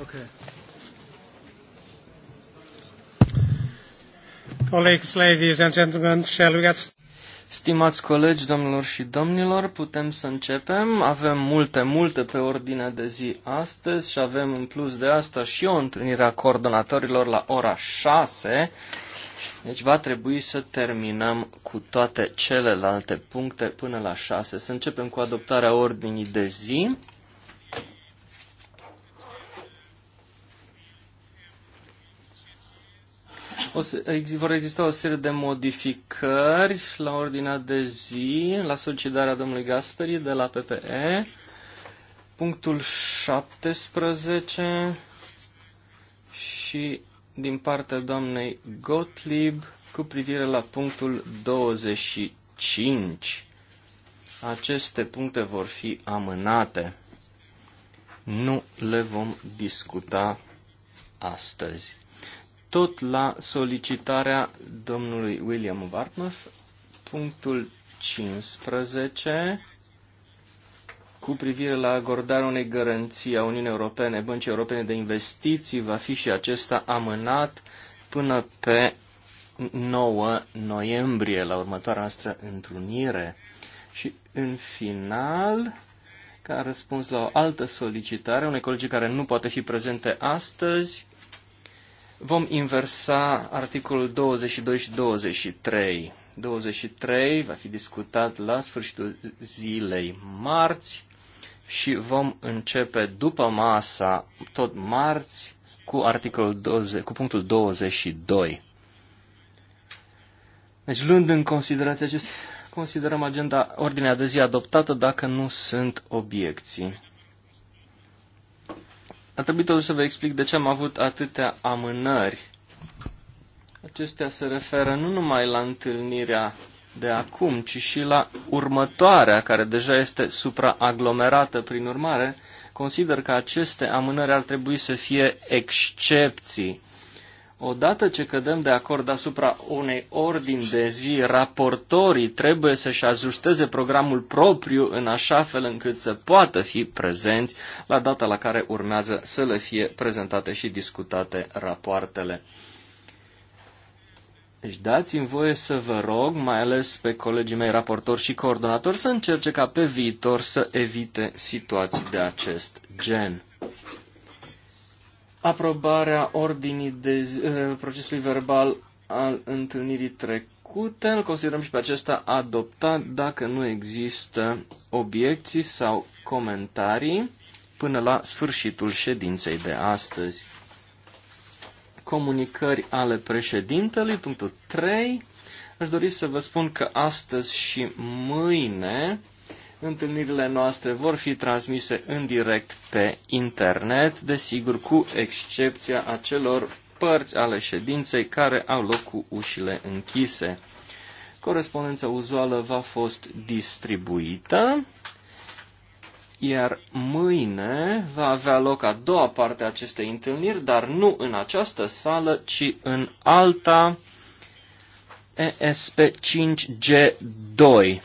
Okay. Colleagues, ladies and gentlemen, shall we get... Stimați colegi, domnilor și domnilor, putem să începem. Avem multe, multe pe ordinea de zi astăzi și avem în plus de asta și o întâlnire a coordonatorilor la ora 6. Deci va trebui să terminăm cu toate celelalte puncte până la 6. Să începem cu adoptarea ordinii de zi. O să, vor exista o serie de modificări la ordinea de zi, la solicitarea domnului Gasperi de la PPE. Punctul 17 și din partea doamnei Gottlieb cu privire la punctul 25. Aceste puncte vor fi amânate. Nu le vom discuta astăzi tot la solicitarea domnului William Wartmouth, punctul 15, cu privire la acordarea unei garanții a Uniunii Europene, Băncii Europene de Investiții, va fi și acesta amânat până pe 9 noiembrie, la următoarea noastră întrunire. Și în final, ca răspuns la o altă solicitare, unei colegi care nu poate fi prezente astăzi, Vom inversa articolul 22 și 23. 23 va fi discutat la sfârșitul zilei marți și vom începe după masa, tot marți, cu, articolul 20, cu punctul 22. Deci, luând în considerație acest, considerăm agenda, ordinea de zi adoptată dacă nu sunt obiecții. A trebuit totuși să vă explic de ce am avut atâtea amânări. Acestea se referă nu numai la întâlnirea de acum, ci și la următoarea, care deja este supraaglomerată. Prin urmare, consider că aceste amânări ar trebui să fie excepții Odată ce cădem de acord asupra unei ordini de zi, raportorii trebuie să-și ajusteze programul propriu în așa fel încât să poată fi prezenți la data la care urmează să le fie prezentate și discutate rapoartele. Deci dați-mi voie să vă rog, mai ales pe colegii mei raportori și coordonatori, să încerce ca pe viitor să evite situații de acest gen aprobarea ordinii de uh, procesului verbal al întâlnirii trecute. Îl considerăm și pe acesta adoptat dacă nu există obiecții sau comentarii până la sfârșitul ședinței de astăzi. Comunicări ale președintelui, punctul 3. Aș dori să vă spun că astăzi și mâine Întâlnirile noastre vor fi transmise în direct pe internet, desigur cu excepția acelor părți ale ședinței care au loc cu ușile închise. Corespondența uzuală va fost distribuită, iar mâine va avea loc a doua parte a acestei întâlniri, dar nu în această sală, ci în alta ESP 5G2.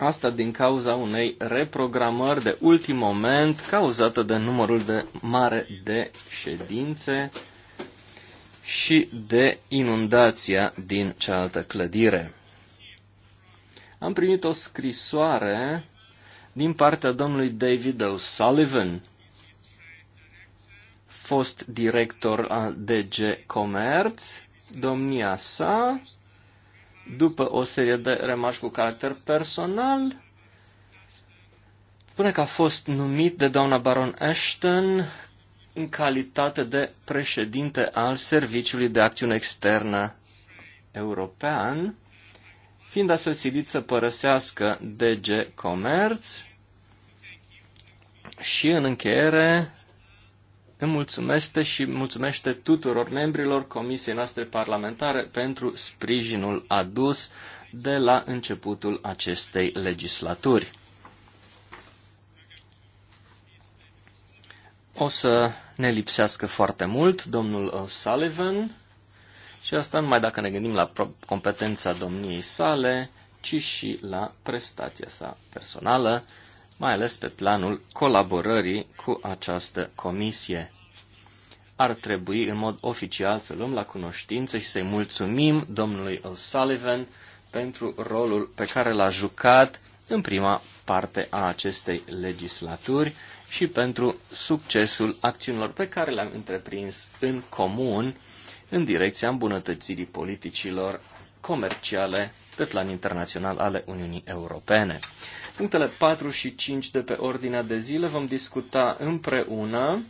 Asta din cauza unei reprogramări de ultim moment cauzată de numărul de mare de ședințe și de inundația din cealaltă clădire. Am primit o scrisoare din partea domnului David O'Sullivan, fost director al DG Comerț, domnia sa după o serie de remarci cu caracter personal, spune că a fost numit de doamna baron Ashton în calitate de președinte al Serviciului de Acțiune Externă European, fiind astfel silit să părăsească DG Comerț și în încheiere îmi mulțumește și mulțumește tuturor membrilor Comisiei noastre parlamentare pentru sprijinul adus de la începutul acestei legislaturi. O să ne lipsească foarte mult domnul Sullivan și asta numai dacă ne gândim la competența domniei sale, ci și la prestația sa personală mai ales pe planul colaborării cu această comisie. Ar trebui în mod oficial să luăm la cunoștință și să-i mulțumim domnului O'Sullivan pentru rolul pe care l-a jucat în prima parte a acestei legislaturi și pentru succesul acțiunilor pe care le-am întreprins în comun în direcția îmbunătățirii politicilor comerciale pe plan internațional ale Uniunii Europene. Punctele 4 și 5 de pe ordinea de zi le vom discuta împreună.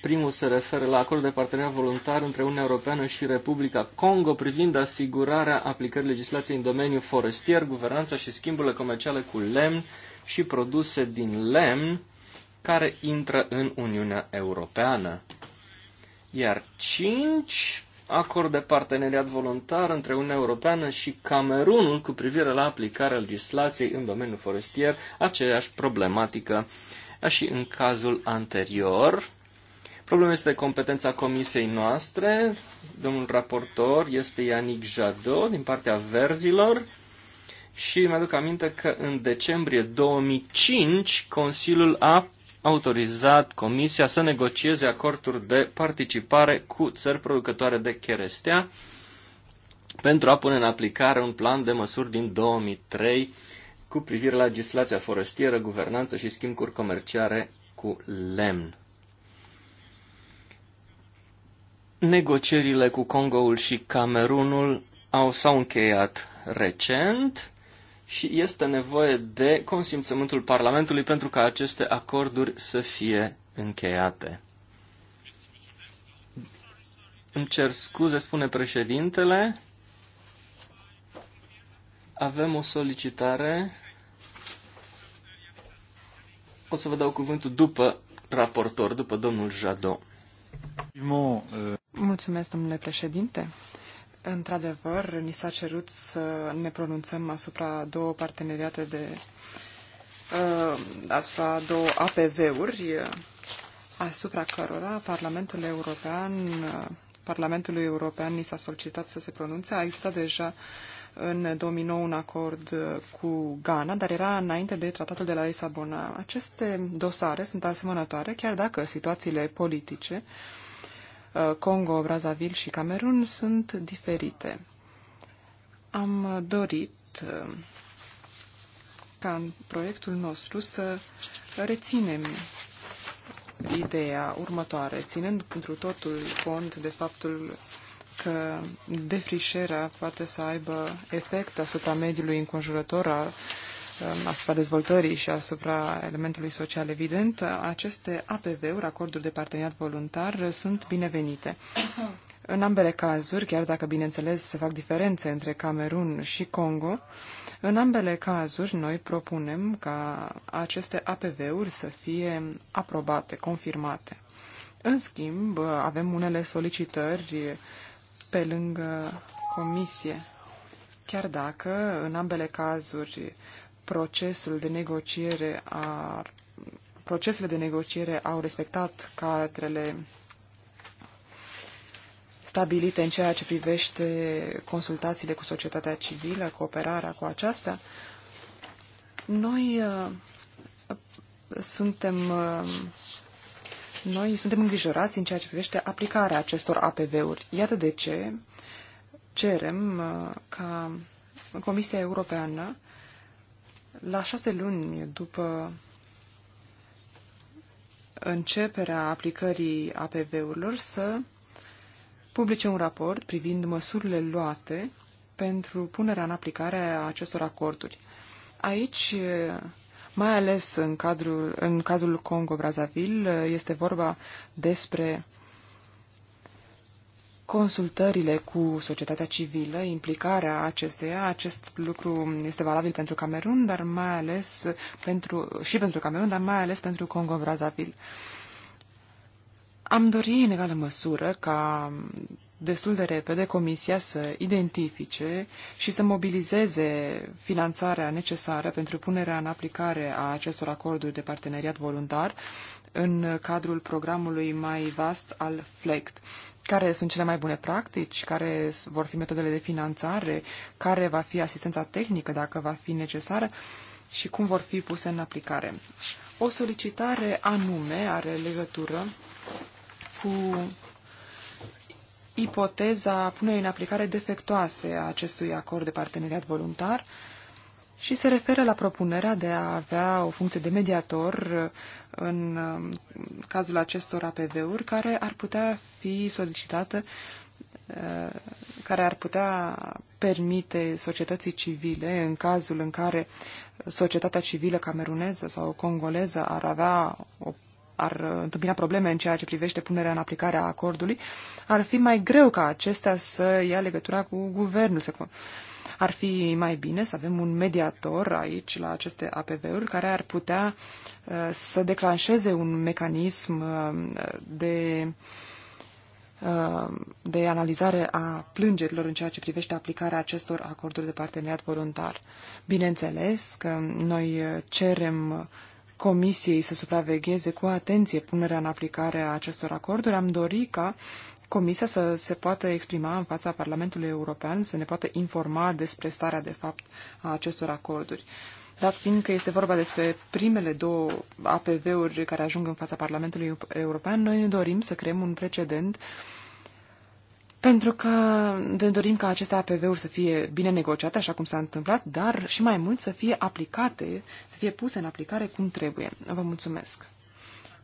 Primul se referă la acordul de parteneriat voluntar între Uniunea Europeană și Republica Congo privind asigurarea aplicării legislației în domeniul forestier, guvernanța și schimburile comerciale cu lemn și produse din lemn care intră în Uniunea Europeană. Iar 5 acord de parteneriat voluntar între Uniunea Europeană și Camerunul cu privire la aplicarea legislației în domeniul forestier, aceeași problematică ca și în cazul anterior. Problema este competența comisiei noastre. Domnul raportor este Ianic Jadot din partea verzilor și mi-aduc aminte că în decembrie 2005 Consiliul a autorizat Comisia să negocieze acorduri de participare cu țări producătoare de cherestea pentru a pune în aplicare un plan de măsuri din 2003 cu privire la legislația forestieră, guvernanță și schimburi comerciare cu lemn. Negocierile cu Congoul și Camerunul au, s-au încheiat recent și este nevoie de consimțământul Parlamentului pentru ca aceste acorduri să fie încheiate. Îmi cer scuze, spune președintele. Avem o solicitare. O să vă dau cuvântul după raportor, după domnul Jadot. Mulțumesc, domnule președinte. Într-adevăr, ni s-a cerut să ne pronunțăm asupra două parteneriate de uh, asupra două APV-uri uh, asupra cărora Parlamentul European uh, Parlamentului European ni s-a solicitat să se pronunțe. A existat deja în 2009 un acord uh, cu Ghana, dar era înainte de tratatul de la Lisabona. Aceste dosare sunt asemănătoare, chiar dacă situațiile politice uh, Uh, Congo, Brazzaville și Camerun sunt diferite. Am dorit uh, ca în proiectul nostru să reținem ideea următoare, ținând pentru totul cont de faptul că defrișerea poate să aibă efect asupra mediului înconjurător, asupra dezvoltării și asupra elementului social evident, aceste APV-uri, acorduri de parteneriat voluntar, sunt binevenite. În ambele cazuri, chiar dacă, bineînțeles, se fac diferențe între Camerun și Congo, în ambele cazuri noi propunem ca aceste APV-uri să fie aprobate, confirmate. În schimb, avem unele solicitări pe lângă comisie, chiar dacă în ambele cazuri procesul de negociere a, procesele de negociere au respectat cadrele stabilite în ceea ce privește consultațiile cu societatea civilă, cooperarea cu aceasta, noi uh, suntem uh, noi suntem îngrijorați în ceea ce privește aplicarea acestor APV-uri. Iată de ce cerem uh, ca Comisia Europeană la șase luni după începerea aplicării APV-urilor să publice un raport privind măsurile luate pentru punerea în aplicare a acestor acorduri. Aici, mai ales în, cadrul, în cazul Congo-Brazzaville, este vorba despre consultările cu societatea civilă, implicarea acesteia, acest lucru este valabil pentru Camerun, dar mai ales pentru, și pentru Camerun, dar mai ales pentru Congo-Brazzaville. Am dorit în egală măsură ca destul de repede Comisia să identifice și să mobilizeze finanțarea necesară pentru punerea în aplicare a acestor acorduri de parteneriat voluntar în cadrul programului mai vast al FLECT care sunt cele mai bune practici, care vor fi metodele de finanțare, care va fi asistența tehnică dacă va fi necesară și cum vor fi puse în aplicare. O solicitare anume are legătură cu ipoteza punerii în aplicare defectoase a acestui acord de parteneriat voluntar și se referă la propunerea de a avea o funcție de mediator uh, în um, cazul acestor APV-uri care ar putea fi solicitată, uh, care ar putea permite societății civile, în cazul în care societatea civilă cameruneză sau congoleză ar avea o ar întâmpina probleme în ceea ce privește punerea în aplicare a acordului, ar fi mai greu ca acestea să ia legătura cu guvernul, să, ar fi mai bine să avem un mediator aici la aceste APV-uri care ar putea uh, să declanșeze un mecanism uh, de uh, de analizare a plângerilor în ceea ce privește aplicarea acestor acorduri de parteneriat voluntar. Bineînțeles că noi cerem Comisiei să supravegheze cu atenție punerea în aplicare a acestor acorduri. Am dorit ca Comisia să se poată exprima în fața Parlamentului European, să ne poată informa despre starea de fapt a acestor acorduri. Dat fiind că este vorba despre primele două APV-uri care ajung în fața Parlamentului European, noi ne dorim să creăm un precedent pentru că ne dorim ca aceste APV-uri să fie bine negociate, așa cum s-a întâmplat, dar și mai mult să fie aplicate, să fie puse în aplicare cum trebuie. Vă mulțumesc!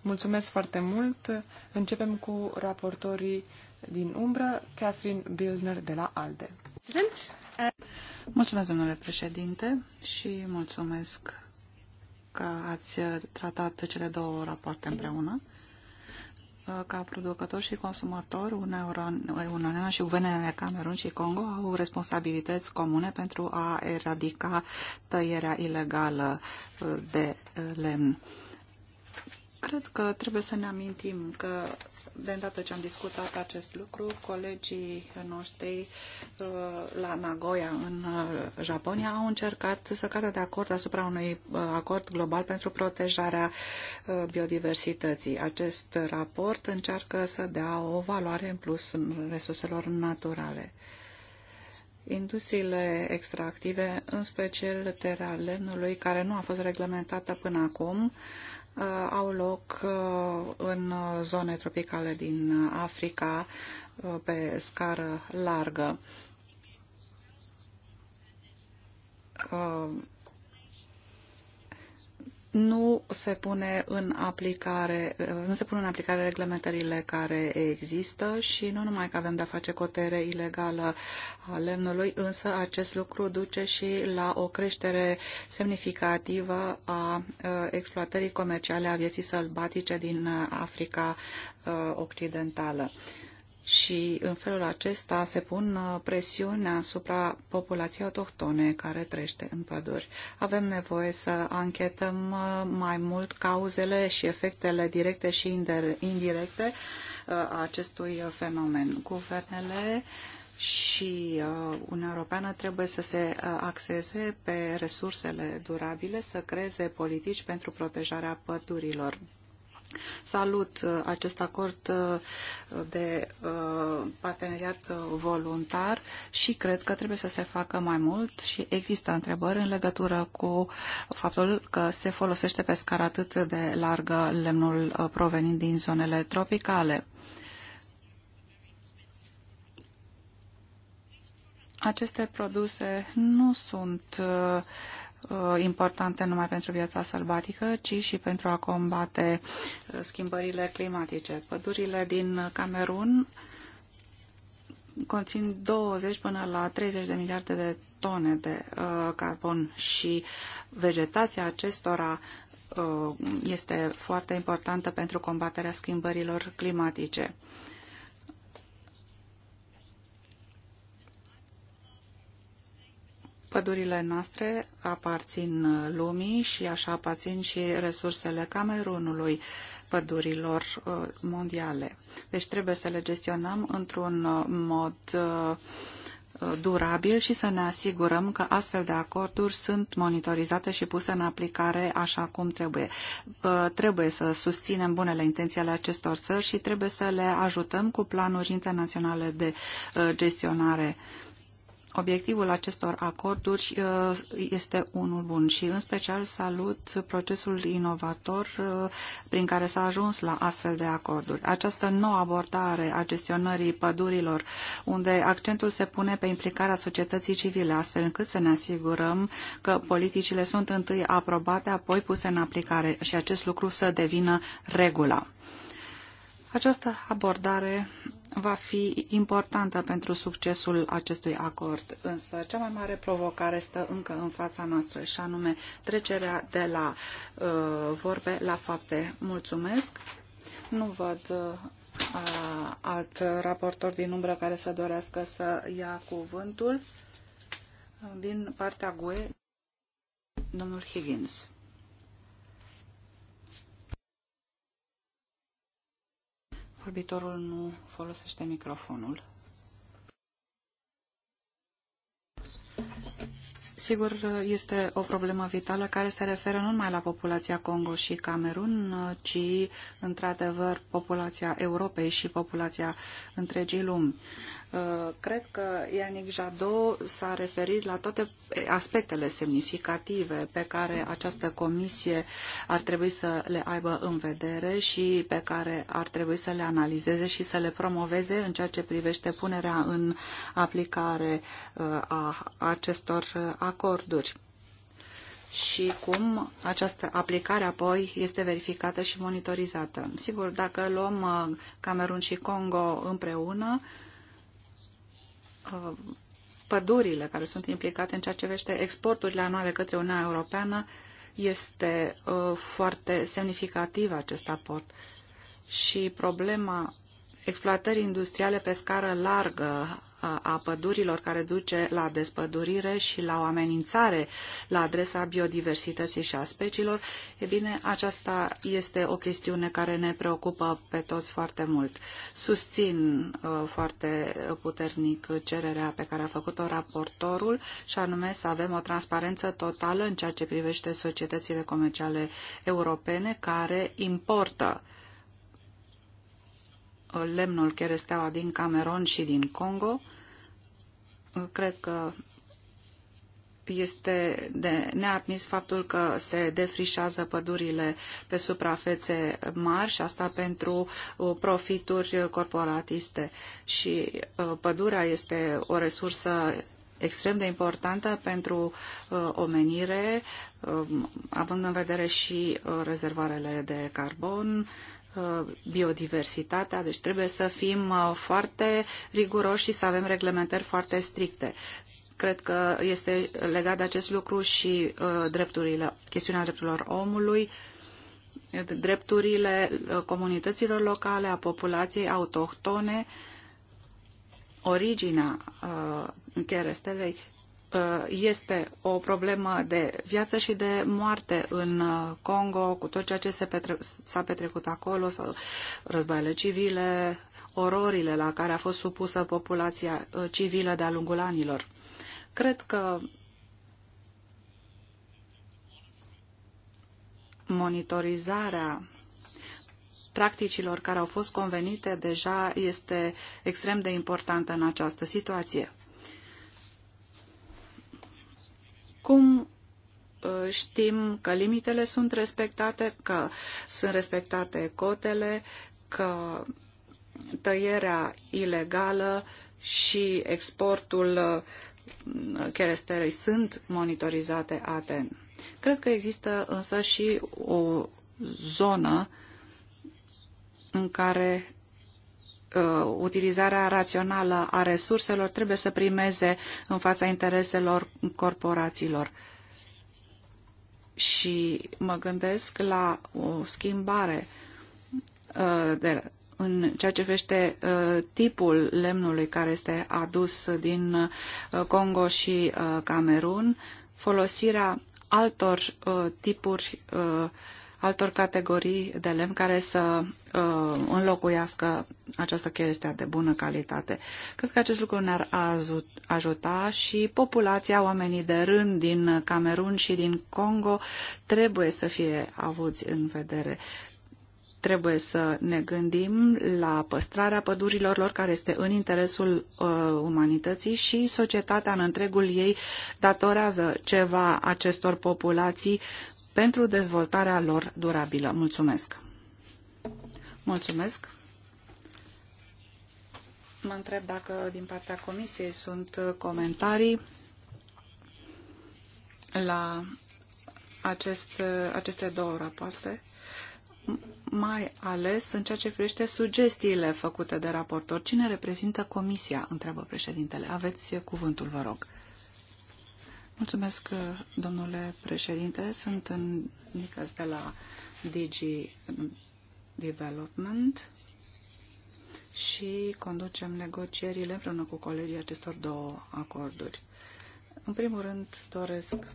Mulțumesc foarte mult. Începem cu raportorii din umbră, Catherine Bildner de la ALDE. Uh, mulțumesc, domnule președinte, și mulțumesc că ați tratat cele două rapoarte împreună. Uh, ca producător și consumator, Uniunea și guvernele Camerun și Congo au responsabilități comune pentru a eradica tăierea ilegală uh, de lemn Cred că trebuie să ne amintim că de îndată ce am discutat acest lucru, colegii noștri uh, la Nagoya în uh, Japonia au încercat să cadă de acord asupra unui uh, acord global pentru protejarea biodiversității. Acest raport încearcă să dea o valoare în plus în resurselor naturale. Industriile extractive, în special terea lemnului, care nu a fost reglementată până acum, Uh, au loc uh, în uh, zone tropicale din Africa pe scară largă nu se pune în aplicare, nu se pun în aplicare reglementările care există și nu numai că avem de-a face cu o ilegală a lemnului, însă acest lucru duce și la o creștere semnificativă a exploatării comerciale a vieții sălbatice din Africa Occidentală și în felul acesta se pun uh, presiune asupra populației autohtone care trăiește în păduri. Avem nevoie să anchetăm uh, mai mult cauzele și efectele directe și indirecte a uh, acestui fenomen. Guvernele și Uniunea Europeană trebuie să se axeze pe resursele durabile, să creeze politici pentru protejarea pădurilor. Salut uh, acest acord uh, de uh, parteneriat voluntar și cred că trebuie să se facă mai mult și există întrebări în legătură cu faptul că se folosește pe scară atât de largă lemnul provenind din zonele tropicale. Aceste produse nu sunt uh, Uh, importante numai pentru viața sălbatică, ci și pentru a combate uh, schimbările climatice. Pădurile din Camerun conțin 20 până la 30 de miliarde de tone de uh, carbon și vegetația acestora uh, este foarte importantă pentru combaterea schimbărilor climatice. Pădurile noastre aparțin lumii și așa aparțin și resursele Camerunului pădurilor uh, mondiale. Deci trebuie să le gestionăm într-un uh, mod uh, durabil și să ne asigurăm că astfel de acorduri sunt monitorizate și puse în aplicare așa cum trebuie. Trebuie să susținem bunele intenții ale acestor țări și trebuie să le ajutăm cu planuri internaționale de gestionare Obiectivul acestor acorduri uh, este unul bun și în special salut procesul inovator uh, prin care s-a ajuns la astfel de acorduri. Această nouă abordare a gestionării pădurilor, unde accentul se pune pe implicarea societății civile, astfel încât să ne asigurăm că politicile sunt întâi aprobate, apoi puse în aplicare și acest lucru să devină regula. Această abordare va fi importantă pentru succesul acestui acord, însă cea mai mare provocare stă încă în fața noastră și anume trecerea de la uh, vorbe la fapte. Mulțumesc! Nu văd uh, alt raportor din umbră care să dorească să ia cuvântul din partea GUE, domnul Higgins. Vorbitorul nu folosește microfonul. Sigur, este o problemă vitală care se referă nu numai la populația Congo și Camerun, ci, într-adevăr, populația Europei și populația întregii lumi. Uh, cred că Ianic Jadot s-a referit la toate aspectele semnificative pe care această comisie ar trebui să le aibă în vedere și pe care ar trebui să le analizeze și să le promoveze în ceea ce privește punerea în aplicare uh, a acestor acorduri și cum această aplicare apoi este verificată și monitorizată. Sigur, dacă luăm uh, Camerun și Congo împreună, Uh, pădurile care sunt implicate în ceea ce vește exporturile anuale către Uniunea Europeană, este uh, foarte semnificativ acest aport. Și problema exploatării industriale pe scară largă a pădurilor care duce la despădurire și la o amenințare la adresa biodiversității și a speciilor, e bine, aceasta este o chestiune care ne preocupă pe toți foarte mult. Susțin uh, foarte puternic cererea pe care a făcut-o raportorul și anume să avem o transparență totală în ceea ce privește societățile comerciale europene care importă lemnul cheresteaua din Camerun și din Congo cred că este de neadmis faptul că se defrișează pădurile pe suprafețe mari și asta pentru uh, profituri corporatiste. Și uh, pădurea este o resursă extrem de importantă pentru uh, omenire, um, având în vedere și rezervarele de carbon, Uh, biodiversitatea, deci trebuie să fim uh, foarte riguroși și să avem reglementări foarte stricte. Cred că este legat de acest lucru și uh, drepturile, chestiunea drepturilor omului, drepturile comunităților locale, a populației autohtone, originea uh, stelei Uh, este o problemă de viață și de moarte în uh, Congo, cu tot ceea ce s-a petre petrecut acolo, sau războaiele civile, ororile la care a fost supusă populația uh, civilă de-a lungul anilor. Cred că monitorizarea practicilor care au fost convenite deja este extrem de importantă în această situație. Cum ă, știm că limitele sunt respectate, că sunt respectate cotele, că tăierea ilegală și exportul ă, cheresterei sunt monitorizate atent. Cred că există însă și o zonă în care Uh, utilizarea rațională a resurselor trebuie să primeze în fața intereselor corporațiilor. Și mă gândesc la o schimbare uh, de, în ceea ce vește uh, tipul lemnului care este adus din Congo și Camerun, folosirea altor tipuri altor categorii de lemn care să uh, înlocuiască această chestie de bună calitate. Cred că acest lucru ne-ar ajuta și populația, oamenii de rând din Camerun și din Congo trebuie să fie avuți în vedere. Trebuie să ne gândim la păstrarea pădurilor lor, care este în interesul uh, umanității și societatea în întregul ei datorează ceva acestor populații pentru dezvoltarea lor durabilă. Mulțumesc! Mulțumesc! Mă întreb dacă din partea Comisiei sunt comentarii la acest, aceste două rapoarte, mai ales în ceea ce privește sugestiile făcute de raportor. Cine reprezintă Comisia? Întreabă președintele. Aveți cuvântul, vă rog. Mulțumesc, domnule președinte. Sunt în Nicăs de la DG Development și conducem negocierile împreună cu colegii acestor două acorduri. În primul rând, doresc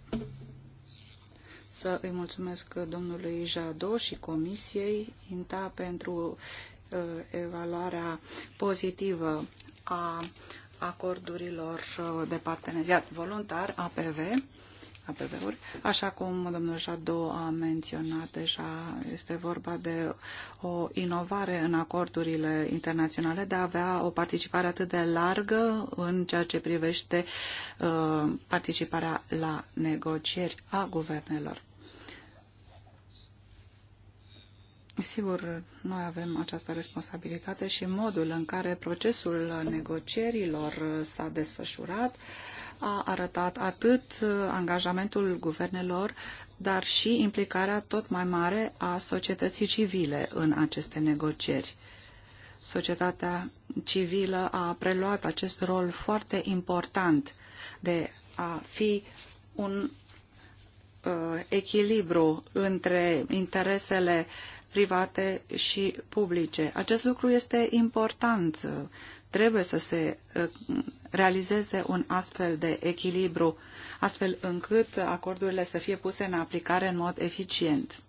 să îi mulțumesc domnului Jado și Comisiei INTA pentru uh, evaluarea pozitivă a uh, acordurilor uh, de parteneriat voluntar, APV, APV-uri. Așa cum domnul Jadu a menționat deja, este vorba de o inovare în acordurile internaționale, de a avea o participare atât de largă în ceea ce privește uh, participarea la negocieri a guvernelor. Sigur, noi avem această responsabilitate și modul în care procesul negocierilor s-a desfășurat a arătat atât angajamentul guvernelor, dar și implicarea tot mai mare a societății civile în aceste negocieri. Societatea civilă a preluat acest rol foarte important de a fi un uh, echilibru între interesele uh, private și publice. Acest lucru este important. Trebuie să se uh, realizeze un astfel de echilibru, astfel încât acordurile să fie puse în aplicare în mod eficient.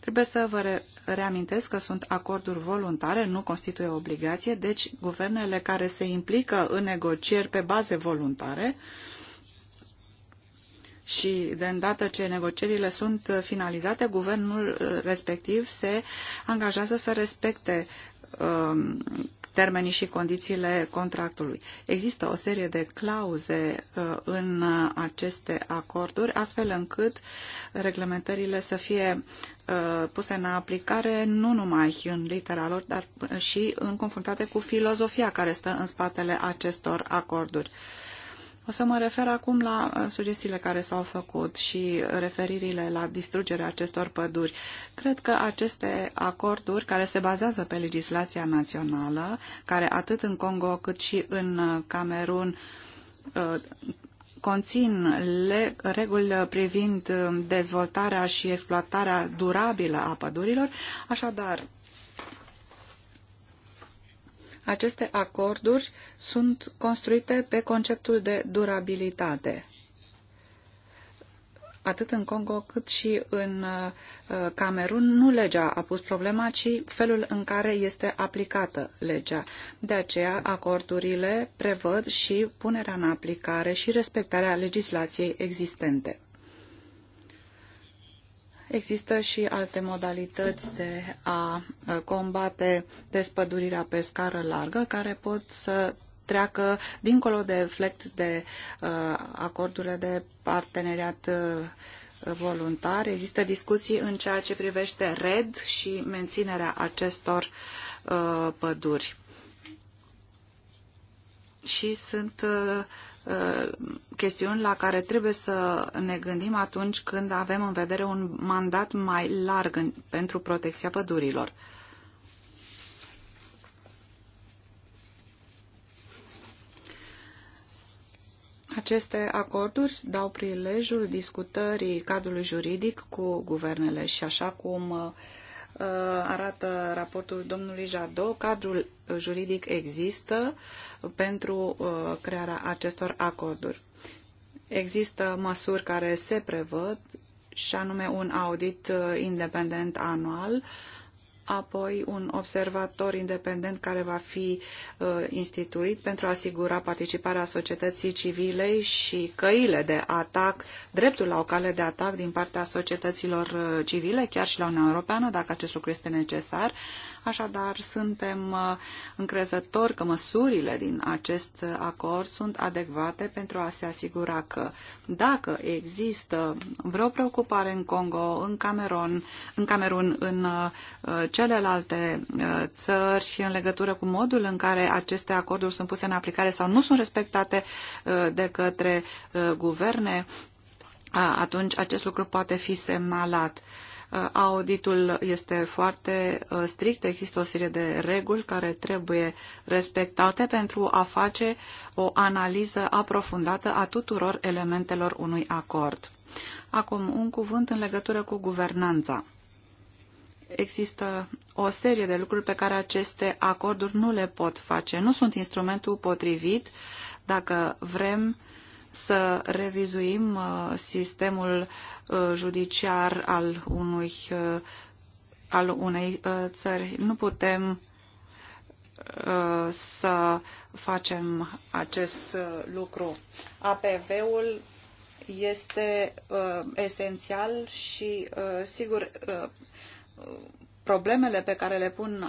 Trebuie să vă reamintesc că sunt acorduri voluntare, nu constituie obligație, deci guvernele care se implică în negocieri pe baze voluntare uh, și de îndată ce negocierile sunt finalizate, guvernul uh, respectiv se angajează să respecte um, termenii și condițiile contractului. Există o serie de clauze uh, în aceste acorduri, astfel încât reglementările să fie uh, puse în aplicare nu numai în litera lor, dar și în confruntate cu filozofia care stă în spatele acestor acorduri. O să mă refer acum la uh, sugestiile care s-au făcut și referirile la distrugerea acestor păduri. Cred că aceste acorduri care se bazează pe legislația națională, care atât în Congo cât și în uh, Camerun uh, conțin reguli privind dezvoltarea și exploatarea durabilă a pădurilor, așadar aceste acorduri sunt construite pe conceptul de durabilitate, atât în Congo cât și în uh, Camerun, nu legea a pus problema, ci felul în care este aplicată legea. De aceea, acordurile prevăd și punerea în aplicare și respectarea legislației existente. Există și alte modalități de a combate despădurirea pe scară largă care pot să treacă dincolo de efect de uh, acordurile de parteneriat uh, voluntar. Există discuții în ceea ce privește RED și menținerea acestor uh, păduri. Și sunt uh, Uh, chestiuni la care trebuie să ne gândim atunci când avem în vedere un mandat mai larg în, pentru protecția pădurilor. Aceste acorduri dau prilejul discutării cadrului juridic cu guvernele și așa cum uh, Uh, arată raportul domnului Jadot, cadrul juridic există pentru uh, crearea acestor acorduri. Există măsuri care se prevăd și anume un audit uh, independent anual uh, apoi un observator independent care va fi uh, instituit pentru a asigura participarea societății civile și căile de atac, dreptul la o cale de atac din partea societăților uh, civile, chiar și la Uniunea Europeană, dacă acest lucru este necesar. Așadar, suntem uh, încrezători că măsurile din acest acord sunt adecvate pentru a se asigura că dacă există vreo preocupare în Congo, în Camerun, în, Camerun, în uh, celelalte uh, țări în legătură cu modul în care aceste acorduri sunt puse în aplicare sau nu sunt respectate uh, de către uh, guverne, atunci acest lucru poate fi semnalat. Auditul este foarte strict, există o serie de reguli care trebuie respectate pentru a face o analiză aprofundată a tuturor elementelor unui acord. Acum, un cuvânt în legătură cu guvernanța există o serie de lucruri pe care aceste acorduri nu le pot face. Nu sunt instrumentul potrivit dacă vrem să revizuim uh, sistemul uh, judiciar al, unui, uh, al unei țări. Nu putem să facem acest lucru. APV-ul este esențial și, sigur, problemele pe care le pun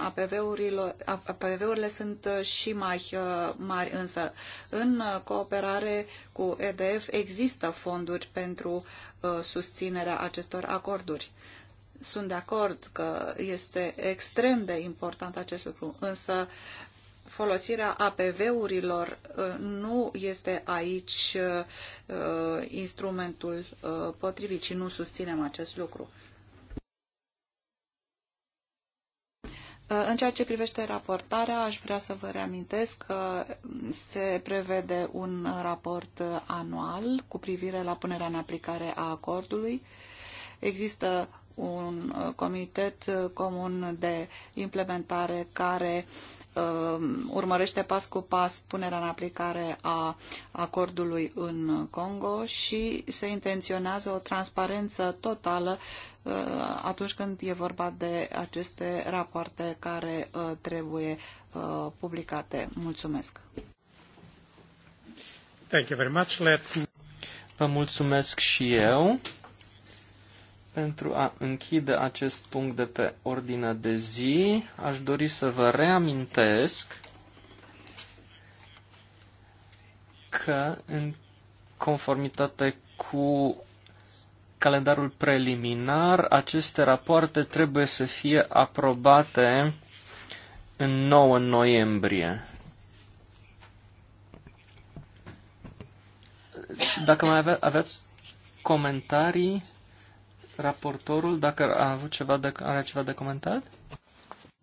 APV-urile sunt uh, și mai uh, mari, însă în uh, cooperare cu EDF există fonduri pentru susținerea acestor acorduri. Sunt de acord că este extrem de important acest lucru, însă folosirea APV-urilor nu este aici instrumentul potrivit și nu susținem acest lucru. Uh, în ceea ce privește raportarea, aș vrea să vă reamintesc că se prevede un raport anual cu privire la punerea în aplicare a acordului. Există un uh, comitet uh, comun de implementare care urmărește pas cu pas punerea în aplicare a acordului în Congo și se intenționează o transparență totală Uh, atunci când e vorba de aceste rapoarte care uh, trebuie uh, publicate. Mulțumesc! Thank you very much. Let's... Vă mulțumesc și eu pentru a închide acest punct de pe ordinea de zi. Aș dori să vă reamintesc că în conformitate cu calendarul preliminar. Aceste rapoarte trebuie să fie aprobate în 9 noiembrie. Și dacă mai ave- aveți comentarii, raportorul, dacă a avut ceva de, are ceva de comentat?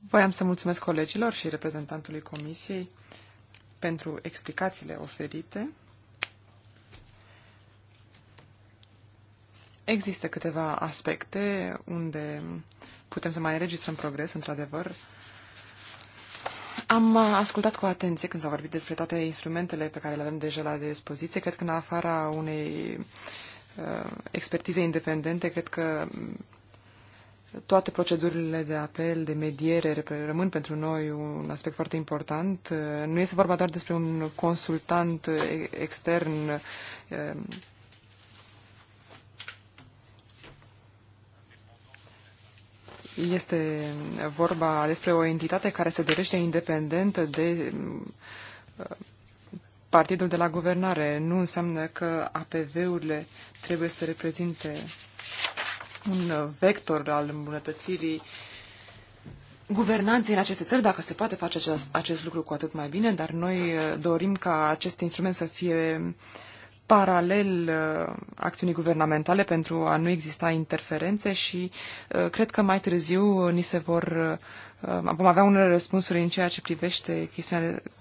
Voiam să mulțumesc colegilor și reprezentantului Comisiei pentru explicațiile oferite. Există câteva aspecte unde putem să mai înregistrăm progres, într-adevăr. Am ascultat cu atenție când s-a vorbit despre toate instrumentele pe care le avem deja la dispoziție. Cred că în afara unei uh, expertize independente, cred că toate procedurile de apel, de mediere, rămân pentru noi un aspect foarte important. Uh, nu este vorba doar despre un consultant uh, extern uh, Este vorba despre o entitate care se dorește independentă de uh, partidul de la guvernare. Nu înseamnă că APV-urile trebuie să reprezinte un vector al îmbunătățirii guvernanței în aceste țări, dacă se poate face acest, acest lucru cu atât mai bine, dar noi uh, dorim ca acest instrument să fie uh, paralel uh, acțiunii guvernamentale pentru a nu exista interferențe și uh, cred că mai târziu ni se vor uh, vom avea unele răspunsuri în ceea ce privește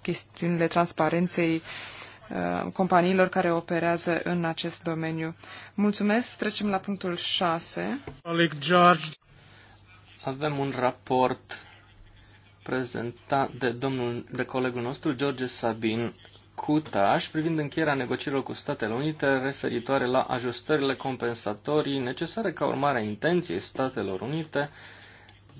chestiunile, transparenței companiilor care operează în acest domeniu. Mulțumesc. Trecem la punctul 6. Alec George. Avem un raport prezentat de domnul, de colegul nostru, George Sabin, Cutaș privind încheierea negocierilor cu Statele Unite referitoare la ajustările compensatorii necesare ca urmare a intenției Statelor Unite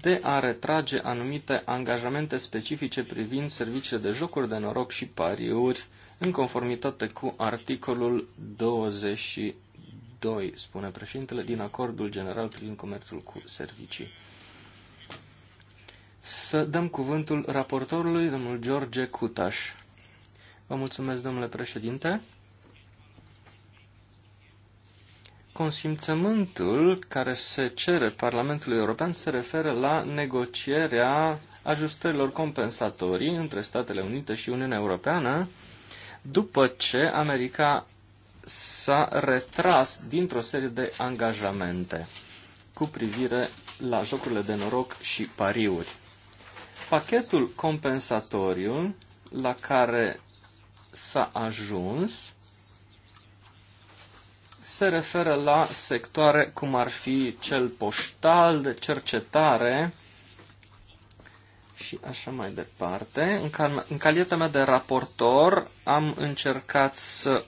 de a retrage anumite angajamente specifice privind serviciile de jocuri de noroc și pariuri în conformitate cu articolul 22, spune președintele, din acordul general privind comerțul cu servicii. Să dăm cuvântul raportorului, domnul George Cutaș. Vă mulțumesc, domnule președinte. Consimțământul care se cere Parlamentului European se referă la negocierea ajustărilor compensatorii între Statele Unite și Uniunea Europeană după ce America s-a retras dintr-o serie de angajamente cu privire la jocurile de noroc și pariuri. Pachetul compensatoriu la care s-a ajuns se referă la sectoare cum ar fi cel poștal, de cercetare și așa mai departe. În, cal- în calitatea mea de raportor am încercat să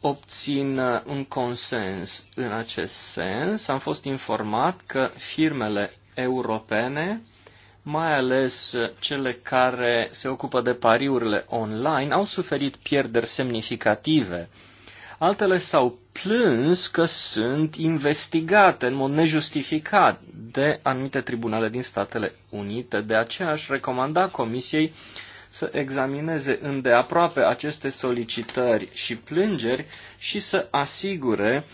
obțin uh, un consens în acest sens. Am fost informat că firmele europene mai ales uh, cele care se ocupă de pariurile online, au suferit pierderi semnificative. Altele s-au plâns că sunt investigate în mod nejustificat de anumite tribunale din Statele Unite. De aceea aș recomanda Comisiei să examineze îndeaproape aceste solicitări și plângeri și să asigure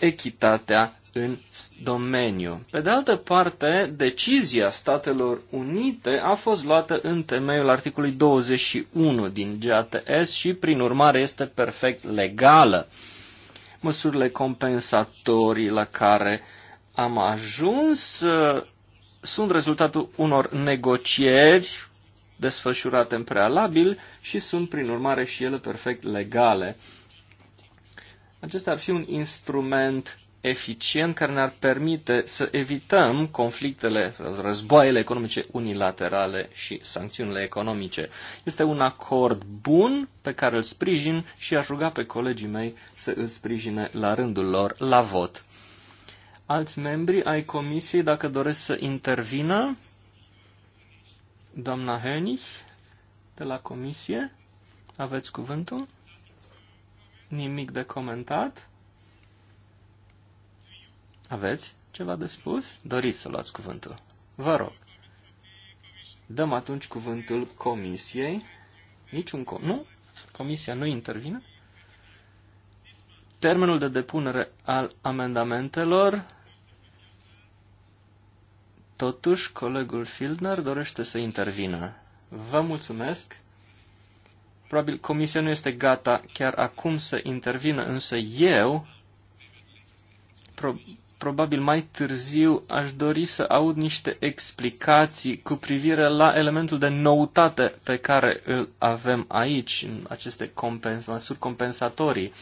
echitatea în domeniu. Pe de altă parte, decizia Statelor Unite a fost luată în temeiul articolului 21 din GATS și, prin urmare, este perfect legală. Măsurile compensatorii la care am ajuns uh, sunt rezultatul unor negocieri desfășurate în prealabil și sunt, prin urmare, și ele perfect legale. Acesta ar fi un instrument eficient care ne-ar permite să evităm conflictele, războaiele economice unilaterale și sancțiunile economice. Este un acord bun pe care îl sprijin și aș ruga pe colegii mei să îl sprijine la rândul lor la vot. Alți membri ai comisiei, dacă doresc să intervină, doamna Hönig, de la comisie, aveți cuvântul? Nimic de comentat? Aveți ceva de spus? Doriți să luați cuvântul. Vă rog. Dăm atunci cuvântul comisiei. Niciun com... Nu? Comisia nu intervine? Termenul de depunere al amendamentelor. Totuși, colegul Fildner dorește să intervină. Vă mulțumesc. Probabil comisia nu este gata chiar acum să intervină, însă eu probabil mai târziu, aș dori să aud niște explicații cu privire la elementul de noutate pe care îl avem aici, în aceste compens- măsuri compensatorii.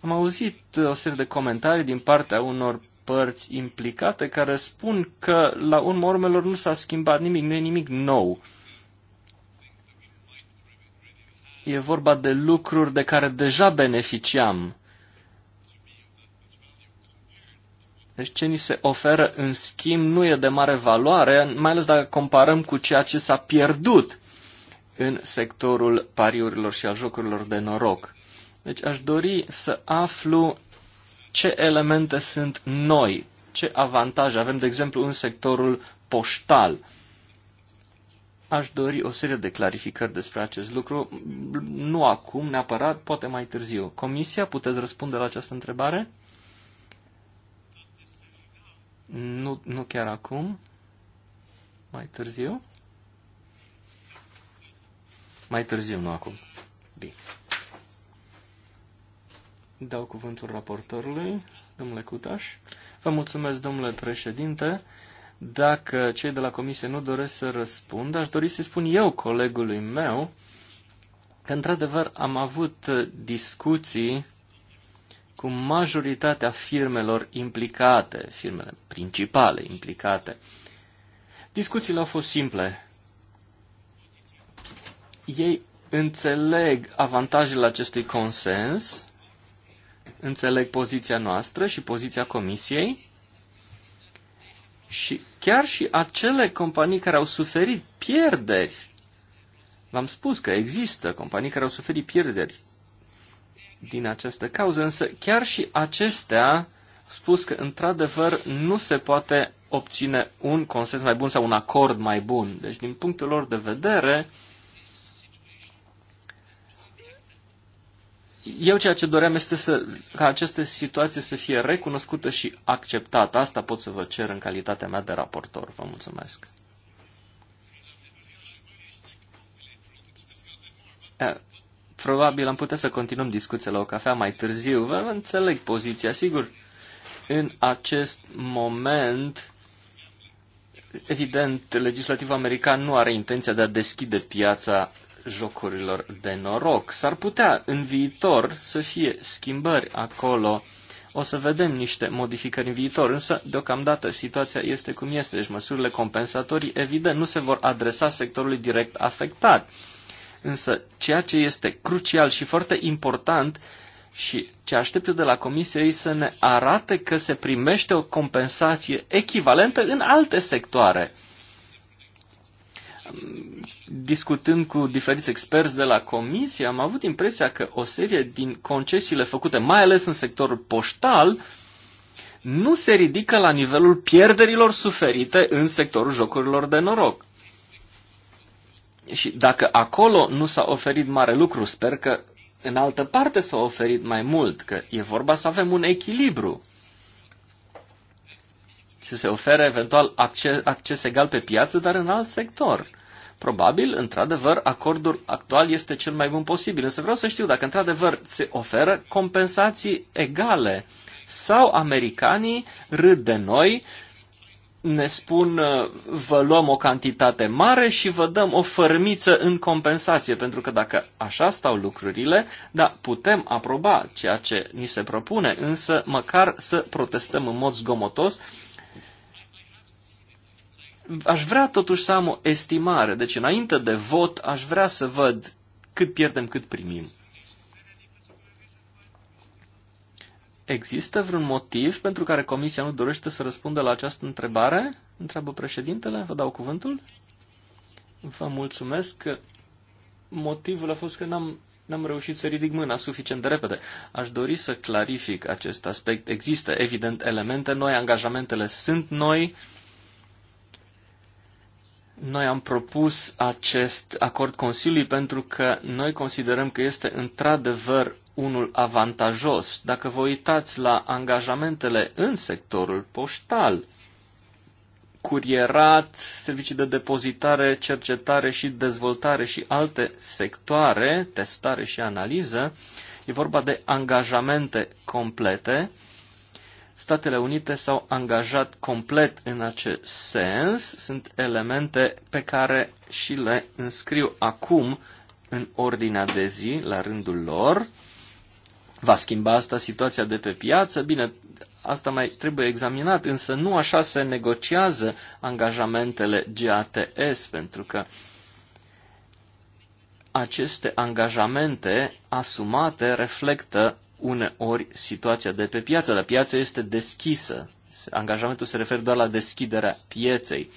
Am auzit o serie de comentarii din partea unor părți implicate care spun că la urma urmelor nu s-a schimbat nimic, nu e nimic nou. E vorba de lucruri de care deja beneficiam Deci ce ni se oferă în schimb nu e de mare valoare, mai ales dacă comparăm cu ceea ce s-a pierdut în sectorul pariurilor și al jocurilor de noroc. Deci aș dori să aflu ce elemente sunt noi, ce avantaje avem, de exemplu, în sectorul poștal. Aș dori o serie de clarificări despre acest lucru, nu acum neapărat, poate mai târziu. Comisia, puteți răspunde la această întrebare? Nu, nu chiar acum, mai târziu. Mai târziu, nu acum. Bine. Dau cuvântul raportorului, domnule Cutaș. Vă mulțumesc, domnule președinte. Dacă cei de la comisie nu doresc să răspund, aș dori să-i spun eu colegului meu că, într-adevăr, am avut discuții cu majoritatea firmelor implicate, firmele principale implicate. Discuțiile au fost simple. Ei înțeleg avantajele acestui consens, înțeleg poziția noastră și poziția comisiei și chiar și acele companii care au suferit pierderi, v-am spus că există companii care au suferit pierderi din această cauză, însă chiar și acestea spus că, într-adevăr, nu se poate obține un consens mai bun sau un acord mai bun. Deci, din punctul lor de vedere, eu ceea ce doream este să, ca această situație să fie recunoscută și acceptată. Asta pot să vă cer în calitatea mea de raportor. Vă mulțumesc. Probabil am putea să continuăm discuția la o cafea mai târziu. Vă înțeleg poziția, sigur. În acest moment, evident, legislativul american nu are intenția de a deschide piața jocurilor de noroc. S-ar putea în viitor să fie schimbări acolo. O să vedem niște modificări în viitor, însă deocamdată situația este cum este, deci măsurile compensatorii evident nu se vor adresa sectorului direct afectat. Însă ceea ce este crucial și foarte important și ce aștept eu de la comisie e să ne arate că se primește o compensație echivalentă în alte sectoare. Discutând cu diferiți experți de la comisie, am avut impresia că o serie din concesiile făcute, mai ales în sectorul poștal, nu se ridică la nivelul pierderilor suferite în sectorul jocurilor de noroc. Și dacă acolo nu s-a oferit mare lucru, sper că în altă parte s-a oferit mai mult, că e vorba să avem un echilibru. Să se ofere eventual acces, acces egal pe piață, dar în alt sector. Probabil, într-adevăr, acordul actual este cel mai bun posibil, însă vreau să știu dacă într-adevăr se oferă compensații egale sau americanii râd de noi ne spun uh, vă luăm o cantitate mare și vă dăm o fărmiță în compensație, pentru că dacă așa stau lucrurile, da, putem aproba ceea ce ni se propune, însă măcar să protestăm în mod zgomotos. Aș vrea totuși să am o estimare, deci înainte de vot aș vrea să văd cât pierdem, cât primim. Există vreun motiv pentru care Comisia nu dorește să răspundă la această întrebare? Întreabă președintele, vă dau cuvântul. Vă mulțumesc că motivul a fost că n-am, n-am reușit să ridic mâna suficient de repede. Aș dori să clarific acest aspect. Există, evident, elemente noi, angajamentele sunt noi. Noi am propus acest acord Consiliului pentru că noi considerăm că este într-adevăr unul avantajos. Dacă vă uitați la angajamentele în sectorul poștal, curierat, servicii de depozitare, cercetare și dezvoltare și alte sectoare, testare și analiză, e vorba de angajamente complete. Statele Unite s-au angajat complet în acest sens. Sunt elemente pe care și le înscriu acum în ordinea de zi, la rândul lor. Va schimba asta situația de pe piață? Bine, asta mai trebuie examinat, însă nu așa se negociază angajamentele GATS, pentru că aceste angajamente asumate reflectă uneori situația de pe piață, dar piața este deschisă. Angajamentul se referă doar la deschiderea pieței.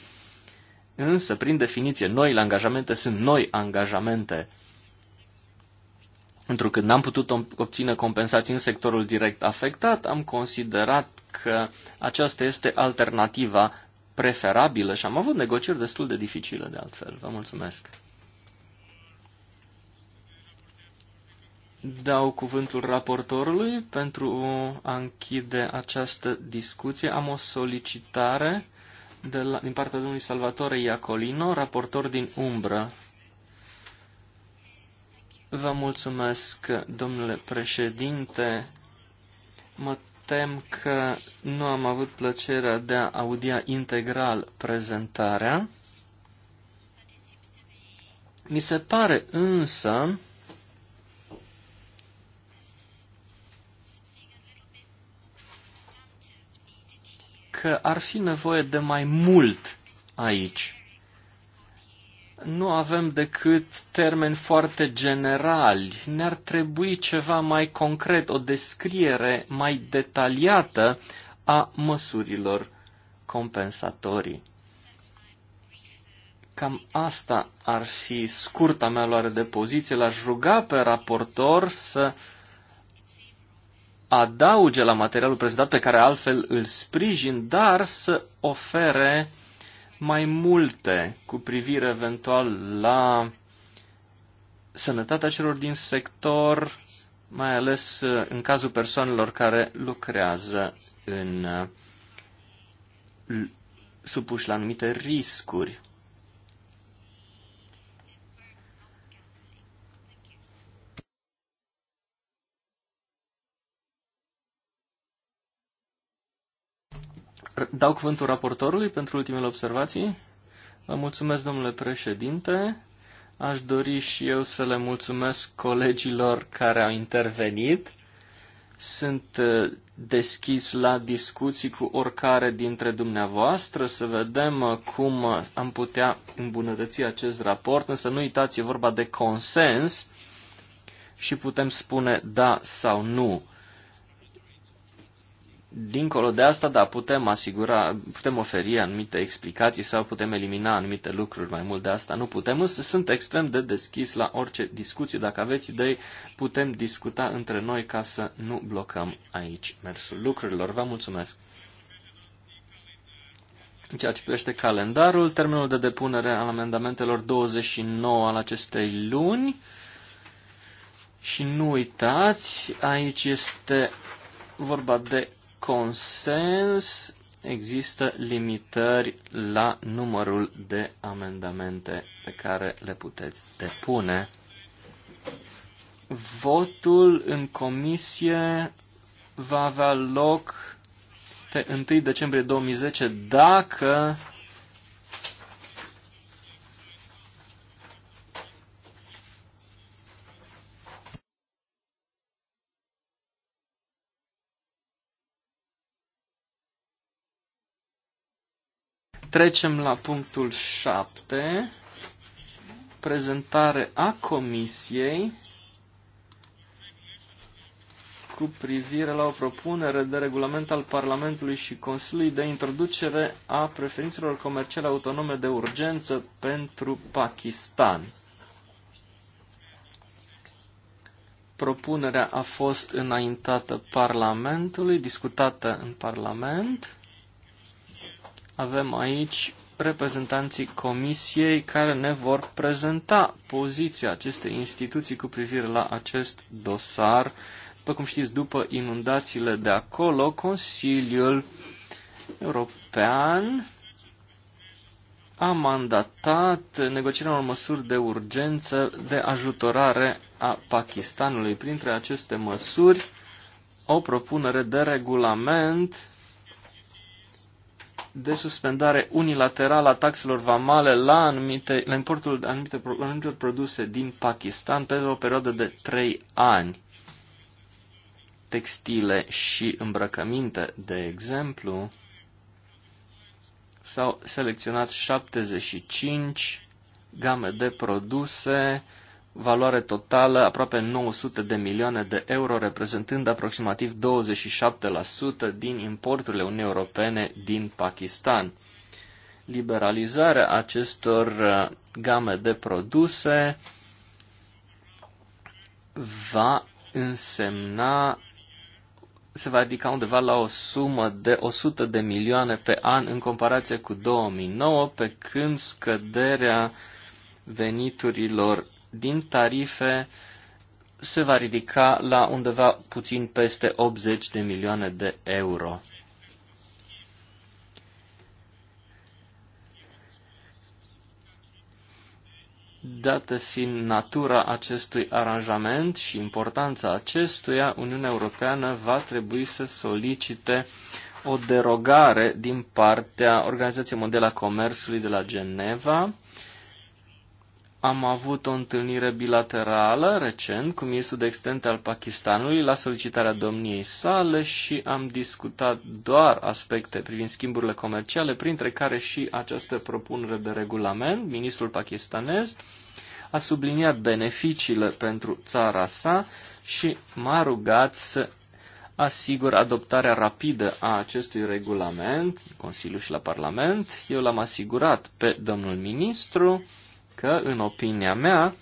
Însă, prin definiție, noile angajamente sunt noi angajamente pentru că n-am putut obține compensații în sectorul direct afectat, am considerat că aceasta este alternativa preferabilă și am avut negocieri destul de dificile de altfel. Vă mulțumesc. Dau cuvântul raportorului pentru a închide această discuție. Am o solicitare de la, din partea domnului Salvatore Iacolino, raportor din umbră Vă mulțumesc, domnule președinte. Mă tem că nu am avut plăcerea de a audia integral prezentarea. Mi se pare însă că ar fi nevoie de mai mult aici nu avem decât termeni foarte generali. Ne-ar trebui ceva mai concret, o descriere mai detaliată a măsurilor compensatorii. Cam asta ar fi scurta mea luare de poziție. L-aș ruga pe raportor să adauge la materialul prezentat pe care altfel îl sprijin, dar să ofere uh, mai multe cu privire eventual la sănătatea celor din sector, mai ales uh, în cazul persoanelor care lucrează în uh, supuși la anumite riscuri. Dau cuvântul raportorului pentru ultimele observații. Vă mulțumesc, domnule președinte. Aș dori și eu să le mulțumesc colegilor care au intervenit. Sunt uh, deschis la discuții cu oricare dintre dumneavoastră, să vedem uh, cum uh, am putea îmbunătăți acest raport, însă nu uitați, e vorba de consens și putem spune da sau nu. Dincolo de asta, da, putem asigura, putem oferi anumite explicații sau putem elimina anumite lucruri, mai mult de asta nu putem, însă sunt extrem de deschis la orice discuție. Dacă aveți idei, putem discuta între noi ca să nu blocăm aici mersul lucrurilor. Vă mulțumesc! În ceea ce privește calendarul, termenul de depunere al amendamentelor 29 al acestei luni. Și nu uitați, aici este vorba de consens, există limitări la numărul de amendamente pe care le puteți depune. Votul în comisie va avea loc pe 1 decembrie 2010 dacă Trecem la punctul 7, prezentare a Comisiei cu privire la o propunere de regulament al Parlamentului și Consiliului de introducere a preferințelor comerciale autonome de urgență pentru Pakistan. Propunerea a fost înaintată Parlamentului, discutată în Parlament avem aici reprezentanții comisiei care ne vor prezenta poziția acestei instituții cu privire la acest dosar. După cum știți, după inundațiile de acolo, Consiliul European a mandatat negocierea unor măsuri de urgență de ajutorare a Pakistanului. Printre aceste măsuri, o propunere de regulament de suspendare unilaterală a taxelor vamale la, anumite, la importul de anumite, anumite produse din Pakistan pentru o perioadă de 3 ani. Textile și îmbrăcăminte, de exemplu, s-au selecționat 75 game de produse valoare totală aproape 900 de milioane de euro, reprezentând aproximativ 27% din importurile Uniunii Europene din Pakistan. Liberalizarea acestor uh, game de produse va însemna se va ridica undeva la o sumă de 100 de milioane pe an în comparație cu 2009, pe când scăderea veniturilor din tarife se va ridica la undeva puțin peste 80 de milioane de euro. Dată fiind natura acestui aranjament și importanța acestuia, Uniunea Europeană va trebui să solicite o derogare din partea Organizației Mondiale a Comerțului de la Geneva am avut o întâlnire bilaterală recent cu ministrul de externe al Pakistanului la solicitarea domniei sale și am discutat doar aspecte privind schimburile comerciale, printre care și această propunere de regulament. Ministrul pakistanez a subliniat beneficiile pentru țara sa și m-a rugat să asigur adoptarea rapidă a acestui regulament, Consiliul și la Parlament. Eu l-am asigurat pe domnul ministru că, în opinia mea,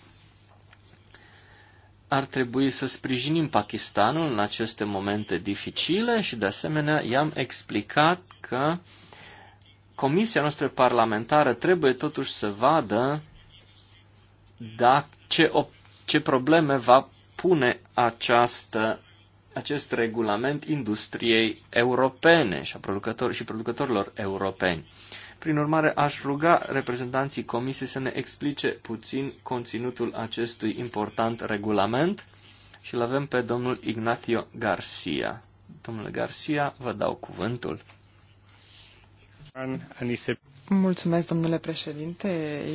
ar trebui să sprijinim Pakistanul în aceste momente dificile și, de asemenea, i-am explicat că Comisia noastră parlamentară trebuie totuși să vadă dacă, ce, ce probleme va pune această, acest regulament industriei europene și a producător, și producătorilor europeni. Prin urmare, aș ruga reprezentanții comisiei să ne explice puțin conținutul acestui important regulament și îl avem pe domnul Ignacio Garcia. Domnule Garcia, vă dau cuvântul. Mulțumesc, domnule președinte.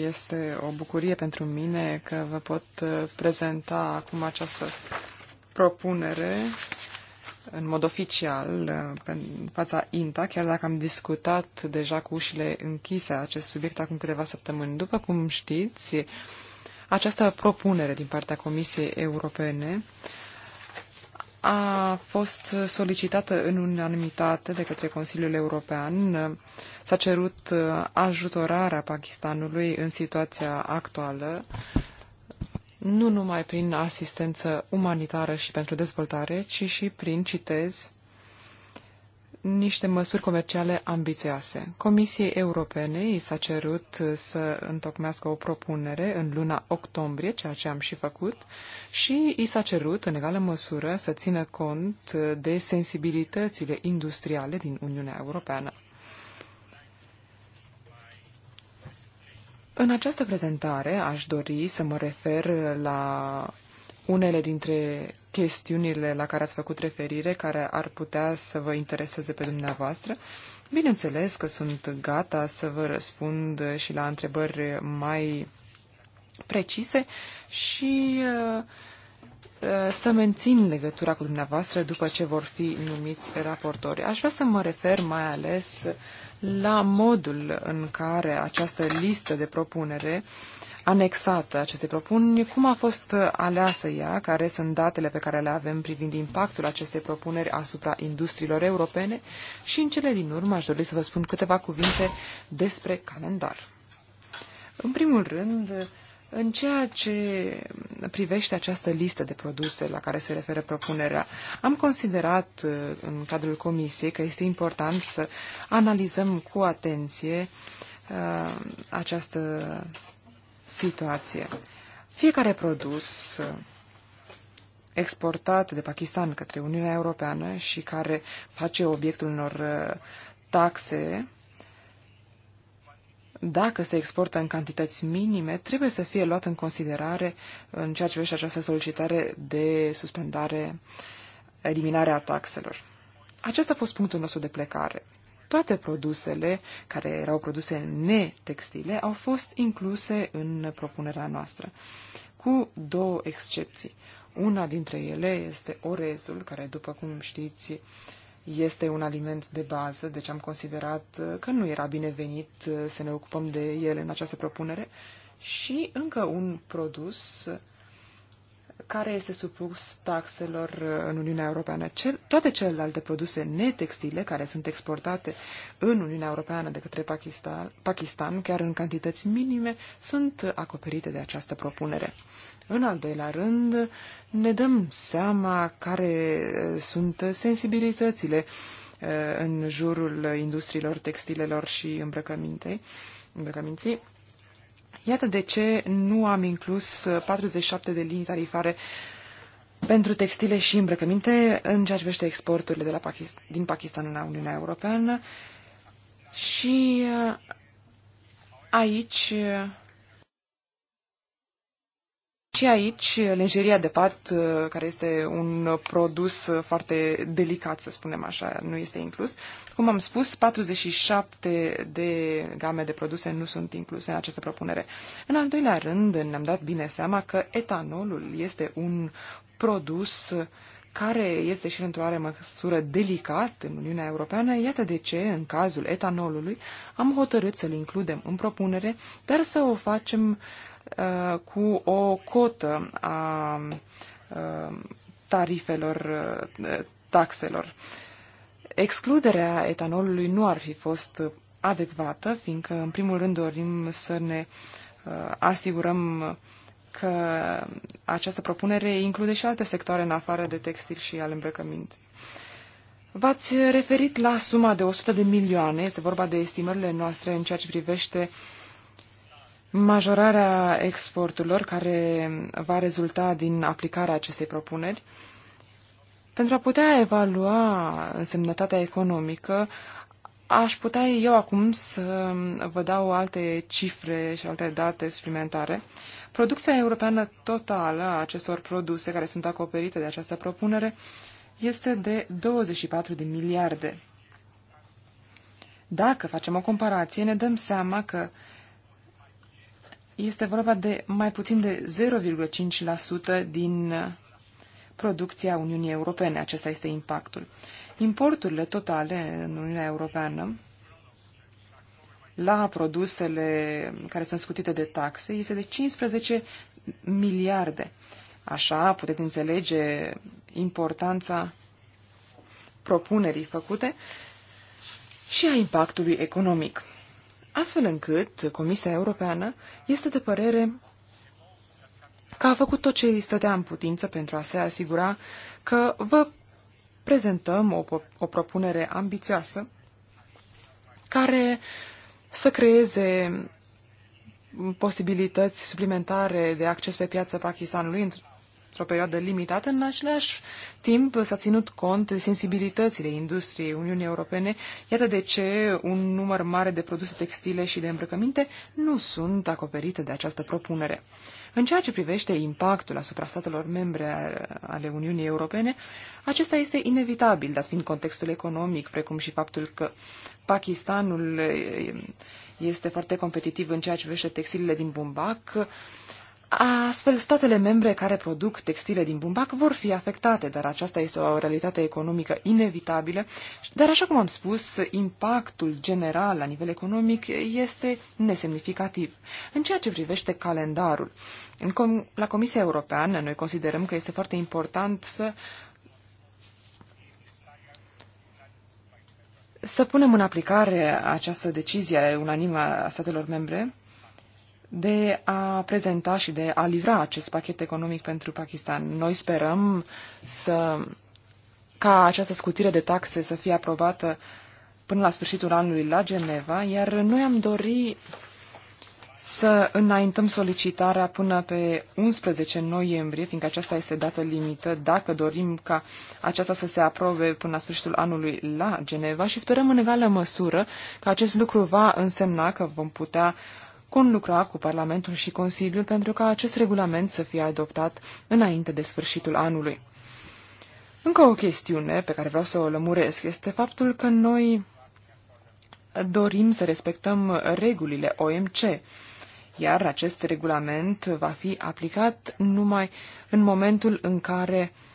Este o bucurie pentru mine că vă pot prezenta acum această propunere în mod oficial uh, în fața INTA, chiar dacă am discutat deja cu ușile închise acest subiect acum câteva săptămâni. După cum știți, această propunere din partea Comisiei Europene a fost solicitată în unanimitate de către Consiliul European. S-a cerut uh, ajutorarea Pakistanului în situația actuală nu numai prin asistență umanitară și pentru dezvoltare, ci și prin, citez, niște măsuri comerciale ambițioase. Comisiei Europene i s-a cerut să întocmească o propunere în luna octombrie, ceea ce am și făcut, și i s-a cerut, în egală măsură, să țină cont de sensibilitățile industriale din Uniunea Europeană. În această prezentare aș dori să mă refer la unele dintre chestiunile la care ați făcut referire, care ar putea să vă intereseze pe dumneavoastră. Bineînțeles că sunt gata să vă răspund și la întrebări mai precise și uh, uh, să mențin legătura cu dumneavoastră după ce vor fi numiți raportori. Aș vrea să mă refer mai ales la modul în care această listă de propunere anexată acestei propuneri, cum a fost aleasă ea, care sunt datele pe care le avem privind impactul acestei propuneri asupra industriilor europene și în cele din urmă aș dori să vă spun câteva cuvinte despre calendar. În primul rând, în ceea ce privește această listă de produse la care se referă propunerea, am considerat uh, în cadrul comisiei că este important să analizăm cu atenție uh, această situație. Fiecare produs uh, exportat de Pakistan către Uniunea Europeană și care face obiectul unor taxe dacă se exportă în cantități minime, trebuie să fie luat în considerare în ceea ce vește această solicitare de suspendare, eliminarea taxelor. Acesta a fost punctul nostru de plecare. Toate produsele care erau produse netextile au fost incluse în propunerea noastră, cu două excepții. Una dintre ele este orezul, care, după cum știți, este un aliment de bază, deci am considerat uh, că nu era binevenit uh, să ne ocupăm de el în această propunere. Și încă un produs uh, care este supus taxelor în Uniunea Europeană. Cel, toate celelalte produse netextile care sunt exportate în Uniunea Europeană de către Pakistan, Pakistan, chiar în cantități minime, sunt acoperite de această propunere. În al doilea rând, ne dăm seama care uh, sunt sensibilitățile uh, în jurul industriilor textilelor și îmbrăcămintei, îmbrăcăminții. Iată de ce nu am inclus 47 uh, de linii tarifare pentru textile și îmbrăcăminte în ceea ce privește exporturile de la Pakist- din Pakistan la Uniunea Europeană. Și aici și aici, lingeria de pat, uh, care este un produs uh, foarte delicat, să spunem așa, nu este inclus. Cum am spus, 47 de game de produse nu sunt incluse în această propunere. În al doilea rând, ne-am dat bine seama că etanolul este un produs care este și într-o oare măsură delicat în Uniunea Europeană, iată de ce, în cazul etanolului, am hotărât să-l includem în propunere, dar să o facem Uh, cu o cotă a uh, tarifelor, uh, taxelor. Excluderea etanolului nu ar fi fost adecvată, fiindcă, în primul rând, dorim să ne asigurăm că această propunere include și alte sectoare în afară de textil și al îmbrăcăminții. V-ați referit la suma de 100 de milioane, este vorba de estimările noastre în ceea ce privește uh, Majorarea exporturilor care va rezulta din aplicarea acestei propuneri pentru a putea evalua însemnătatea economică, aș putea eu acum să vă dau alte cifre și alte date suplimentare. Producția europeană totală a acestor produse care sunt acoperite de această propunere este de 24 de miliarde. Dacă facem o comparație, ne dăm seama că este vorba de mai puțin de 0,5% din producția Uniunii Europene. Acesta este impactul. Importurile totale în Uniunea Europeană la produsele care sunt scutite de taxe este de 15 miliarde. Așa puteți înțelege importanța propunerii făcute și a impactului economic astfel încât Comisia Europeană este de părere că a făcut tot ce îi stătea în putință pentru a se asigura că vă prezentăm o, o propunere ambițioasă care să creeze posibilități suplimentare de acces pe piață Pakistanului într-o perioadă limitată, în același timp s-a ținut cont de sensibilitățile industriei Uniunii Europene. Iată de ce un număr mare de produse textile și de îmbrăcăminte nu sunt acoperite de această propunere. În ceea ce privește impactul asupra statelor membre ale Uniunii Europene, acesta este inevitabil, dat fiind contextul economic, precum și faptul că Pakistanul este foarte competitiv în ceea ce privește textilele din bumbac, Astfel, statele membre care produc textile din bumbac vor fi afectate, dar aceasta este o realitate economică inevitabilă. Dar, așa cum am spus, impactul general la nivel economic este nesemnificativ. În ceea ce privește calendarul, la Comisia Europeană noi considerăm că este foarte important să să punem în aplicare această decizie unanimă a statelor membre de a prezenta și de a livra acest pachet economic pentru Pakistan. Noi sperăm să, ca această scutire de taxe să fie aprobată până la sfârșitul anului la Geneva, iar noi am dori să înaintăm solicitarea până pe 11 noiembrie, fiindcă aceasta este dată limită, dacă dorim ca aceasta să se aprobe până la sfârșitul anului la Geneva și sperăm în egală măsură că acest lucru va însemna că vom putea uh, conlucra cu Parlamentul și Consiliul pentru ca acest regulament să fie adoptat înainte de sfârșitul anului. Încă o chestiune pe care vreau să o lămuresc este faptul că noi dorim să respectăm regulile OMC, iar acest regulament va fi aplicat numai în momentul în care uh,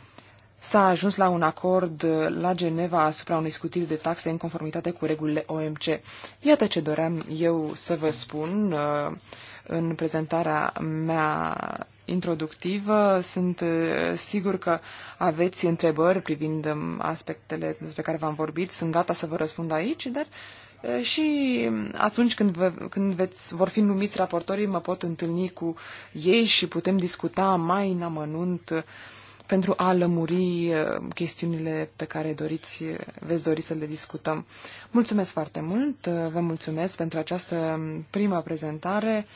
s-a ajuns la un acord uh, la Geneva asupra unui scutil de taxe în conformitate cu regulile OMC. Iată ce doream eu să vă spun uh, în prezentarea mea introductivă. Sunt uh, sigur că aveți întrebări privind um, aspectele despre care v-am vorbit. Sunt gata să vă răspund aici, dar și um, atunci când, vă, când veți, vor fi numiți raportorii, mă pot întâlni cu ei și putem discuta mai în amănunt uh, pentru a lămuri uh, chestiunile pe care doriți, veți dori să le discutăm. Mulțumesc foarte mult, uh, vă mulțumesc pentru această um, prima prezentare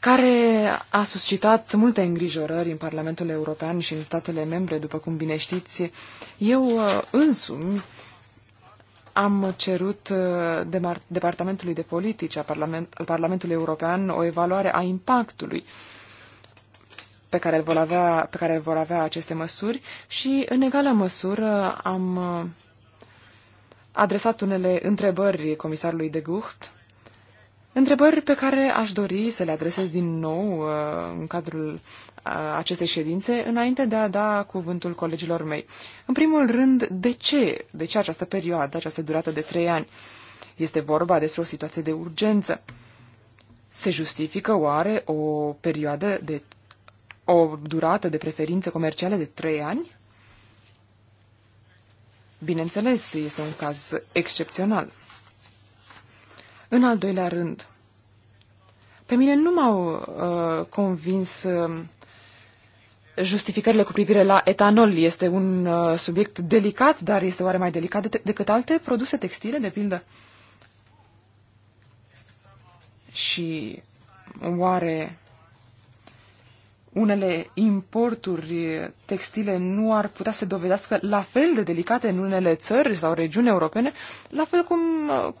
care a suscitat multe îngrijorări în Parlamentul European și în statele membre, după cum bine știți. Eu uh, însumi am cerut Departamentului de Politici Parlament, al Parlamentului European o evaluare a impactului uh, pe care, îl vor avea, pe care îl vor avea aceste măsuri și, în egală măsură, am uh, adresat unele întrebări comisarului de Gucht, întrebări pe care aș dori să le adresez din nou uh, în cadrul uh, acestei ședințe, înainte de a da cuvântul colegilor mei. În primul rând, de ce? De ce această perioadă, această durată de trei ani? Este vorba despre o situație de urgență. Se justifică oare o perioadă de o durată de preferință comercială de trei ani? Bineînțeles, este un caz excepțional. În al doilea rând, pe mine nu m-au uh, convins uh, justificările cu privire la etanol. Este un uh, subiect delicat, dar este oare mai delicat de- decât alte produse textile, de pildă? Și oare unele importuri textile nu ar putea să dovedească la fel de delicate în unele țări sau regiuni europene, la fel cum,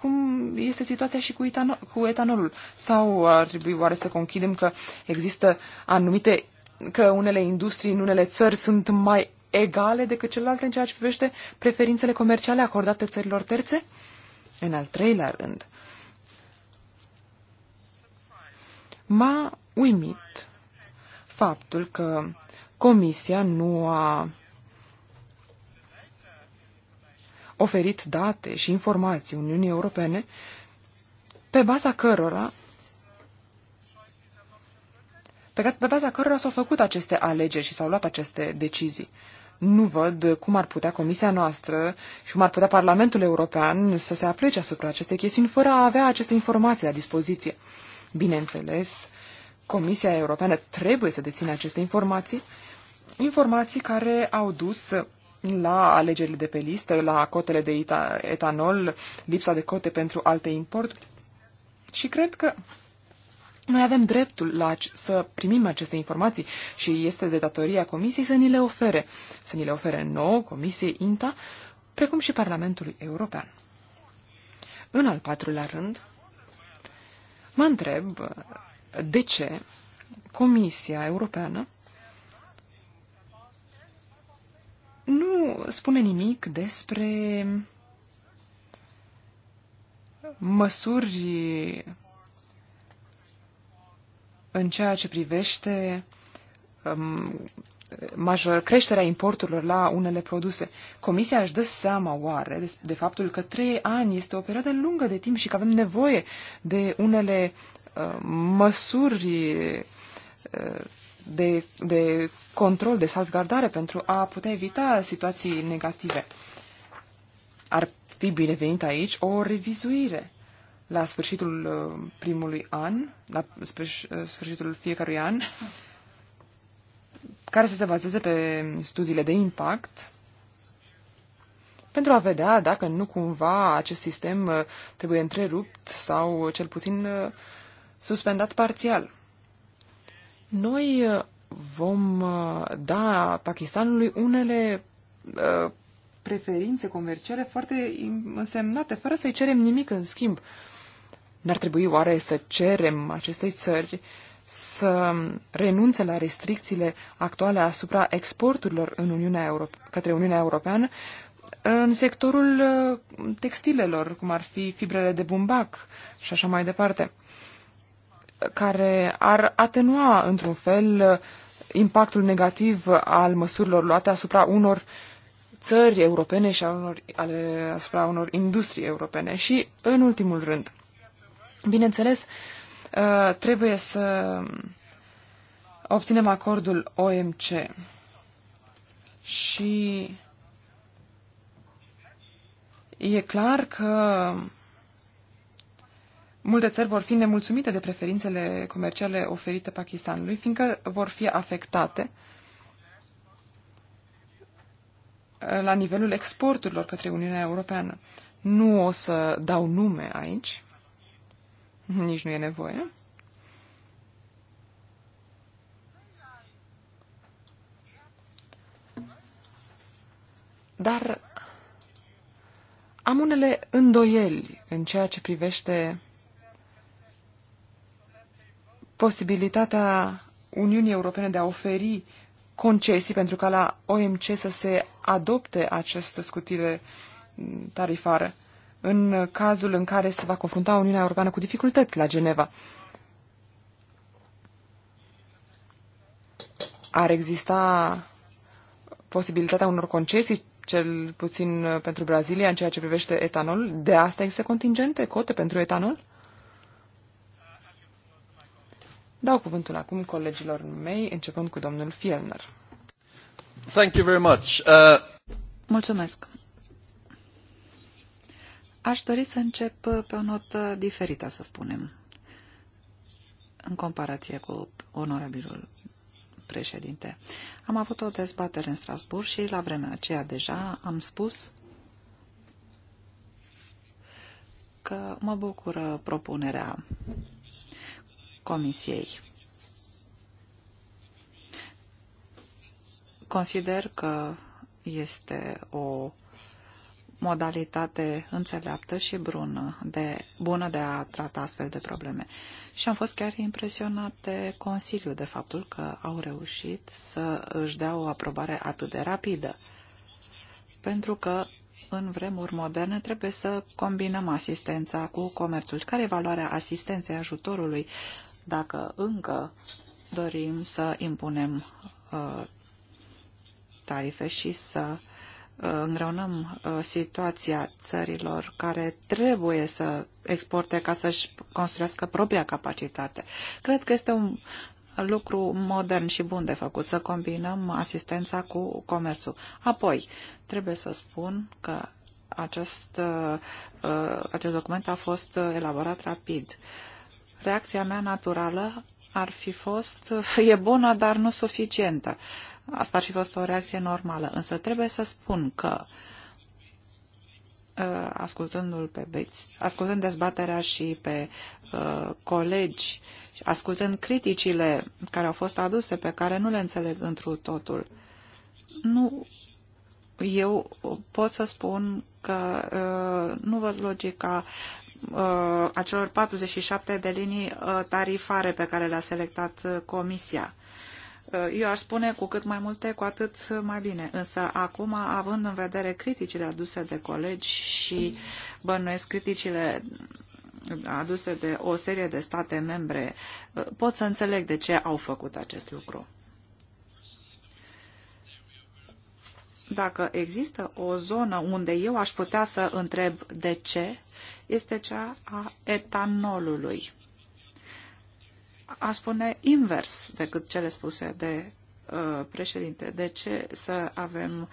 cum este situația și cu, etano- cu etanolul. Sau ar trebui oare să conchidem că există anumite, că unele industrii în unele țări sunt mai egale decât celelalte în ceea ce privește preferințele comerciale acordate țărilor terțe? În al treilea rând, m-a uimit faptul că Comisia nu a oferit date și informații Uniunii Europene pe baza cărora pe, baza cărora s-au făcut aceste alegeri și s-au luat aceste decizii. Nu văd cum ar putea Comisia noastră și cum ar putea Parlamentul European să se aplece asupra acestei chestiuni fără a avea aceste informații la dispoziție. Bineînțeles, Comisia Europeană trebuie să dețină aceste informații, informații care au dus la alegerile de pe listă, la cotele de etanol, lipsa de cote pentru alte importuri. Și cred că noi avem dreptul la, să primim aceste informații și este de datoria Comisiei să ni le ofere, să ni le ofere nouă Comisiei INTA, precum și Parlamentului European. În al patrulea rând, mă întreb de ce Comisia Europeană nu spune nimic despre măsuri în ceea ce privește um, major, creșterea importurilor la unele produse. Comisia își dă seama oare de, de faptul că trei ani este o perioadă lungă de timp și că avem nevoie de unele măsuri de, de control, de salvgardare pentru a putea evita situații negative. Ar fi binevenit aici o revizuire la sfârșitul uh, primului an, la uh, sfârșitul fiecărui an, care să se bazeze pe studiile de impact pentru a vedea dacă nu cumva acest sistem uh, trebuie întrerupt sau cel puțin suspendat parțial. Noi uh, vom uh, da Pakistanului unele uh, preferințe comerciale foarte însemnate, fără să-i cerem nimic în schimb. N-ar trebui oare să cerem acestei țări să renunțe la restricțiile actuale asupra exporturilor în Uniunea Europe- către Uniunea Europeană în sectorul textilelor, cum ar fi fibrele de bumbac și așa mai departe care ar atenua, într-un fel, impactul negativ al măsurilor luate asupra unor țări europene și asupra unor industrii europene. Și, în ultimul rând, bineînțeles, uh, trebuie să obținem acordul OMC și e clar că Multe țări vor fi nemulțumite de preferințele comerciale oferite Pakistanului, fiindcă vor fi afectate uh, la nivelul exporturilor către Uniunea Europeană. Nu o să dau nume aici, nici nu e nevoie. Dar am unele îndoieli în ceea ce privește posibilitatea Uniunii Europene de a oferi concesii pentru ca la OMC să se adopte această scutire tarifară în cazul în care se va confrunta Uniunea Europeană cu dificultăți la Geneva. Ar exista posibilitatea unor concesii, cel puțin pentru Brazilia, în ceea ce privește etanol. De asta există contingente, cote pentru etanol? Dau cuvântul acum colegilor mei, începând cu domnul Fielner. Thank you very much. Uh... Mulțumesc. Aș dori să încep pe o notă diferită, să spunem, în comparație cu onorabilul președinte. Am avut o dezbatere în Strasburg și la vremea aceea deja am spus că mă bucură propunerea Comisiei. Consider că este o modalitate înțeleaptă și brună de, bună de a trata astfel de probleme. Și am fost chiar impresionat de Consiliu, de faptul că au reușit să își dea o aprobare atât de rapidă. Pentru că în vremuri moderne trebuie să combinăm asistența cu comerțul. Care e valoarea asistenței ajutorului dacă încă dorim să impunem uh, tarife și să uh, îngreunăm uh, situația țărilor care trebuie să exporte ca să-și construiască propria capacitate. Cred că este un lucru modern și bun de făcut, să combinăm asistența cu comerțul. Apoi, trebuie să spun că acest, uh, uh acest document a fost uh, elaborat rapid. Uh, reacția mea naturală ar fi fost, e bună, dar nu suficientă. Asta ar fi fost o reacție normală. Însă trebuie să spun că uh, ascultându-l pe Beți, ascultând dezbaterea și pe uh, colegi, ascultând criticile care au fost aduse, pe care nu le înțeleg întru totul, nu, eu pot să spun că uh, nu văd logica uh, acelor 47 de linii uh, tarifare pe care le-a selectat uh, Comisia. Uh, eu aș spune cu cât mai multe, cu atât uh, mai bine. Însă acum, având în vedere criticile aduse de colegi și bănuiesc criticile aduse de o serie de state membre, uh, pot să înțeleg de ce au făcut acest lucru. Dacă există o zonă unde eu aș putea să întreb de ce este cea a etanolului. A spune invers decât cele spuse de uh, președinte. De ce să avem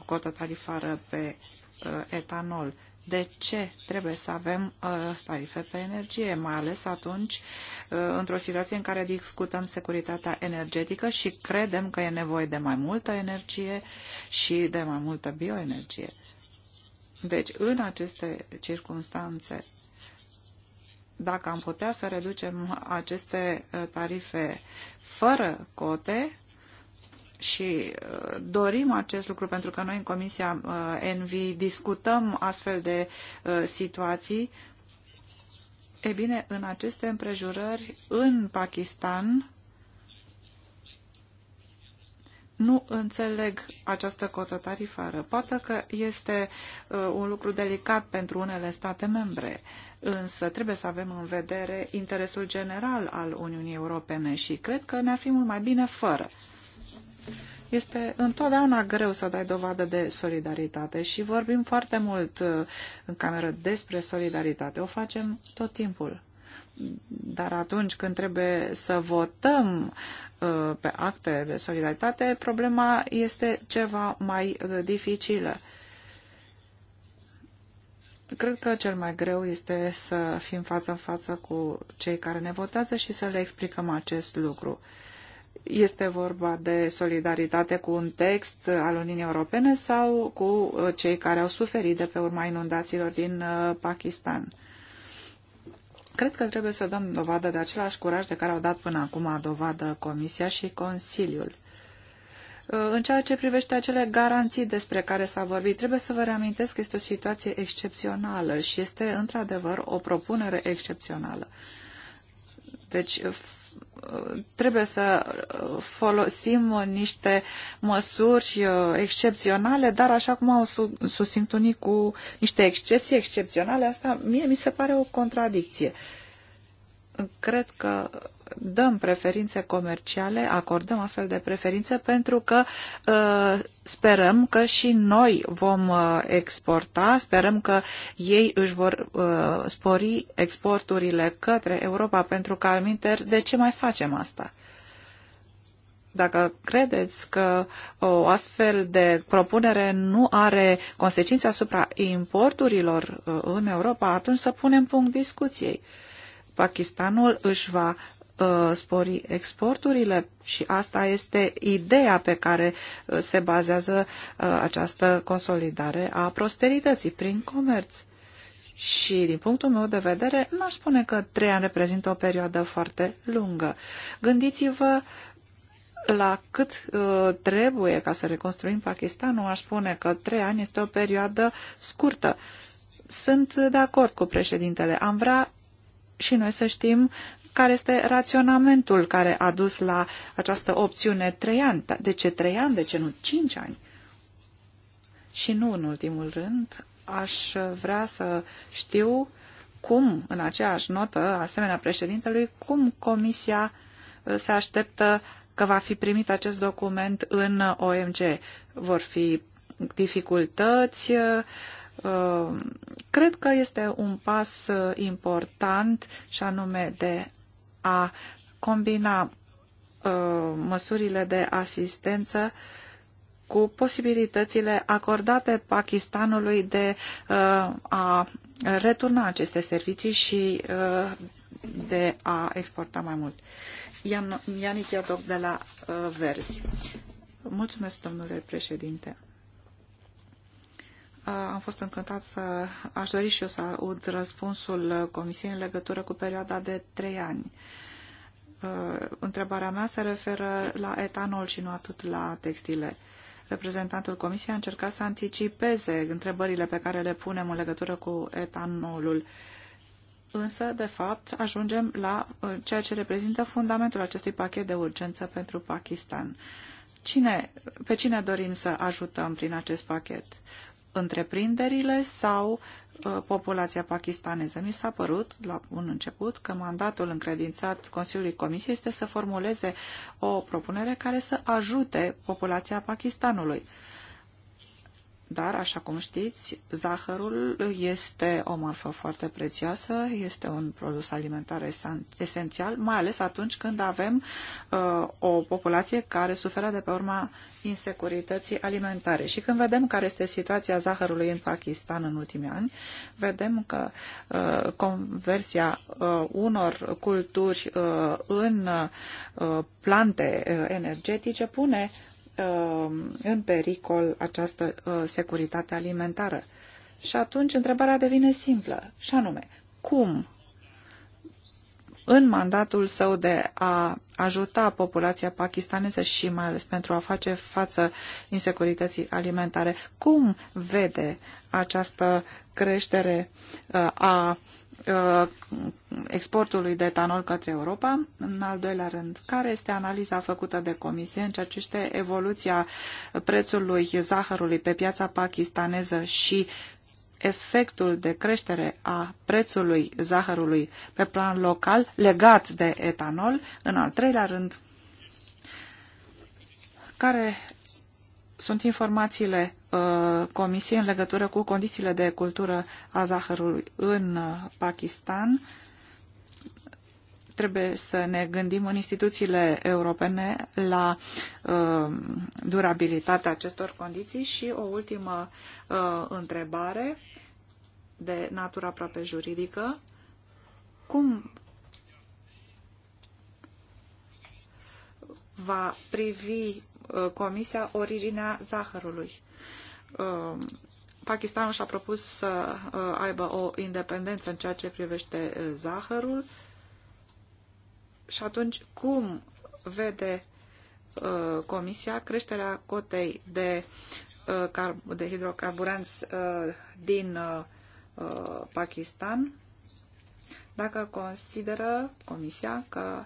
o cotă tarifară pe uh, etanol? de ce trebuie să avem uh, tarife pe energie, mai ales atunci uh, într-o situație în care discutăm securitatea energetică și credem că e nevoie de mai multă energie și de mai multă bioenergie. Deci, în aceste circunstanțe, dacă am putea să reducem aceste uh, tarife fără cote, și uh, dorim acest lucru pentru că noi în Comisia uh, Envi discutăm astfel de situații. E bine, în aceste împrejurări, în Pakistan, nu înțeleg această cotă tarifară. Poate că este uh, un lucru delicat pentru unele state membre, însă trebuie să avem în vedere interesul general al Uniunii Europene și cred că ne-ar fi mult mai bine fără. Este întotdeauna greu să dai dovadă de solidaritate și vorbim foarte mult uh, în cameră despre solidaritate. O facem tot timpul. Dar atunci când trebuie să votăm Uh, pe acte de solidaritate, problema este ceva mai uh, dificilă. Cred că cel mai greu este să fim față în față cu cei care ne votează și să le explicăm acest lucru. Este vorba de solidaritate cu un text al Uniunii Europene sau cu uh, cei care au suferit de pe urma inundațiilor din Pakistan. Cred că trebuie să dăm dovadă de același curaj de care au dat până acum dovadă Comisia și Consiliul. Uh, în ceea ce privește acele garanții despre care s-a vorbit, trebuie să vă reamintesc că este o situație excepțională și este într-adevăr o propunere excepțională. Deci trebuie să folosim niște măsuri uh, excepționale, dar așa cum au susținut unii cu niște excepții excepționale, asta mie mi se pare o contradicție cred că dăm preferințe comerciale, acordăm astfel de preferințe pentru că uh, sperăm că și noi vom uh, exporta, sperăm că ei își vor uh, spori exporturile către Europa pentru că alminter de ce mai facem asta? Dacă credeți că o astfel de propunere nu are consecințe asupra importurilor uh, în Europa, atunci să punem punct discuției. Uh, Pakistanul își va uh, spori exporturile și asta este ideea pe care uh, se bazează uh, această consolidare a prosperității prin comerț. Și din punctul meu de vedere, nu aș spune că trei ani reprezintă o perioadă foarte lungă. Gândiți-vă la cât uh, trebuie ca să reconstruim Pakistanul, aș spune că trei ani este o perioadă scurtă. Sunt de acord cu președintele. Am vrea și noi să știm care este raționamentul care a dus la această opțiune trei ani. Da, de ce trei ani? De ce nu cinci ani? Și nu în ultimul rând, aș vrea să știu cum, în aceeași notă, asemenea președintelui, cum Comisia uh, se așteptă că va fi primit acest document în OMG. Vor fi dificultăți, uh, Uh, cred că este un pas uh, important și anume de a combina uh, măsurile de asistență cu posibilitățile acordate Pakistanului de a returna aceste servicii și de a exporta mai mult. Ian, Ianic Iadov de la Verzi. Mulțumesc, domnule președinte. Am fost încântat să aș dori și eu să aud răspunsul Comisiei în legătură cu perioada de trei ani. Întrebarea mea se referă la etanol și nu atât la textile. Reprezentantul Comisiei a încercat să anticipeze întrebările pe care le punem în legătură cu etanolul. Însă, de fapt, ajungem la uh, ceea ce reprezintă fundamentul acestui pachet de urgență pentru Pakistan. Cine, pe cine dorim să ajutăm prin acest pachet? întreprinderile sau uh, populația pakistaneză. Mi s-a părut, la un început, că mandatul încredințat Consiliului Comisiei este să formuleze o propunere care să ajute populația Pakistanului. Dar, așa cum știți, zahărul este o marfă foarte prețioasă, este un produs alimentar esențial, mai ales atunci când avem uh, o populație care suferă de pe urma insecurității alimentare. Și când vedem care este situația zahărului în Pakistan în ultimii ani, vedem că uh, conversia uh, unor culturi uh, în uh, plante uh, energetice pune uh, Um, în pericol această uh, securitate alimentară. Și atunci întrebarea devine simplă, și anume, cum în mandatul său de a ajuta populația pakistaneză și mai ales pentru a face față insecurității alimentare. Cum vede această creștere uh, a Uh, exportului de etanol către Europa. În al doilea rând, care este analiza făcută de comisie în ceea ce este evoluția prețului zahărului pe piața pakistaneză și efectul de creștere a prețului zahărului pe plan local legat de etanol. În al treilea rând, care sunt informațiile Uh, Comisiei în legătură cu condițiile de cultură a zahărului în uh, Pakistan. Trebuie să ne gândim în instituțiile europene la uh, durabilitatea acestor condiții și o ultimă uh, întrebare de natură aproape juridică. Cum va privi uh, Comisia originea zahărului? Um, Pakistanul și-a propus să uh, aibă o independență în ceea ce privește uh, zahărul și atunci cum vede uh, Comisia creșterea cotei de, de hidrocarburanți din Pakistan dacă consideră Comisia că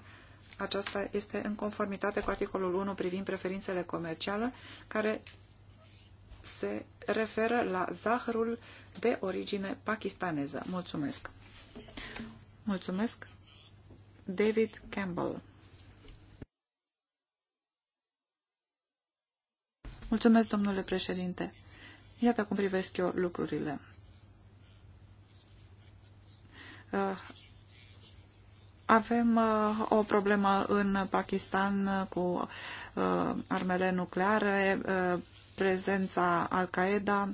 aceasta este în conformitate cu articolul 1 privind preferințele comerciale, care se referă la zahărul de origine pakistaneză. Mulțumesc! Mulțumesc! David Campbell Mulțumesc, domnule președinte. Iată cum privesc eu lucrurile. Uh, avem uh, o problemă în Pakistan cu uh, armele nucleare, prezența Al-Qaeda,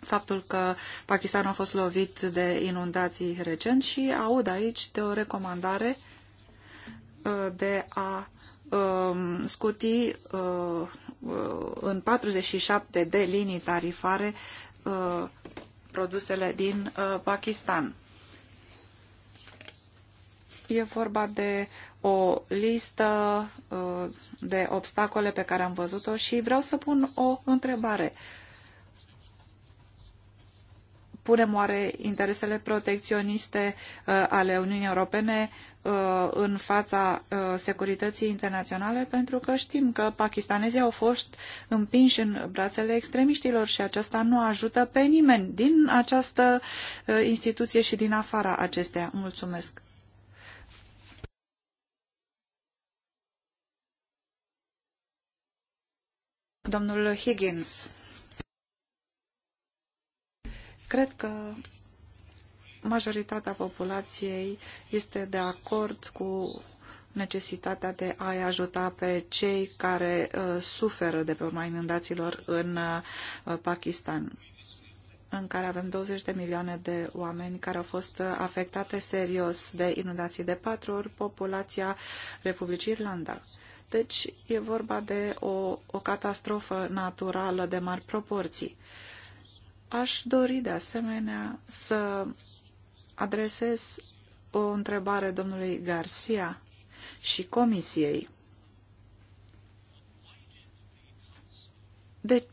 faptul că Pakistanul a fost lovit de inundații recent și aud aici de o recomandare uh, de a um, scuti uh, uh, în 47 de linii tarifare produsele din Pakistan. E vorba de o listă uh, de obstacole pe care am văzut-o și vreau să pun o întrebare. Punem oare interesele protecționiste uh, ale Uniunii Europene uh, în fața securității internaționale, pentru că știm că pakistanezii au fost împinși în brațele extremiștilor și aceasta nu ajută pe nimeni din această instituție și din afara acesteia. Mulțumesc. Domnul Higgins, cred că majoritatea populației este de acord cu necesitatea de a-i ajuta pe cei care uh, suferă de pe urma inundațiilor în uh, Pakistan în care avem 20 de milioane de oameni care au fost uh, afectate serios de inundații de patru ori populația Republicii Irlanda. Deci e vorba de o, o catastrofă naturală de mari proporții. Aș dori de asemenea să adresez o întrebare domnului Garcia și Comisiei. De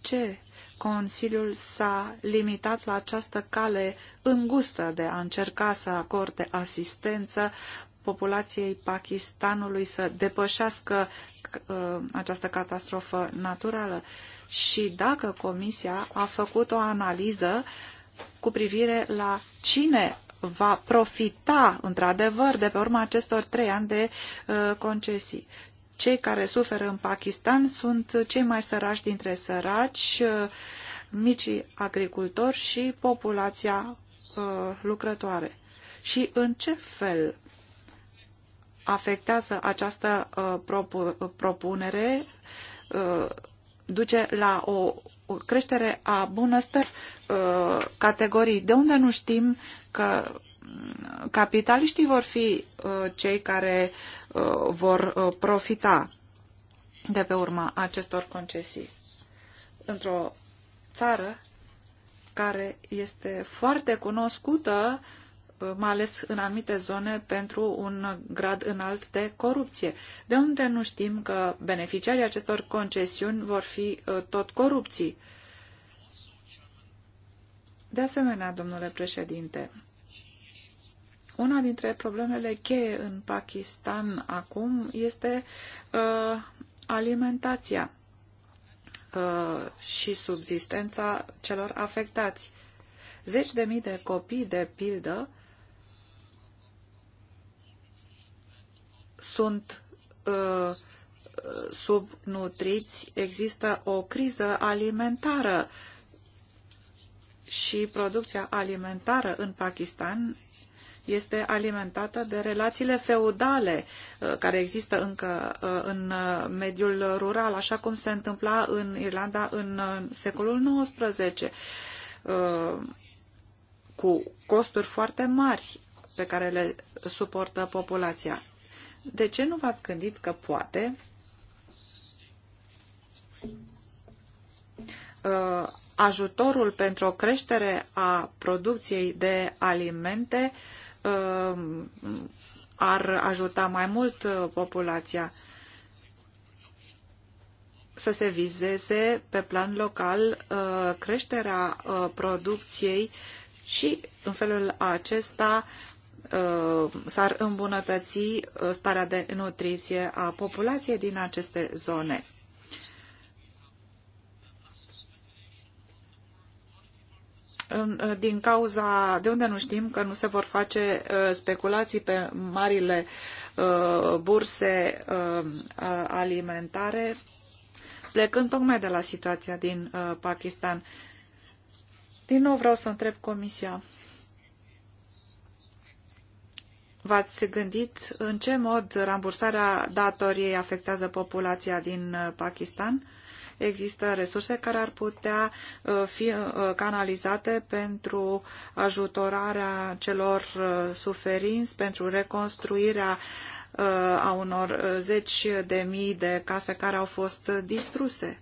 ce Consiliul s-a limitat la această cale îngustă de a încerca să acorde asistență populației Pakistanului să depășească uh, această catastrofă naturală și dacă Comisia a făcut o analiză cu privire la cine va profita într-adevăr de pe urma acestor trei ani de uh, concesii. Cei care suferă în Pakistan sunt cei mai săraci dintre săraci, uh, micii agricultori și populația uh, lucrătoare. Și în ce fel afectează această uh, propunere uh, duce la o creștere a bunăstării uh, categorii, de unde nu știm că mm, capitaliștii vor fi cei care vor profita de pe urma acestor concesii. Într-o țară care este foarte cunoscută uh, mai ales în anumite zone, pentru un grad înalt de corupție. De unde nu știm că beneficiarii acestor concesiuni vor fi ă, tot corupții? De asemenea, domnule președinte, una dintre problemele cheie în Pakistan acum este uh, alimentația uh, și subzistența celor afectați. Zeci de mii de copii, de pildă, sunt uh, subnutriți, există o criză alimentară și producția alimentară în Pakistan este alimentată de relațiile feudale uh, care există încă uh, în uh, mediul rural, așa cum se întâmpla în Irlanda în secolul XIX, cu costuri foarte mari pe care le suportă populația de ce nu v-ați gândit că poate uh, ajutorul pentru o creștere a producției de alimente uh, ar ajuta mai mult uh, populația să se vizeze pe plan local creșterea producției și în felul acesta Uh, s-ar îmbunătăți uh, starea de nutriție a populației din aceste zone. Uh, din cauza de unde nu știm că nu se vor face speculații pe marile burse alimentare, plecând tocmai de la situația din Pakistan. Din nou vreau să întreb Comisia V-ați gândit în ce mod rambursarea datoriei afectează populația din uh, Pakistan? Există resurse care ar putea uh, fi uh, canalizate pentru ajutorarea celor suferinți, pentru reconstruirea a unor zeci de mii de case care au fost distruse.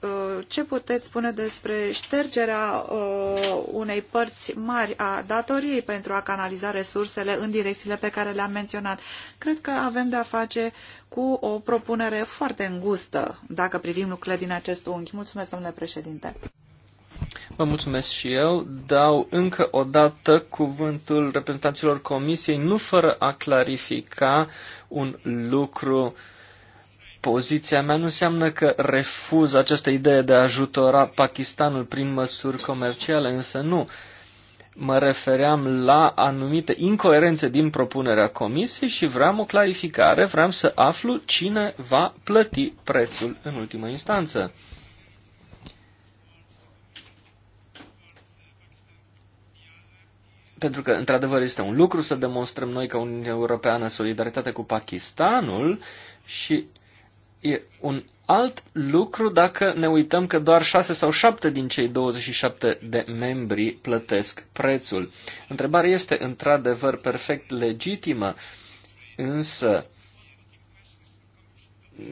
Uh, ce puteți spune despre ștergerea uh, unei părți mari a datoriei pentru a canaliza resursele în direcțiile pe care le-am menționat? Cred că avem de-a face cu o propunere foarte îngustă, dacă privim lucrurile din acest unghi. Mulțumesc, domnule președinte. Vă mulțumesc și eu. Dau încă o dată cuvântul reprezentanților comisiei, nu fără a clarifica un lucru uh, poziția mea nu înseamnă că refuz această idee de a ajutora Pakistanul prin măsuri comerciale, însă nu. Mă refeream la anumite incoerențe din propunerea comisiei și vreau o clarificare, vreau să aflu cine va plăti prețul în ultimă instanță. pentru că, într-adevăr, este un lucru să demonstrăm noi ca Uniunea Europeană solidaritate cu Pakistanul și E un alt lucru dacă ne uităm că doar 6 sau 7 din cei 27 de membri plătesc prețul. Întrebarea este într-adevăr perfect legitimă, însă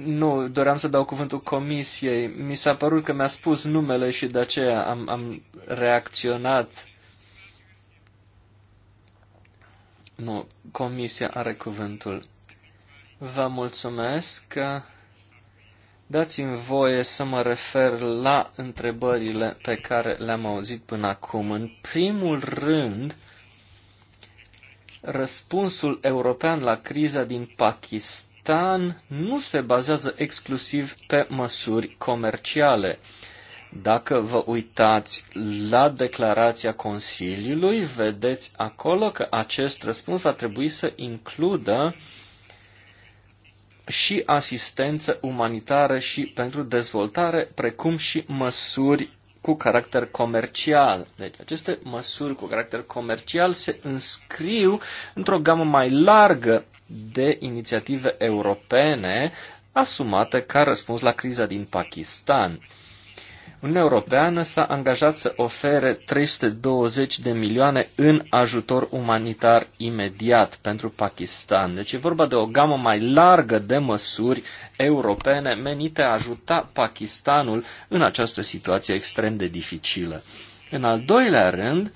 nu, doream să dau cuvântul comisiei. Mi s-a părut că mi-a spus numele și de aceea am, am reacționat. Nu, comisia are cuvântul. Vă mulțumesc. Că... Dați-mi voie să mă refer la întrebările pe care le-am auzit până acum. În primul rând, răspunsul european la criza din Pakistan nu se bazează exclusiv pe măsuri comerciale. Dacă vă uitați la declarația Consiliului, vedeți acolo că acest răspuns va trebui să includă uh, și asistență umanitară și pentru dezvoltare, precum și măsuri cu caracter comercial. Deci aceste măsuri cu caracter comercial se înscriu într-o gamă mai largă de inițiative europene asumate ca răspuns la criza din Pakistan. Uniunea Europeană s-a angajat să ofere 320 de milioane în ajutor umanitar imediat pentru Pakistan. Deci e vorba de o gamă mai largă de măsuri europene menite a ajuta Pakistanul în această situație extrem de dificilă. În al doilea rând,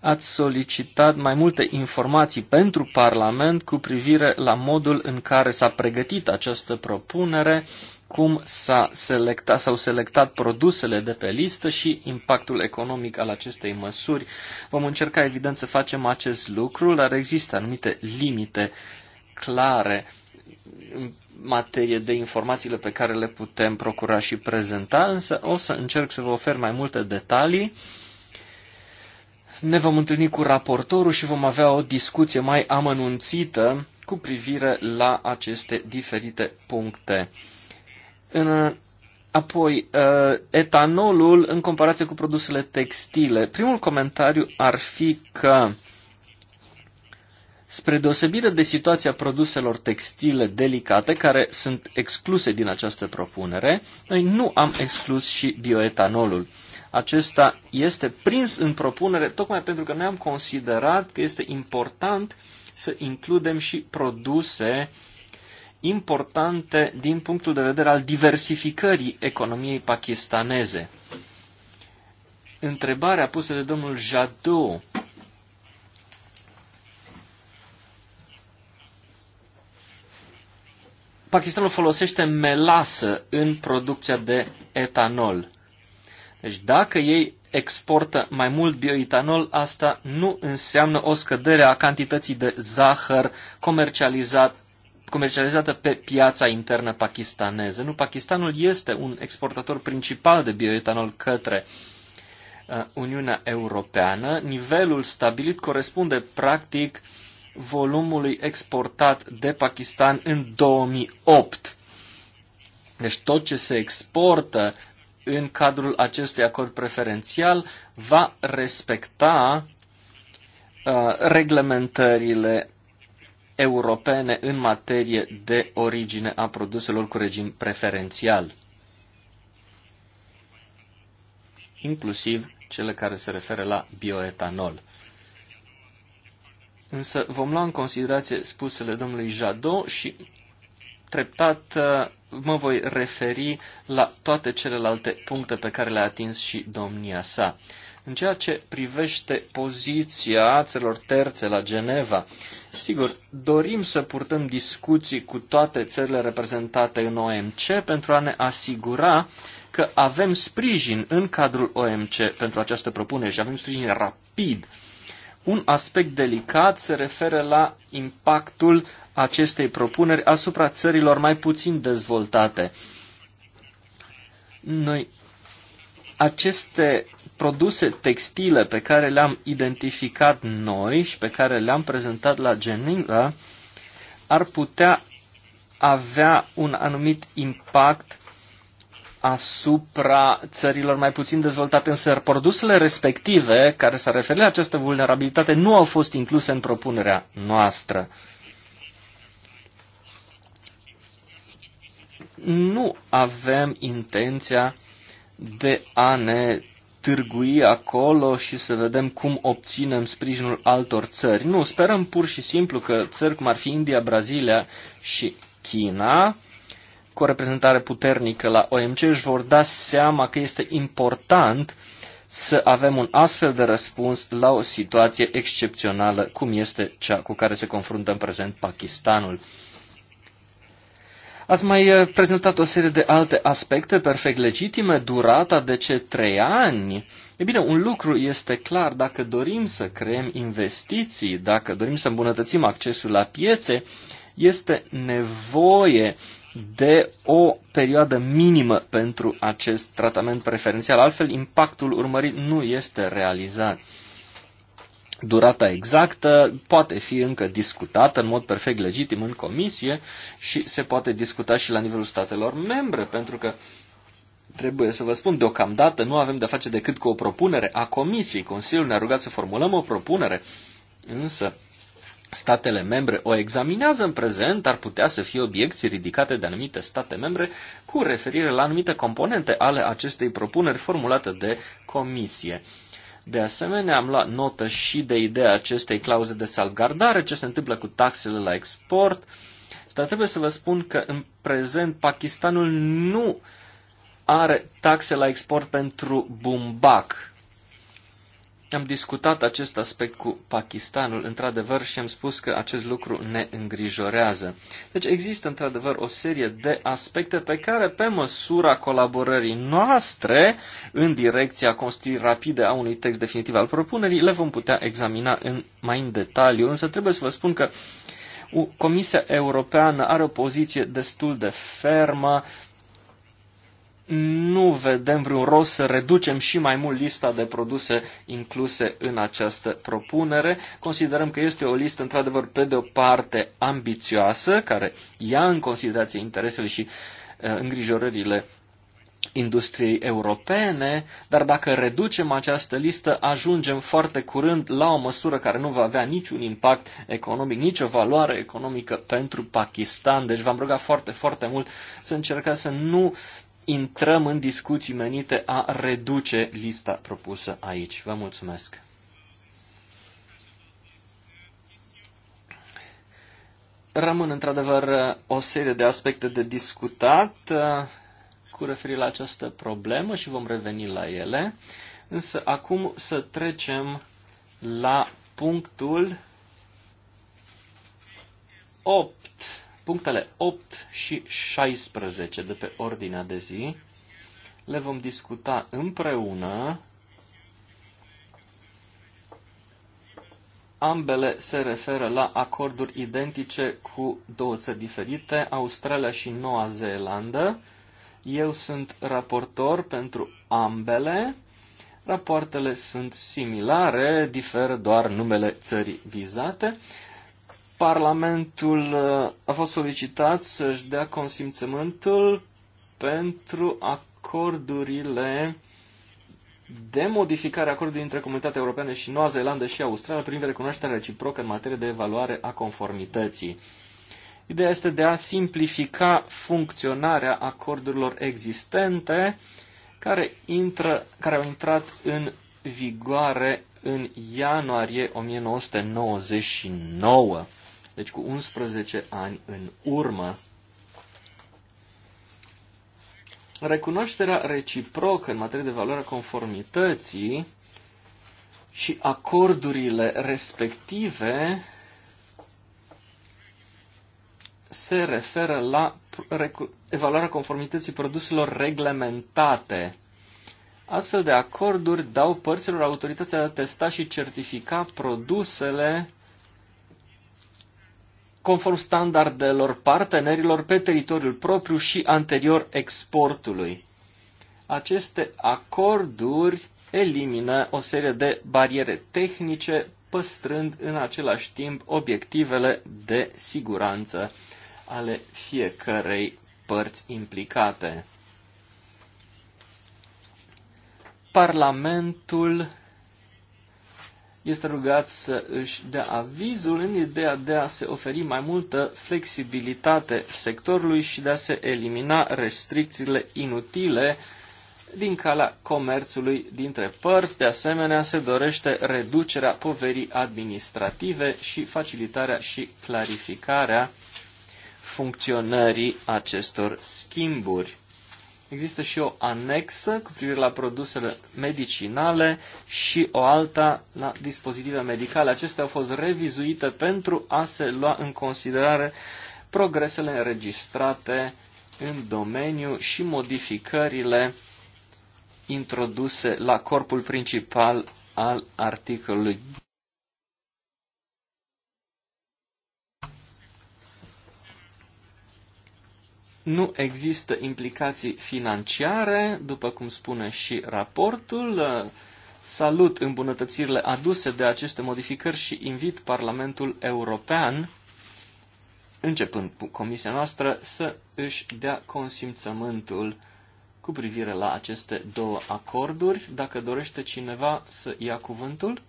ați solicitat mai multe informații pentru Parlament cu privire la modul în care s-a pregătit această propunere cum s-a selectat, s-au selectat produsele de pe listă și impactul economic al acestei măsuri. Vom încerca, evident, să facem acest lucru, dar există anumite limite clare în materie de informațiile pe care le putem procura și prezenta, însă o să încerc să vă ofer mai multe detalii. Ne vom întâlni cu raportorul și vom avea o discuție mai amănunțită cu privire la aceste diferite puncte. În, apoi, uh, etanolul în comparație cu produsele textile. Primul comentariu ar fi că Spre deosebire de situația produselor textile delicate, care sunt excluse din această propunere, noi nu am exclus și bioetanolul. Acesta este prins în propunere tocmai pentru că noi am considerat că este important să includem și produse uh, importante din punctul de vedere al diversificării economiei pakistaneze. Întrebarea pusă de domnul Jadou Pakistanul folosește melasă în producția de etanol. Deci dacă ei exportă mai mult bioetanol, asta nu înseamnă o scădere a cantității de zahăr comercializat comercializată pe piața internă pakistaneză. Nu, Pakistanul este un exportator principal de bioetanol către uh, Uniunea Europeană. Nivelul stabilit corespunde practic volumului exportat de Pakistan în 2008. Deci tot ce se exportă în cadrul acestui acord preferențial va respecta uh, reglementările europene în materie de origine a produselor cu regim preferențial, inclusiv cele care se referă la bioetanol. Însă vom lua în considerație spusele domnului Jadot și treptat uh, mă voi referi la toate celelalte puncte pe care le-a atins și domnia sa. În ceea ce privește poziția țărilor terțe la Geneva, sigur, dorim să purtăm discuții cu toate țările reprezentate în OMC pentru a ne asigura că avem sprijin în cadrul OMC pentru această propunere și avem sprijin rapid. Un aspect delicat se referă la impactul acestei propuneri asupra țărilor mai puțin dezvoltate. Noi aceste produse textile pe care le-am identificat noi și pe care le-am prezentat la Geneva ar putea avea un anumit impact asupra țărilor mai puțin dezvoltate, însă produsele respective care s-ar referi la această vulnerabilitate nu au fost incluse în propunerea noastră. Nu avem intenția de a ne târgui acolo și să vedem cum obținem sprijinul altor țări. Nu, sperăm pur și simplu că țări cum ar fi India, Brazilia și China, cu o reprezentare puternică la OMC, își vor da seama că este important să avem un astfel de răspuns la o situație excepțională cum este cea cu care se confruntă în prezent Pakistanul. Ați mai eh, prezentat o serie de alte aspecte perfect legitime, durata de ce trei ani. E bine, un lucru este clar, dacă dorim să creăm investiții, dacă dorim să îmbunătățim accesul la piețe, este nevoie de o perioadă minimă pentru acest tratament preferențial, altfel impactul urmărit nu este realizat. Durata exactă poate fi încă discutată în mod perfect legitim în comisie și se poate discuta și la nivelul statelor membre, pentru că trebuie să vă spun, deocamdată nu avem de face decât cu o propunere a comisiei. Consiliul ne-a rugat să formulăm o propunere, însă statele membre o examinează în prezent, ar putea să fie obiecții ridicate de anumite state membre cu referire la anumite componente ale acestei propuneri formulate de comisie. De asemenea, am luat notă și de ideea acestei clauze de salvgardare, ce se întâmplă cu taxele la export. Dar trebuie să vă spun că în prezent Pakistanul nu are taxe la export pentru bumbac. Am discutat acest aspect cu Pakistanul, într-adevăr, și am spus că acest lucru ne îngrijorează. Deci există, într-adevăr, o serie de aspecte pe care, pe măsura colaborării noastre, în direcția construirii rapide a unui text definitiv al propunerii, le vom putea examina în, mai în detaliu. Însă trebuie să vă spun că Comisia Europeană are o poziție destul de fermă nu vedem vreun rost să reducem și mai mult lista de produse incluse în această propunere. Considerăm că este o listă, într-adevăr, pe de o parte ambițioasă, care ia în considerație interesele și uh, îngrijorările industriei europene, dar dacă reducem această listă, ajungem foarte curând la o măsură care nu va avea niciun impact economic, nicio valoare economică pentru Pakistan. Deci v-am rugat foarte, foarte mult să încercați să nu intrăm în discuții menite a reduce lista propusă aici. Vă mulțumesc! Rămân într-adevăr o serie de aspecte de discutat uh, cu referire la această problemă și vom reveni la ele. Însă acum să trecem la punctul 8 Punctele 8 și 16 de pe ordinea de zi le vom discuta împreună. Ambele se referă la acorduri identice cu două țări diferite, Australia și Noua Zeelandă. Eu sunt raportor pentru ambele. Rapoartele sunt similare, diferă doar numele țării vizate. Parlamentul uh, a fost solicitat să-și dea consimțământul pentru acordurile de modificare a acordului între Comunitatea Europeană și Noua Zeelandă și Australia prin recunoașterea reciprocă în materie de evaluare a conformității. Ideea este de a simplifica funcționarea acordurilor existente care, intră, care au intrat în vigoare în ianuarie 1999 deci cu 11 ani în urmă. Recunoașterea reciprocă în materie de valoare a conformității și acordurile respective se referă la evaluarea conformității produselor reglementate. Astfel de acorduri dau părților autorității de a testa și certifica produsele conform standardelor partenerilor pe teritoriul propriu și anterior exportului. Aceste acorduri elimină o serie de bariere tehnice, păstrând în același timp obiectivele de siguranță ale fiecărei părți implicate. Parlamentul este rugat să își dea avizul în ideea de a se oferi mai multă flexibilitate sectorului și de a se elimina restricțiile inutile din calea comerțului dintre părți. De asemenea, se dorește reducerea poverii administrative și facilitarea și clarificarea funcționării acestor schimburi există și o anexă cu privire la produsele medicinale și o alta la dispozitive medicale. Acestea au fost revizuite pentru a se lua în considerare progresele înregistrate în domeniu și modificările introduse la corpul principal al articolului Nu există implicații financiare, după cum spune și raportul. Salut îmbunătățirile aduse de aceste modificări și invit Parlamentul European, începând cu comisia noastră, să își dea consimțământul cu privire la aceste două acorduri. Dacă dorește cineva să ia cuvântul.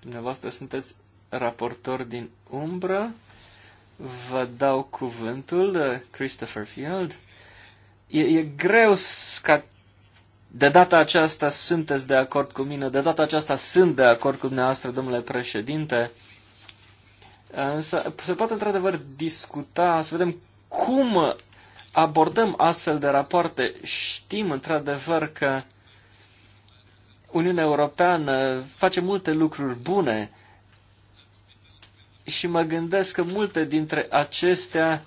Dumneavoastră sunteți raportor din umbră. Vă dau cuvântul, Christopher Field. E, e greu ca de data aceasta sunteți de acord cu mine, de data aceasta sunt de acord cu dumneavoastră, domnule președinte. Însă se poate într-adevăr discuta, să vedem cum abordăm astfel de rapoarte. Știm într-adevăr că Uniunea Europeană face multe lucruri bune, și mă gândesc că multe dintre acestea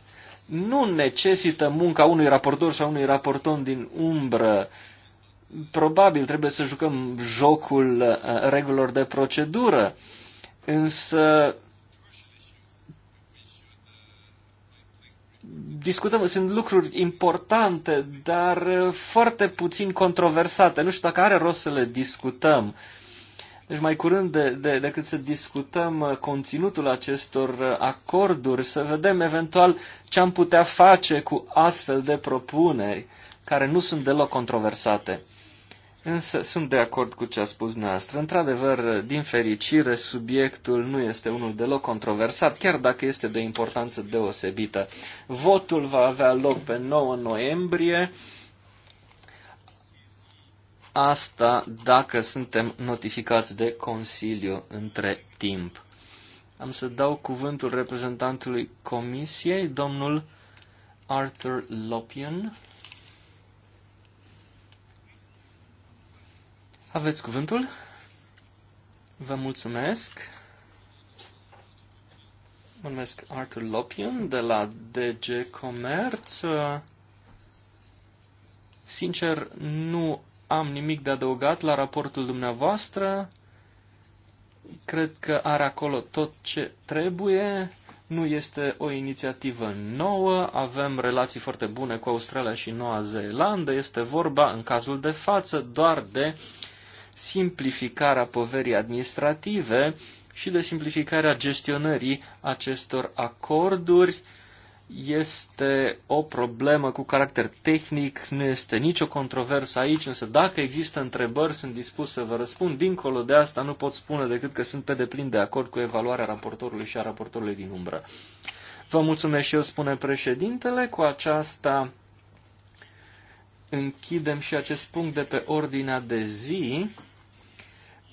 nu necesită munca unui raportor sau unui raporton din umbră. Probabil trebuie să jucăm jocul uh, regulilor de procedură, însă discutăm, sunt lucruri importante, dar uh, foarte puțin controversate. Nu știu dacă are rost să le discutăm. Uh, deci mai curând de, de, decât să discutăm uh, conținutul acestor uh, acorduri, să vedem eventual ce am putea face cu astfel de propuneri care nu sunt deloc controversate. Însă sunt de acord cu ce a spus dumneavoastră. Într-adevăr, uh, din fericire, subiectul nu este unul deloc controversat, chiar dacă este de importanță deosebită. Votul va avea loc pe 9 noiembrie Asta dacă suntem notificați de Consiliu între timp. Am să dau cuvântul reprezentantului Comisiei, domnul Arthur Lopian. Aveți cuvântul? Vă mulțumesc. Mă numesc Arthur Lopian de la DG Comerț. Sincer, nu am nimic de adăugat la raportul dumneavoastră. Cred că are acolo tot ce trebuie. Nu este o inițiativă nouă, avem relații foarte bune cu Australia și Noua Zeelandă. Este vorba, în cazul de față, doar de simplificarea poverii administrative și de simplificarea gestionării acestor acorduri este o problemă cu caracter tehnic, nu este nicio controversă aici, însă dacă există întrebări, sunt dispus să vă răspund. Dincolo de asta, nu pot spune decât că sunt pe deplin de acord cu evaluarea raportorului și a raportorului din umbră. Vă mulțumesc și eu, spune președintele. Cu aceasta închidem și acest punct de pe ordinea de zi.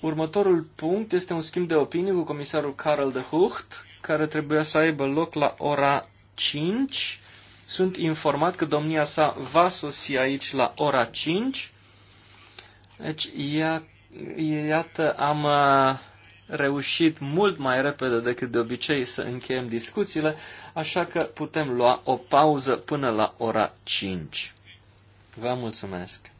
Următorul punct este un schimb de opinii cu comisarul Karel de Hucht, care trebuia să aibă loc la ora 5. Sunt informat că domnia sa va sosi aici la ora 5. Deci, ia, iată, am uh, reușit mult mai repede decât de obicei să încheiem discuțiile, așa că putem lua o pauză până la ora 5. Vă mulțumesc!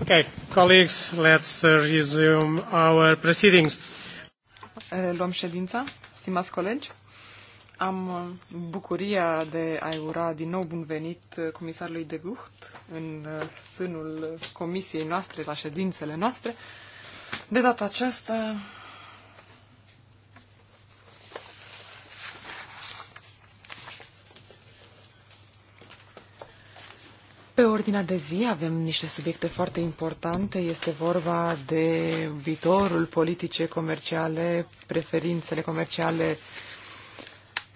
Okay, colleagues, let's uh, resume our proceedings. Eh, luăm ședința, stimați colegi. Am uh, bucuria de a-i ura din nou bun venit uh, comisarului de Gucht în sânul comisiei noastre, la ședințele noastre. De data aceasta Pe ordinea de zi avem niște subiecte foarte importante. Este vorba de viitorul politice comerciale, preferințele comerciale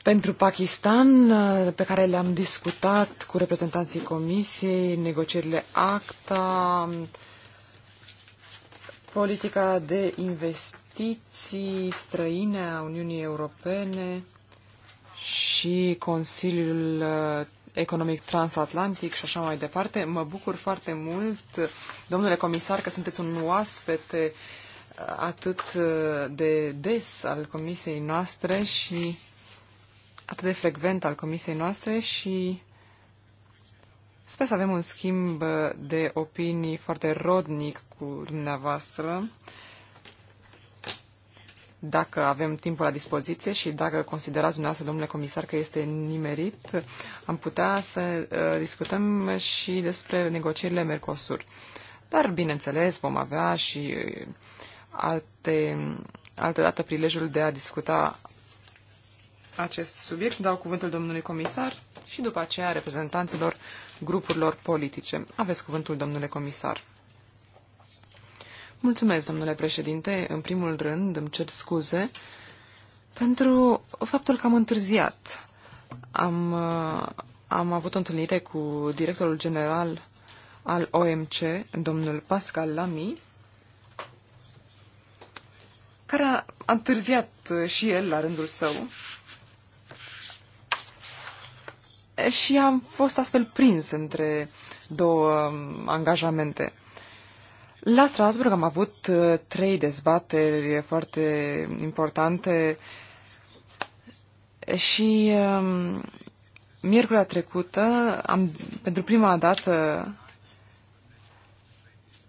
pentru Pakistan, pe care le-am discutat cu reprezentanții Comisiei, negocierile ACTA, politica de investiții străine a Uniunii Europene și Consiliul economic transatlantic și așa mai departe. Mă bucur foarte mult, domnule comisar, că sunteți un oaspete uh, atât uh, de des al comisiei noastre și atât de frecvent al comisiei noastre și sper să avem un schimb uh, de opinii foarte rodnic cu dumneavoastră dacă avem timpul la dispoziție și dacă considerați dumneavoastră, domnule comisar, că este nimerit, am putea să uh, discutăm și despre negocierile Mercosur. Dar, bineînțeles, vom avea și alte, altă dată prilejul de a discuta acest subiect. Dau cuvântul domnului comisar și după aceea reprezentanților grupurilor politice. Aveți cuvântul, domnule comisar. Mulțumesc, domnule președinte. În primul rând, îmi cer scuze pentru faptul că am întârziat. Am, uh, am avut o întâlnire cu directorul general al OMC, domnul Pascal Lamy, care a, a întârziat uh, și el la rândul său. Și am fost astfel prins între două um, angajamente. La Strasburg am avut uh, trei dezbateri foarte importante și um, miercurea trecută am, pentru prima dată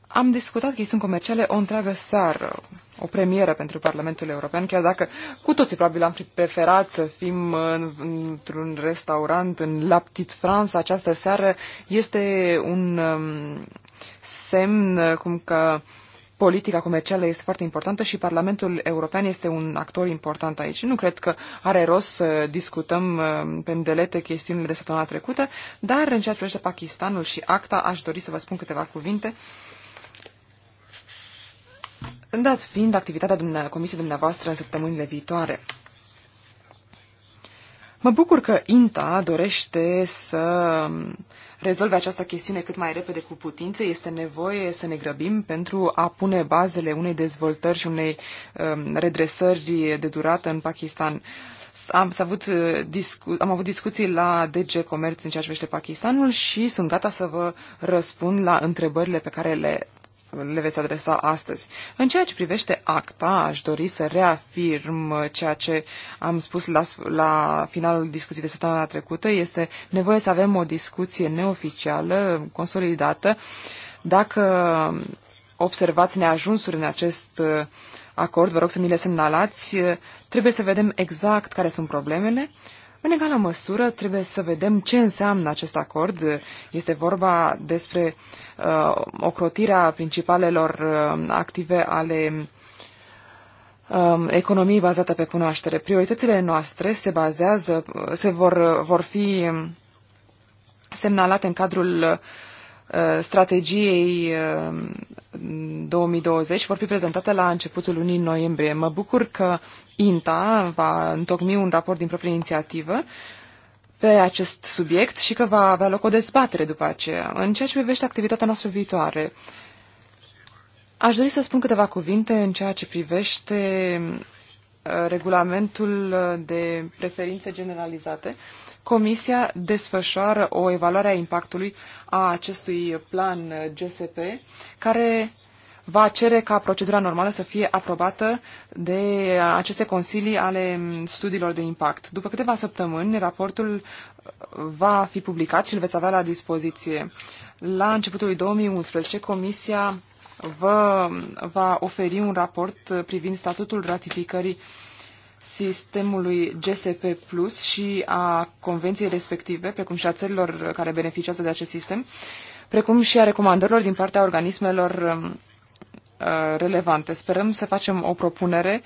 am discutat chestiuni comerciale o întreagă seară, o premieră pentru Parlamentul European, chiar dacă cu toții probabil am preferat să fim într-un restaurant în La Petite France această seară, este un um, semn cum că politica comercială este foarte importantă și Parlamentul European este un actor important aici. Nu cred că are rost să discutăm uh, pe îndelete chestiunile de săptămâna trecută, dar în ceea ce privește Pakistanul și ACTA aș dori să vă spun câteva cuvinte. Dat fiind activitatea comisiei dumneavoastră în săptămânile viitoare, mă bucur că INTA dorește să rezolve această chestiune cât mai repede cu putință. Este nevoie să ne grăbim pentru a pune bazele unei dezvoltări și unei um, redresări de durată în Pakistan. Am avut, uh, discu- am avut discuții la DG Comerț în ceea ce privește Pakistanul și sunt gata să vă răspund la întrebările pe care le le veți adresa astăzi. În ceea ce privește acta, aș dori să reafirm ceea ce am spus la, la finalul discuției de săptămâna trecută. Este nevoie să avem o discuție neoficială, consolidată. Dacă observați neajunsuri în acest uh, acord, vă rog să mi le semnalați. Trebuie să vedem exact care sunt problemele în egală măsură, trebuie să vedem ce înseamnă acest acord. Este vorba despre uh, ocrotirea principalelor uh, active ale uh, economiei bazate pe cunoaștere. Prioritățile noastre se bazează, se vor, vor fi um, semnalate în cadrul uh, Uh, strategiei 2020 uh, vor fi prezentate la începutul lunii noiembrie. Mă bucur că INTA va întocmi un raport din proprie inițiativă pe acest subiect și că va avea loc o dezbatere după aceea. În ceea ce privește activitatea noastră viitoare, aș dori să spun câteva cuvinte în ceea ce privește uh, regulamentul de preferințe generalizate uh, Comisia desfășoară o evaluare a impactului a acestui plan GSP, care va cere ca procedura normală să fie aprobată de aceste consilii ale studiilor de impact. După câteva săptămâni, raportul va fi publicat și îl veți avea la dispoziție. La începutul 2011, Comisia vă va oferi un raport privind statutul ratificării uh, sistemului GSP Plus și a convenției respective, precum și a țărilor care beneficiază de acest sistem, precum și a recomandărilor din partea organismelor um, uh, relevante. Sperăm să facem o propunere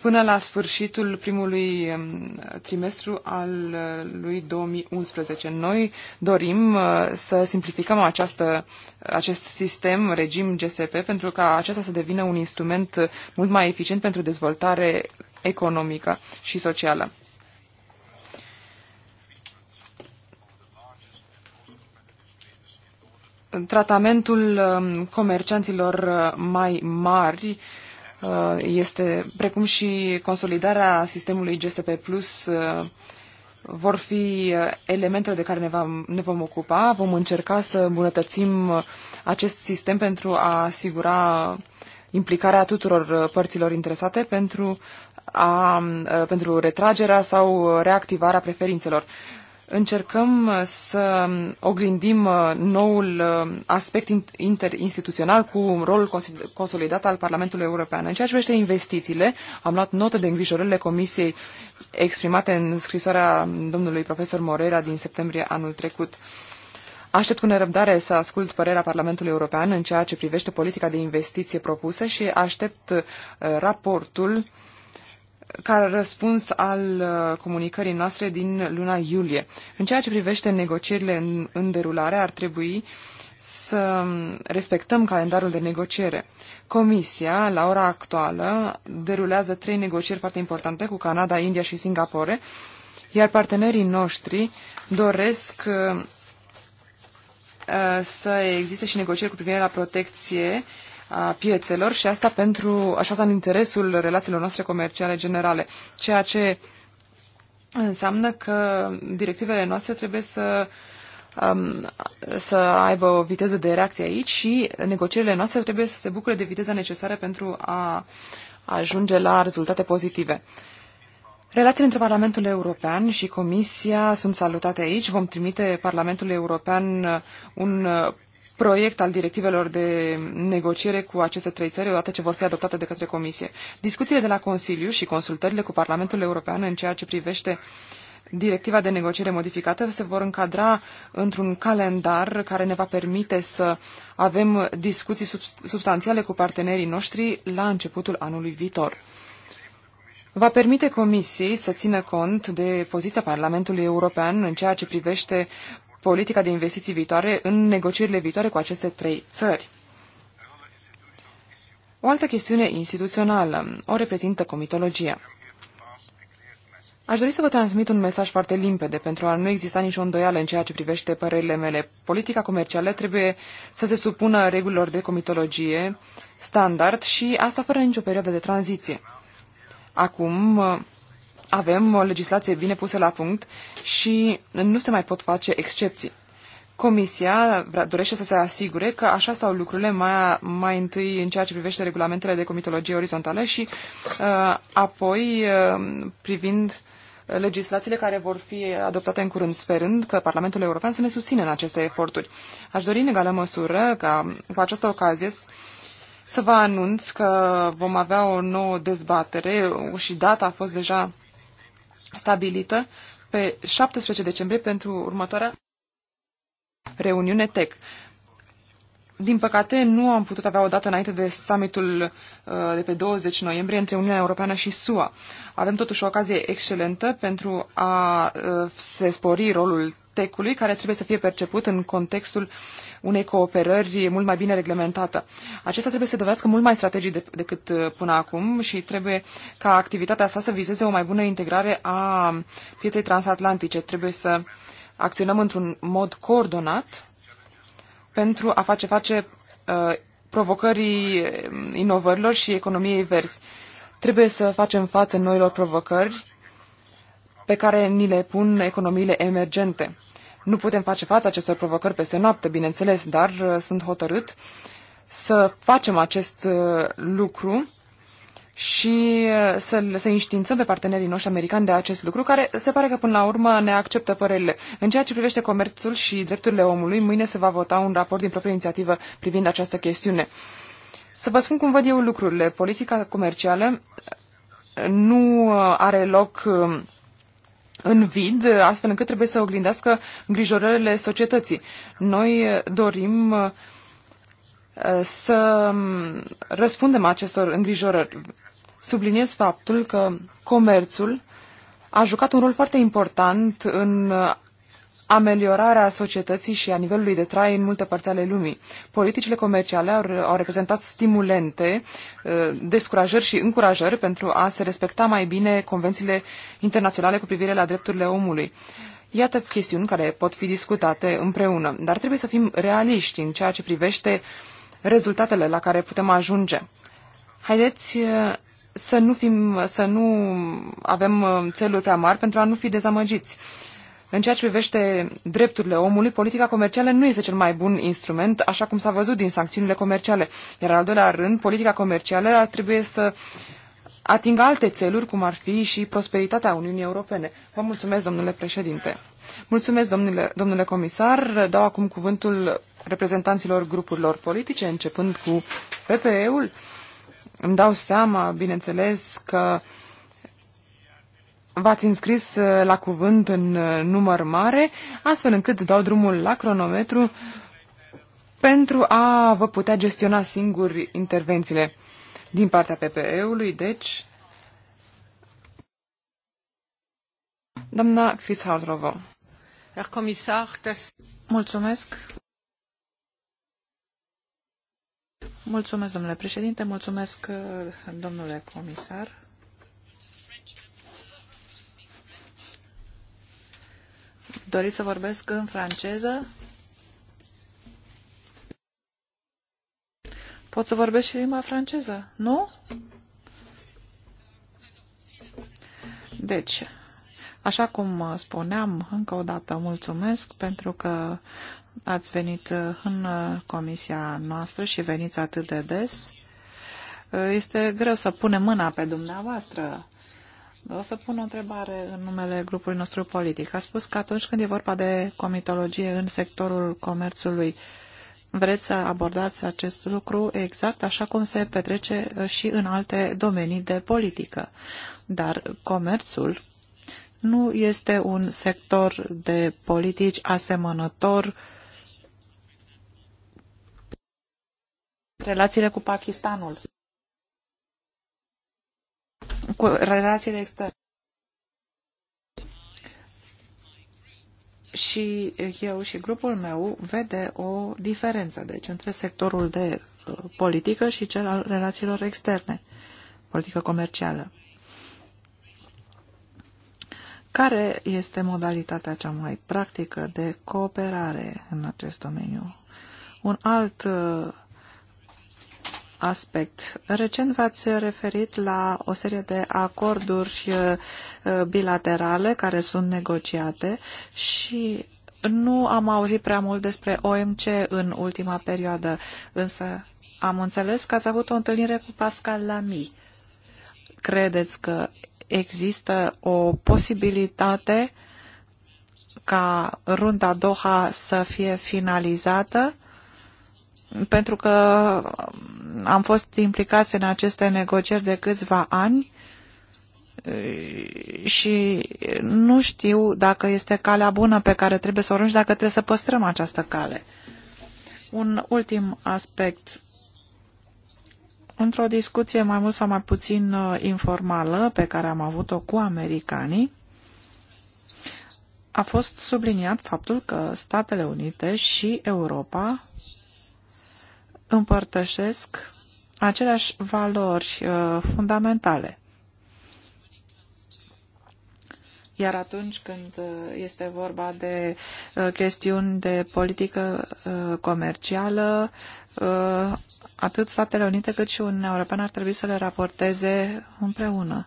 până la sfârșitul primului um, trimestru al uh, lui 2011. Noi dorim uh, să simplificăm această, acest sistem, regim GSP, pentru ca acesta să devină un instrument mult mai eficient pentru dezvoltare economică și socială. Tratamentul um, comercianților uh, mai mari uh, este, precum și consolidarea sistemului GSP Plus, uh, vor fi elementele de care ne, va, ne vom ocupa. Vom încerca să îmbunătățim acest sistem pentru a asigura implicarea tuturor părților interesate pentru a, pentru retragerea sau reactivarea preferințelor. Încercăm să oglindim noul aspect interinstituțional cu rolul consolidat al Parlamentului European. În ceea ce privește investițiile, am luat notă de îngrijorările Comisiei exprimate în scrisoarea domnului profesor Morera din septembrie anul trecut. Aștept cu nerăbdare să ascult părerea Parlamentului European în ceea ce privește politica de investiție propusă și aștept raportul ca răspuns al uh, comunicării noastre din luna iulie. În ceea ce privește negocierile în, în derulare, ar trebui să um, respectăm calendarul de negociere. Comisia, la ora actuală, derulează trei negocieri foarte importante cu Canada, India și Singapore, iar partenerii noștri doresc uh, uh, să existe și negocieri cu privire la protecție a piețelor și asta pentru așa în interesul relațiilor noastre comerciale generale, ceea ce înseamnă că directivele noastre trebuie să um, să aibă o viteză de reacție aici și negocierile noastre trebuie să se bucure de viteza necesară pentru a ajunge la rezultate pozitive. Relațiile între Parlamentul European și Comisia sunt salutate aici. Vom trimite Parlamentului European un proiect al directivelor de negociere cu aceste trei țări odată ce vor fi adoptate de către Comisie. Discuțiile de la Consiliu și consultările cu Parlamentul European în ceea ce privește directiva de negociere modificată se vor încadra într-un calendar care ne va permite să avem discuții sub substanțiale cu partenerii noștri la începutul anului viitor. Va permite Comisiei să țină cont de poziția Parlamentului European în ceea ce privește politica de investiții viitoare în negocierile viitoare cu aceste trei țări. O altă chestiune instituțională o reprezintă comitologia. Aș dori să vă transmit un mesaj foarte limpede pentru a nu exista nicio îndoială în ceea ce privește părerile mele. Politica comercială trebuie să se supună regulilor de comitologie standard și asta fără nicio perioadă de tranziție. Acum, avem o legislație bine pusă la punct și nu se mai pot face excepții. Comisia dorește să se asigure că așa stau lucrurile mai, mai întâi în ceea ce privește regulamentele de comitologie orizontală și uh, apoi uh, privind legislațiile care vor fi adoptate în curând, sperând că Parlamentul European să ne susțină în aceste eforturi. Aș dori în egală măsură ca cu această ocazie să vă anunț că vom avea o nouă dezbatere și data a fost deja stabilită pe 17 decembrie pentru următoarea reuniune TEC. Din păcate, nu am putut avea o dată înainte de summitul uh, de pe 20 noiembrie între Uniunea Europeană și SUA. Avem totuși o ocazie excelentă pentru a uh, se spori rolul tecului, care trebuie să fie perceput în contextul unei cooperări mult mai bine reglementată. Acesta trebuie să dovedească mult mai strategic decât uh, până acum și trebuie ca activitatea sa să vizeze o mai bună integrare a pieței transatlantice. Trebuie să acționăm într-un mod coordonat pentru a face face uh, provocării um, inovărilor și economiei verzi. Trebuie să facem față noilor provocări pe care ni le pun economiile emergente. Nu putem face față acestor provocări peste noapte, bineînțeles, dar uh, sunt hotărât să facem acest uh, lucru și uh, să, să înștiințăm pe partenerii noștri americani de acest lucru, care se pare că până la urmă ne acceptă părerile. În ceea ce privește comerțul și drepturile omului, mâine se va vota un raport din proprie inițiativă privind această chestiune. Să vă spun cum văd eu lucrurile. Politica comercială uh, nu uh, are loc um, în vid, astfel încât trebuie să oglindească îngrijorările societății. Noi dorim să um, răspundem acestor îngrijorări subliniez faptul că comerțul a jucat un rol foarte important în uh, ameliorarea societății și a nivelului de trai în multe părți ale lumii. Politicile comerciale au, au reprezentat stimulente, uh, descurajări și încurajări pentru a se respecta mai bine convențiile internaționale cu privire la drepturile omului. Iată chestiuni care pot fi discutate împreună, dar trebuie să fim realiști în ceea ce privește rezultatele la care putem ajunge. Haideți uh, să nu, fim, să nu avem uh, țeluri prea mari pentru a nu fi dezamăgiți. În ceea ce privește drepturile omului, politica comercială nu este cel mai bun instrument, așa cum s-a văzut din sancțiunile comerciale. Iar al doilea rând, politica comercială ar trebui să atingă alte țeluri, cum ar fi și prosperitatea Uniunii Europene. Vă mulțumesc, domnule președinte. Mulțumesc, domnule, domnule comisar. Dau acum cuvântul reprezentanților grupurilor politice, începând cu PPE-ul. Îmi dau seama, bineînțeles, că v-ați înscris uh, la cuvânt în uh, număr mare, astfel încât dau drumul la cronometru pentru a vă putea gestiona singuri intervențiile din partea PPE-ului, deci... Doamna Chris Hardrovo. Comisar, Mulțumesc. Mulțumesc, domnule președinte, mulțumesc, uh, domnule comisar. Doriți să vorbesc în franceză? Pot să vorbesc și limba franceză, nu? Deci, așa cum uh, spuneam, încă o dată mulțumesc pentru că ați venit uh, în uh, comisia noastră și veniți atât de des. Uh, este greu să punem mâna pe dumneavoastră. O să pun o întrebare în numele grupului nostru politic. A spus că atunci când e vorba de comitologie în sectorul comerțului, vreți să abordați acest lucru exact așa cum se petrece și în alte domenii de politică. Dar comerțul nu este un sector de politici asemănător uh, relațiile cu Pakistanul, cu relațiile externe. Și eu și grupul meu vede o diferență, deci, între sectorul de uh, politică și cel al relațiilor externe, politică comercială. Care este modalitatea cea mai practică de cooperare în acest domeniu? Un alt uh, aspect. Recent v-ați referit la o serie de acorduri uh, uh, bilaterale care sunt negociate și nu am auzit prea mult despre OMC în ultima perioadă, însă am înțeles că ați avut o întâlnire cu Pascal Lamy. Credeți că există o posibilitate ca runda Doha să fie finalizată pentru că um, am fost implicați în aceste negocieri de câțiva ani uh, și nu știu dacă este calea bună pe care trebuie să o și dacă trebuie să păstrăm această cale. Un ultim aspect. Într-o discuție mai mult sau mai puțin uh, informală pe care am avut-o cu americanii, a fost subliniat faptul că Statele Unite și Europa împărtășesc aceleași valori uh, fundamentale. Iar atunci când uh, este vorba de uh, chestiuni de politică comercială, atât Statele Unite cât și Uniunea Europeană ar trebui să le raporteze împreună.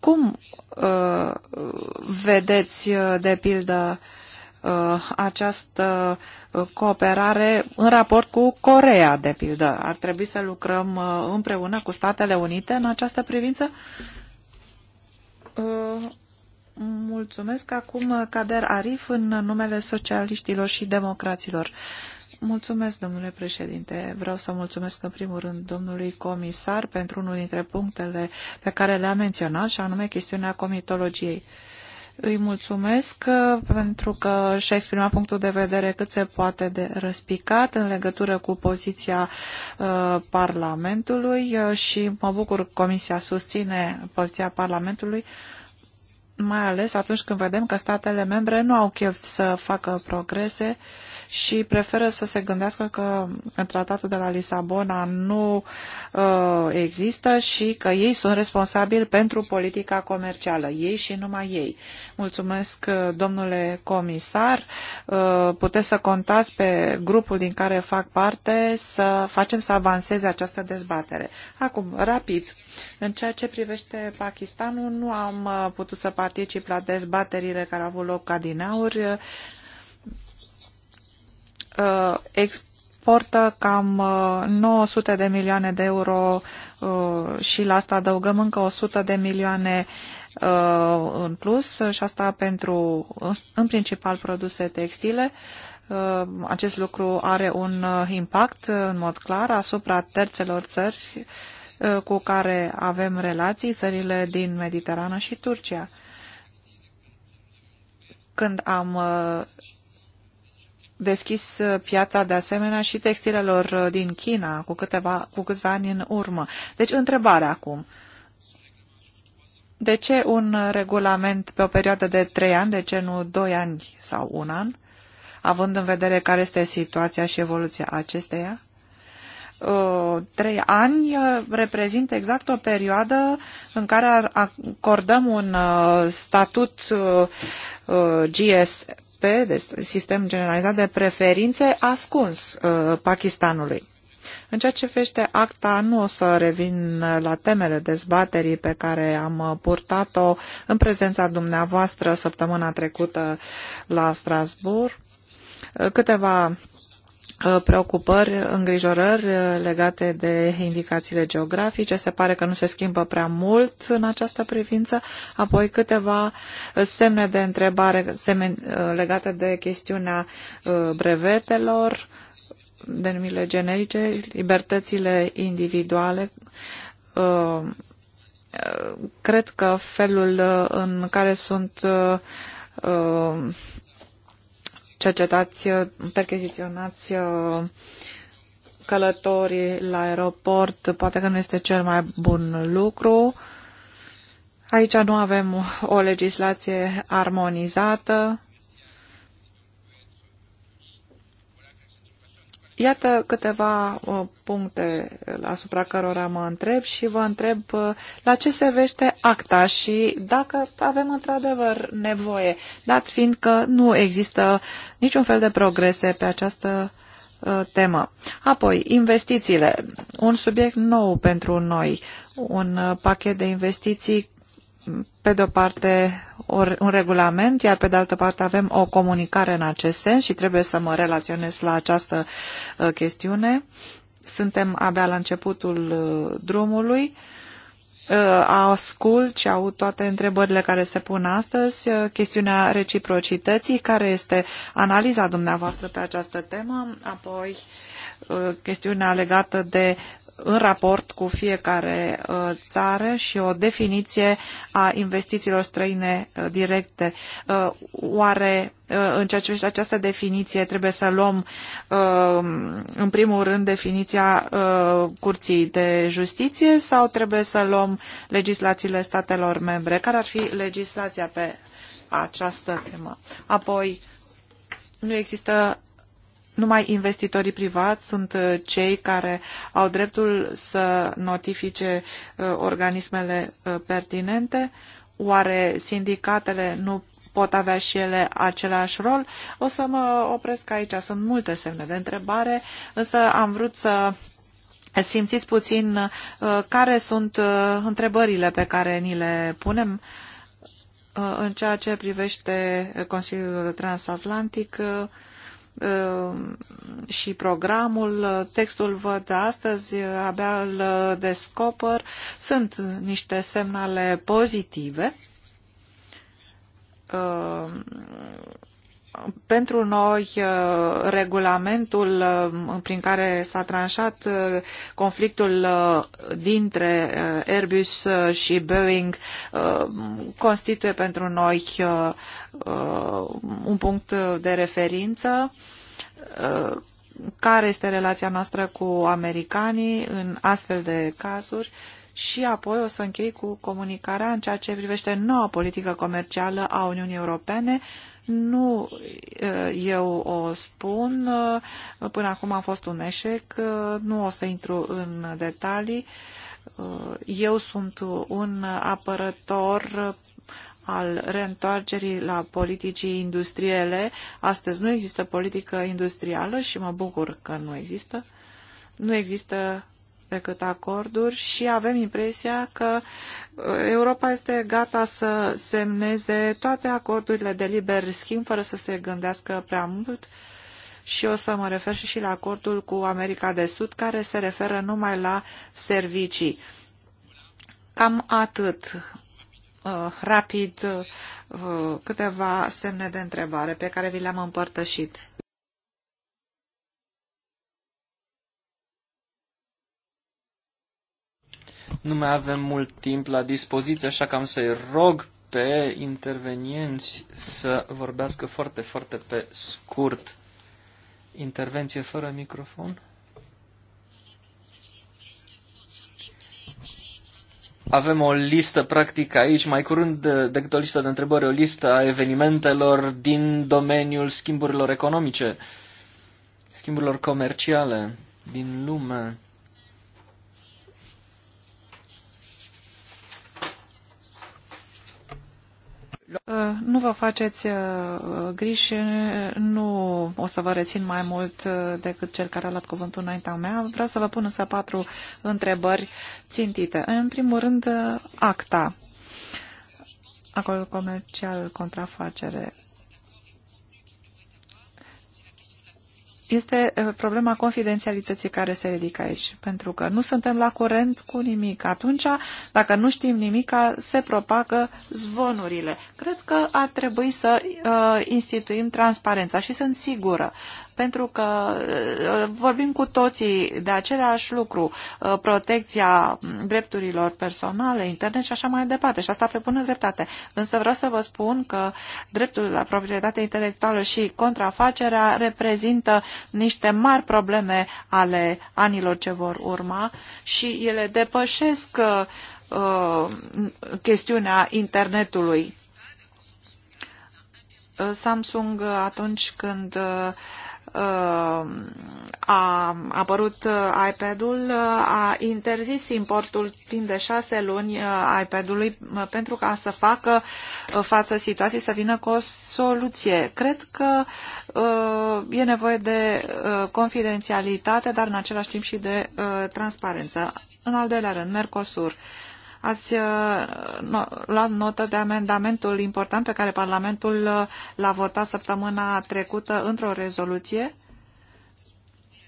Cum vedeți, de pildă, Uh, această uh, cooperare în raport cu Corea, de pildă. Ar trebui să lucrăm uh, împreună cu Statele Unite în această privință? Mulțumesc acum Cader Arif în numele socialiștilor și democraților. Mulțumesc, domnule președinte. Vreau să mulțumesc în primul rând domnului comisar pentru unul dintre punctele pe care le-a menționat și anume chestiunea comitologiei. Uh, îi mulțumesc uh, pentru că și-a exprimat punctul de vedere cât se poate de răspicat în legătură cu poziția uh, Parlamentului uh, și mă bucur că Comisia susține poziția Parlamentului mai ales atunci când vedem că statele membre nu au chef să facă progrese uh, și preferă să se gândească că tratatul de la Lisabona nu uh, există și că ei sunt responsabili pentru politica comercială, ei și numai ei. Mulțumesc, uh, domnule comisar, uh, puteți să contați pe grupul din care fac parte să facem să avanseze această dezbatere. Acum, rapid, în ceea ce privește Pakistanul, nu am uh, putut să particip la dezbaterile care au avut loc adineauri, dinauri. Uh, exportă cam 900 uh, de milioane de euro uh, și la asta adăugăm încă 100 de milioane în plus și asta pentru, în principal, produse textile. Acest lucru are un impact, în mod clar, asupra terțelor țări cu care avem relații, țările din Mediterană și Turcia. Când am deschis uh, piața de asemenea și textilelor uh, din China cu, câteva, cu câțiva ani în urmă. Deci, întrebarea acum. De ce un regulament pe o perioadă de trei ani, de ce nu doi ani sau un an, având în vedere care este situația și evoluția acesteia? Uh, trei ani reprezintă exact o perioadă în care acordăm un statut GS GSP, de sistem generalizat de preferințe, ascuns uh, Pakistanului. În ceea ce fește acta, nu o să revin la temele dezbaterii pe care am uh, purtat-o în prezența dumneavoastră săptămâna trecută la Strasbourg. Uh, câteva Uh, preocupări, îngrijorări uh, legate de indicațiile geografice. Se pare că nu se schimbă prea mult în această privință. Apoi câteva uh, semne de întrebare semne, legate de chestiunea brevetelor, denumirile generice, libertățile individuale, cred că felul în care sunt cercetați, uh, percheziționați uh, călătorii la aeroport, poate că nu este cel mai bun lucru. Aici nu avem o legislație armonizată Iată câteva uh, puncte asupra cărora mă întreb și vă întreb uh, la ce servește acta și dacă avem într-adevăr nevoie, dat fiind că nu există niciun fel de progrese pe această uh, temă. Apoi, investițiile. Un subiect nou pentru noi. Un pachet de investiții pe de-o parte un regulament, iar pe de altă parte avem o comunicare în acest sens și trebuie să mă relaționez la această uh, chestiune. Suntem abia la începutul uh, drumului uh, ascult și aud toate întrebările care se pun astăzi, chestiunea reciprocității, care este analiza dumneavoastră pe această temă, apoi chestiunea legată de în raport cu fiecare uh, țară și o definiție a investițiilor străine uh, directe. Uh, oare în ceea ce această definiție trebuie să luăm în primul rând definiția Curții de Justiție sau trebuie să luăm legislațiile statelor membre? Care ar fi legislația pe această temă? Apoi, nu există numai investitorii privați sunt uh, cei care au dreptul să notifice uh, organismele uh, pertinente? Oare sindicatele nu pot avea și ele același rol? O să mă opresc aici, sunt multe semne de întrebare, însă am vrut să simțiți puțin care sunt întrebările pe care ni le punem în ceea ce privește Consiliul Transatlantic. Ehm, și programul, textul văd de astăzi, abia îl descoper. Sunt niște semnale pozitive ehm, pentru noi uh, regulamentul uh, prin care s-a tranșat uh, conflictul dintre Airbus și Boeing constituie pentru noi un punct de referință care este relația noastră cu americanii în astfel de cazuri și apoi o să închei cu comunicarea în ceea ce privește noua politică comercială a Uniunii Europene nu eu o spun, până acum a fost un eșec, nu o să intru în detalii. Eu sunt un apărător al reîntoarcerii la politicii industriale. Astăzi nu există politică industrială și mă bucur că nu există. Nu există decât acorduri și avem impresia că uh, Europa este gata să semneze toate acordurile de liber schimb fără să se gândească prea mult și o să mă refer și la acordul cu America de Sud care se referă numai la servicii. Cam atât. Uh, rapid uh, câteva semne de întrebare pe care vi le-am împărtășit. Nu mai avem mult timp la dispoziție, așa că am să-i rog pe intervenienți să vorbească foarte, foarte pe scurt. Intervenție fără microfon. Avem o listă practic aici, mai curând decât o listă de întrebări, o listă a evenimentelor din domeniul schimburilor economice, schimburilor comerciale din lume. Uh, nu vă faceți uh, griji, uh, nu o să vă rețin mai mult decât cel care a luat cuvântul înaintea mea. Vreau să vă pun însă patru întrebări țintite. În primul rând, acta, acolo comercial, contrafacere. este uh, problema confidențialității care se ridică aici, pentru că nu suntem la curent cu nimic. Atunci, dacă nu știm nimic, se propagă zvonurile. Cred că ar trebui să uh, instituim transparența și sunt sigură pentru că uh, vorbim cu toții de același lucru, uh, protecția drepturilor personale, internet și așa mai departe. Și asta pe bună dreptate. Însă vreau să vă spun că dreptul la proprietate intelectuală și contrafacerea reprezintă niște mari probleme ale anilor ce vor urma și ele depășesc uh, uh chestiunea internetului. Samsung atunci când uh, Uh, a apărut uh, iPad-ul, uh, a interzis importul timp de șase luni iPad-ului pentru ca să facă față situației, să vină cu o soluție. Cred că e nevoie de confidențialitate, dar în același timp și de transparență. În al doilea rând, Mercosur. Ați uh, luat notă de amendamentul important pe care Parlamentul uh, l-a votat săptămâna trecută într-o rezoluție.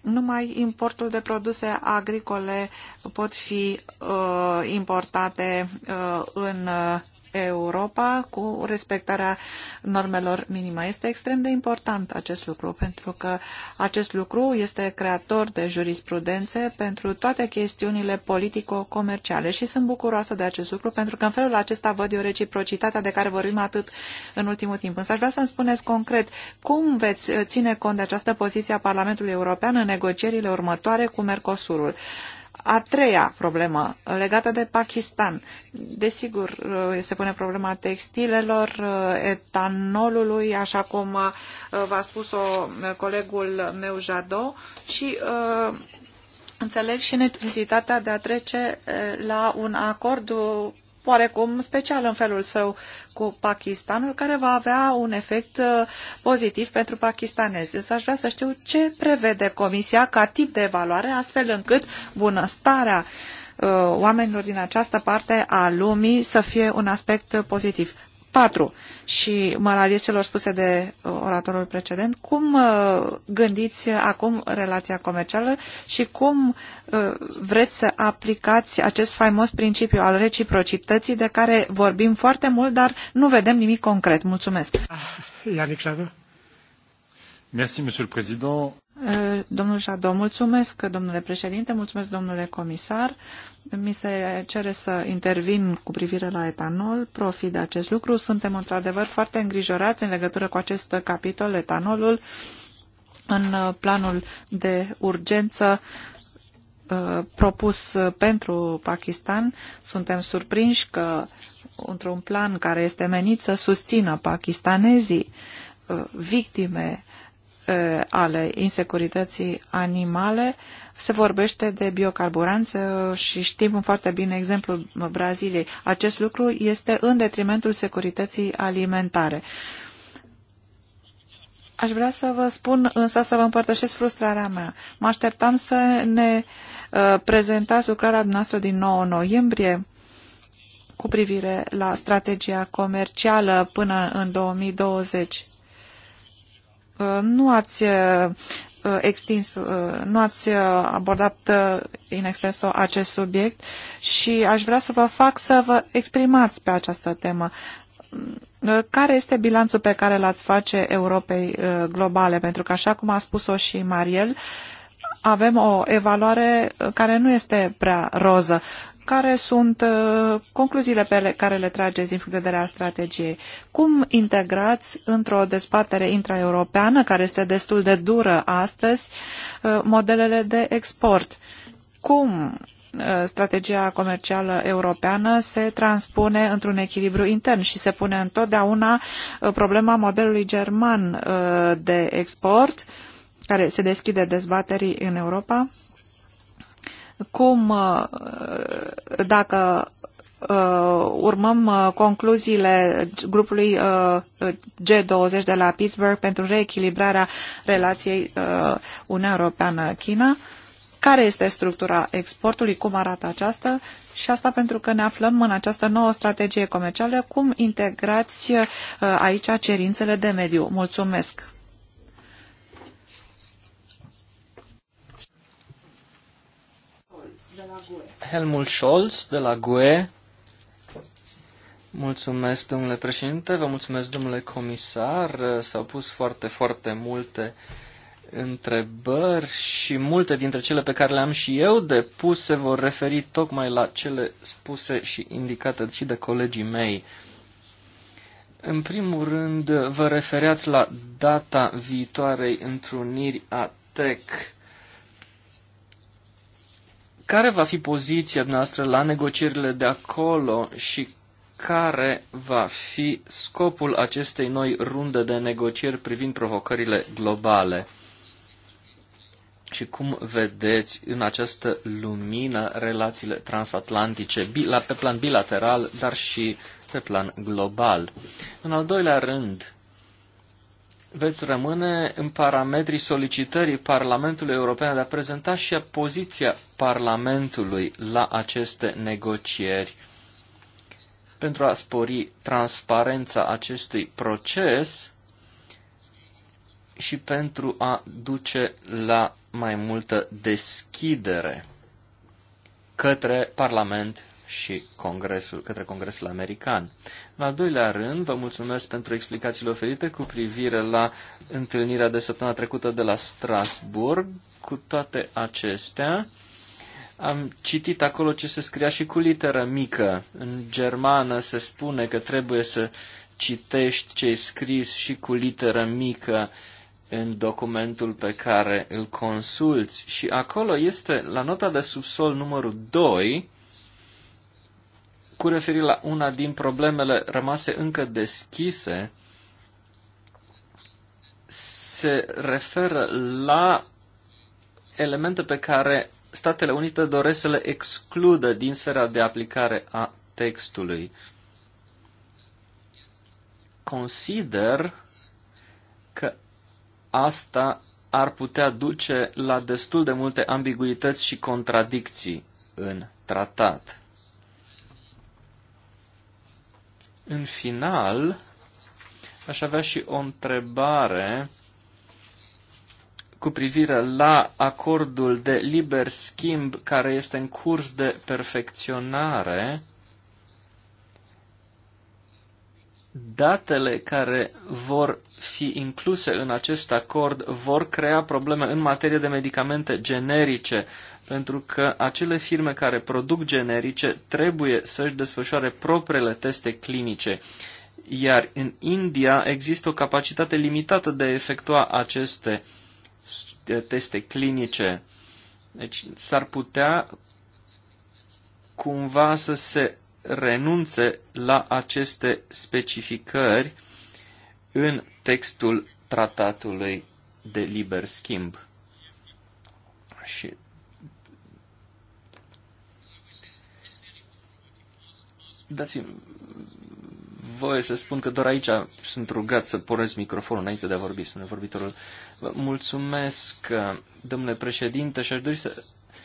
Numai importul de produse agricole pot fi uh, importate uh, în uh, Europa cu respectarea normelor minime. Este extrem de important acest lucru, pentru că acest lucru este creator de jurisprudențe pentru toate chestiunile politico-comerciale și sunt bucuroasă de acest lucru, pentru că în felul acesta văd eu reciprocitatea de care vorbim atât în ultimul timp. Însă aș vrea să-mi spuneți concret cum veți ține cont de această poziție a Parlamentului European în negocierile următoare cu Mercosurul. A treia problemă, legată de Pakistan. Desigur, uh, se pune problema textilelor, uh, etanolului, așa cum uh, v-a spus-o colegul meu Jado, și înțeleg și necesitatea de a trece la un acord oarecum special în felul său cu Pakistanul, care va avea un efect uh, pozitiv pentru pakistanezi. Însă aș vrea să știu ce prevede Comisia ca tip de evaluare, astfel încât bunăstarea uh, oamenilor din această parte a lumii să fie un aspect pozitiv. 4 și mă raliez celor spuse de uh, oratorul precedent, cum uh, gândiți acum relația comercială și cum uh, vreți să aplicați acest faimos principiu al reciprocității de care vorbim foarte mult, dar nu vedem nimic concret. Mulțumesc. Ah, Ianic Merci, Monsieur le Président. Eh, domnul Jadot, mulțumesc, domnule președinte, mulțumesc, domnule comisar. Mi se cere să intervin cu privire la etanol, profit de acest lucru. Suntem într-adevăr foarte îngrijorați în legătură cu acest capitol, etanolul, în eh, planul de urgență eh, propus pentru Pakistan. Suntem surprinși că într-un plan care este menit să susțină pakistanezii victime ale insecurității animale. Se vorbește de biocarburanță și știm foarte bine exemplul Braziliei. Acest lucru este în detrimentul securității alimentare. Aș vrea să vă spun, însă să vă împărtășesc frustrarea mea. Mă așteptam să ne uh, prezentați lucrarea noastră din 9 noiembrie cu privire la strategia comercială până în 2020. Uh, nu ați uh, uh, extins, nu ați abordat în extenso acest subiect și aș vrea să vă fac să vă exprimați pe această temă. Mm, care este bilanțul pe care l-ați face Europei globale? Pentru că, așa cum a spus-o și Mariel, avem o evaluare care nu este prea roză care sunt uh, concluziile pe care le trageți din punct de vedere al strategiei? Cum integrați într-o dezbatere intraeuropeană, care este destul de dură astăzi, uh, modelele de export? Cum uh, strategia comercială europeană se transpune într-un echilibru intern și se pune întotdeauna problema modelului german de export, care se deschide dezbaterii în Europa? cum, uh, dacă uh, urmăm uh, concluziile grupului G20 de la Pittsburgh pentru reechilibrarea relației Uniunea Europeană-China, care este structura exportului, cum arată aceasta și asta pentru că ne aflăm în această nouă strategie comercială, cum integrați aici cerințele de mediu. Mulțumesc! Helmut Scholz de la GUE. Mulțumesc, domnule președinte, vă mulțumesc, domnule comisar. S-au pus foarte, foarte multe întrebări și multe dintre cele pe care le-am și eu depus se vor referi tocmai la cele spuse și indicate și de colegii mei. În primul rând, vă refereați la data viitoarei întruniri a TEC. Care va fi poziția noastră la negocierile de acolo și care va fi scopul acestei noi runde de negocieri privind provocările globale? Și cum vedeți în această lumină relațiile transatlantice pe plan bilateral, dar și pe plan global? În al doilea rând, veți rămâne în parametrii solicitării Parlamentului European de a prezenta și poziția Parlamentului la aceste negocieri. Pentru a spori transparența acestui proces și pentru a duce la mai multă deschidere către Parlament și Congresul, către Congresul American. În al doilea rând, vă mulțumesc pentru explicațiile oferite cu privire la întâlnirea de săptămâna trecută de la Strasburg. Cu toate acestea, am citit acolo ce se scria și cu literă mică. În germană se spune că trebuie să citești ce e scris și cu literă mică în documentul pe care îl consulți. Și acolo este, la nota de subsol numărul 2, cu referire la una din problemele rămase încă deschise, se referă la elemente pe care Statele Unite doresc să le excludă din sfera de aplicare a textului. Consider că asta ar putea duce la destul de multe ambiguități și contradicții în tratat. În final, aș avea și o întrebare cu privire la acordul de liber schimb care este în curs de perfecționare, datele care vor fi incluse în acest acord vor crea probleme în materie de medicamente generice, pentru că acele firme care produc generice trebuie să-și desfășoare propriile teste clinice, iar în India există o capacitate limitată de a efectua aceste teste clinice. Deci s-ar putea cumva să se renunțe la aceste specificări în textul tratatului de liber schimb. Și Dați-mi voie să spun că doar aici sunt rugat să pornesc microfonul înainte de a vorbi, spune vorbitorul. Vă mulțumesc, domnule președinte, și aș dori să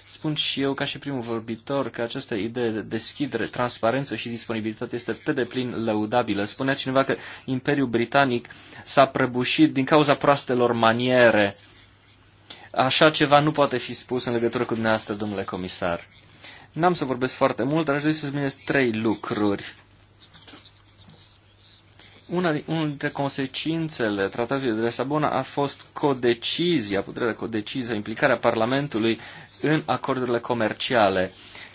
spun și eu, ca și primul vorbitor, că această idee de deschidere, transparență și disponibilitate este pe deplin lăudabilă. Spunea cineva că Imperiul Britanic s-a prăbușit din cauza proastelor maniere. Așa ceva nu poate fi spus în legătură cu dumneavoastră, domnule comisar. N-am să vorbesc foarte mult, dar aș dori să subliniez trei lucruri. Una, unul dintre consecințele tratatului de Lisabona a fost codecizia, puterea de codecizie, implicarea Parlamentului în acordurile comerciale.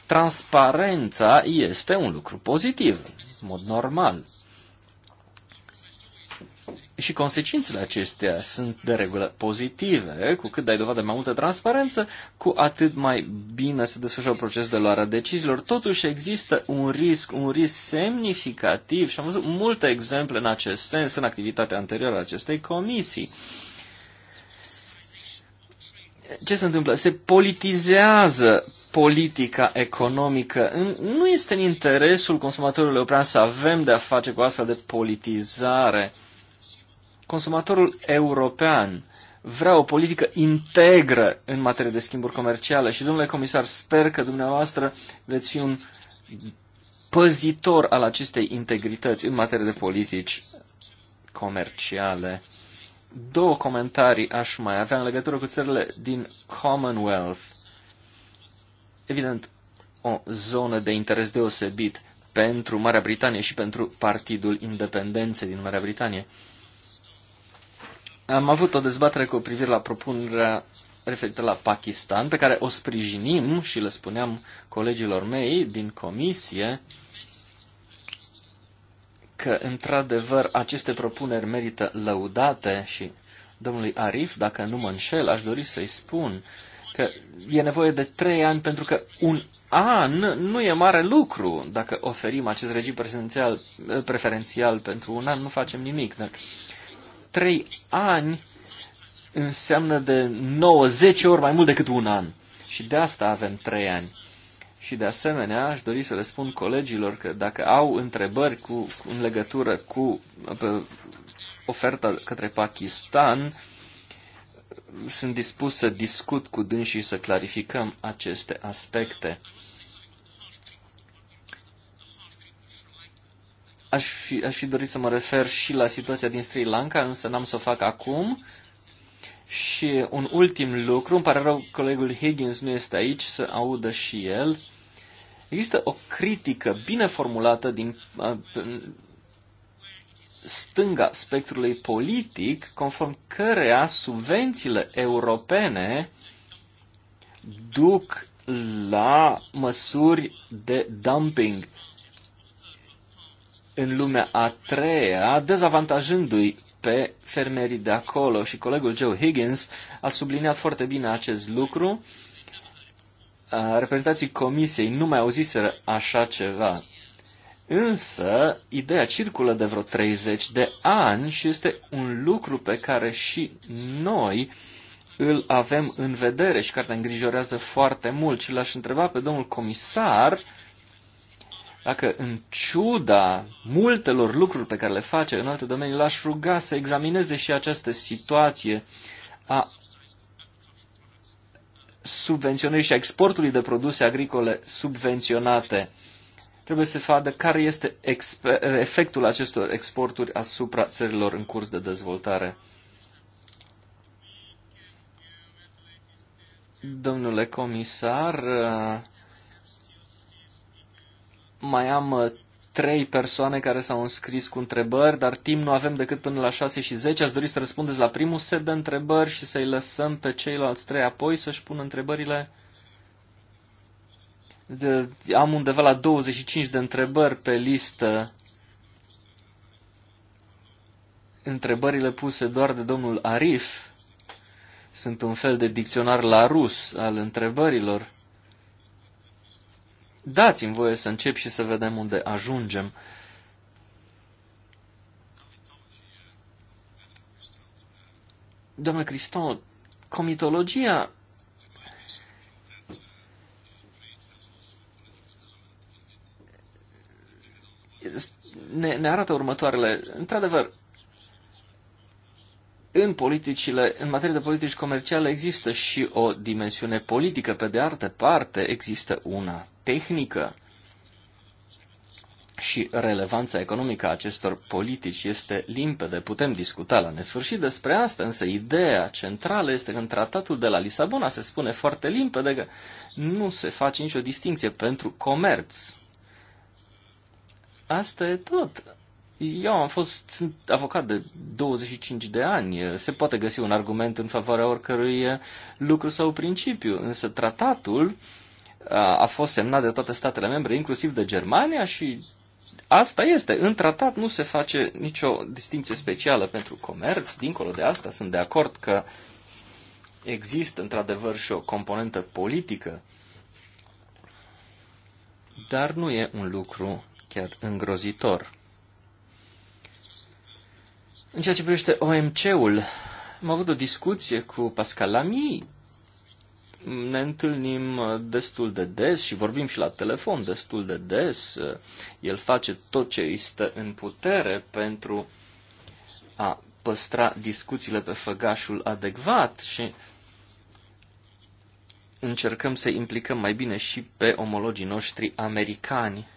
Transparența este un lucru pozitiv, în mod normal și consecințele acestea sunt de regulă pozitive. Cu cât dai dovadă mai multă transparență, cu atât mai bine se desfășoară procesul de luare a deciziilor. Totuși există un risc, un risc semnificativ și am văzut multe exemple în acest sens în activitatea anterioară a acestei comisii. Ce se întâmplă? Se politizează politica economică. Nu este în interesul consumatorului european să avem de a face cu astfel de politizare. Uh, Consumatorul european vrea o politică integră în materie de schimburi comerciale și, domnule comisar, sper că dumneavoastră veți fi un păzitor al acestei integrități în materie de politici comerciale. Două comentarii aș mai avea în legătură cu țările din Commonwealth. Evident, o zonă de interes deosebit pentru Marea Britanie și pentru Partidul Independenței din Marea Britanie. Uh, am avut o dezbatere cu privire la propunerea referită la Pakistan, pe care o sprijinim și le spuneam colegilor mei din comisie că, într-adevăr, aceste propuneri merită lăudate și domnului Arif, dacă nu mă înșel, aș dori să-i spun că e nevoie de trei ani pentru că un an nu e mare lucru. Dacă oferim acest regim preferențial pentru un an, nu facem nimic. Dar trei ani înseamnă de 9-10 ori mai mult decât un an. Și de asta avem trei ani. Și de asemenea, aș dori să le spun colegilor că dacă au întrebări cu, cu în legătură cu pe, oferta către Pakistan, sunt dispus să discut cu dânsii și să clarificăm aceste aspecte. Aș fi, aș fi dorit să mă refer și la situația din Sri Lanka, însă n-am să o fac acum. Și un ultim lucru, îmi pare rău, colegul Higgins nu este aici să audă și el. Există o critică bine formulată din stânga spectrului politic, conform cărea subvențiile europene duc la măsuri de dumping în lumea a treia, dezavantajându-i pe fermerii de acolo și colegul Joe Higgins a subliniat foarte bine acest lucru. Reprezentații comisiei nu mai auziseră așa ceva. Însă, ideea circulă de vreo 30 de ani și este un lucru pe care și noi îl avem în vedere și care ne îngrijorează foarte mult. Și l-aș întreba pe domnul comisar uh, dacă în ciuda multelor lucruri pe care le face în alte domenii, l-aș ruga să examineze și această situație a subvenționării și a exportului de produse agricole subvenționate. Trebuie să vadă care este efectul acestor exporturi asupra țărilor în curs de dezvoltare. Domnule comisar, mai am uh, trei persoane care s-au înscris cu întrebări, dar timp nu avem decât până la 6 și 10. Ați dori să răspundeți la primul set de întrebări și să-i lăsăm pe ceilalți trei apoi să-și pună întrebările? De, am undeva la 25 de întrebări pe listă. Întrebările puse doar de domnul Arif sunt un fel de dicționar la rus al întrebărilor. Dați-mi voie să încep și să vedem unde ajungem. Domnule Cristo, comitologia ne, ne arată următoarele. Într-adevăr, în politicile, în materie de politici comerciale există și o dimensiune politică, pe de altă parte există una tehnică și relevanța economică a acestor politici este limpede, putem discuta la nesfârșit despre asta, însă ideea centrală este că în tratatul de la Lisabona se spune foarte limpede că nu se face nicio distinție pentru comerț. Asta e tot. Eu am fost sunt avocat de 25 de ani. Se poate găsi un argument în favoarea oricărui lucru sau principiu, însă tratatul uh, a fost semnat de toate statele membre, inclusiv de Germania și asta este. În tratat nu se face nicio distinție specială pentru comerț. Dincolo de asta, sunt de acord că există într-adevăr și o componentă politică, dar nu e un lucru chiar îngrozitor. În ceea ce privește OMC-ul, am avut o discuție cu Pascal Lamy ne întâlnim uh, destul de des și vorbim și la telefon destul de des. Uh, el face tot ce îi stă în putere pentru a păstra discuțiile pe făgașul adecvat și încercăm să implicăm mai bine și pe omologii noștri americani.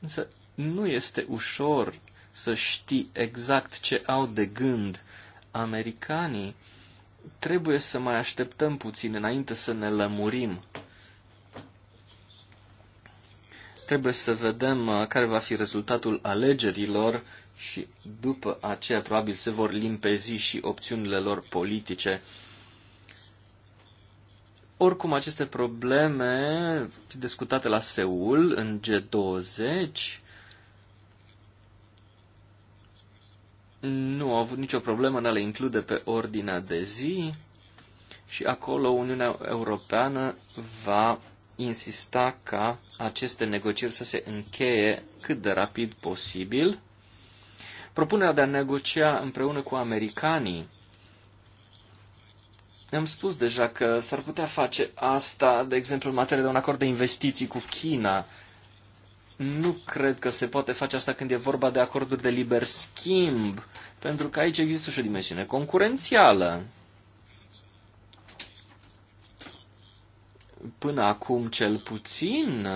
Însă nu este ușor să știi exact ce au de gând americanii trebuie să mai așteptăm puțin înainte să ne lămurim. Trebuie să vedem uh, care va fi rezultatul alegerilor și după aceea probabil se vor limpezi și opțiunile lor politice. Oricum, aceste probleme fi discutate la Seul, în G20, nu au avut nicio problemă în a le include pe ordinea de zi și acolo Uniunea Europeană va insista ca aceste negocieri să se încheie cât de rapid posibil. Propunerea de a negocia împreună cu americanii. Am spus deja că s-ar putea face asta, de exemplu, în materie de un acord de investiții cu China, nu cred că se poate face asta când e vorba de acorduri de liber schimb, pentru că aici există și o dimensiune concurențială. Până acum, cel puțin,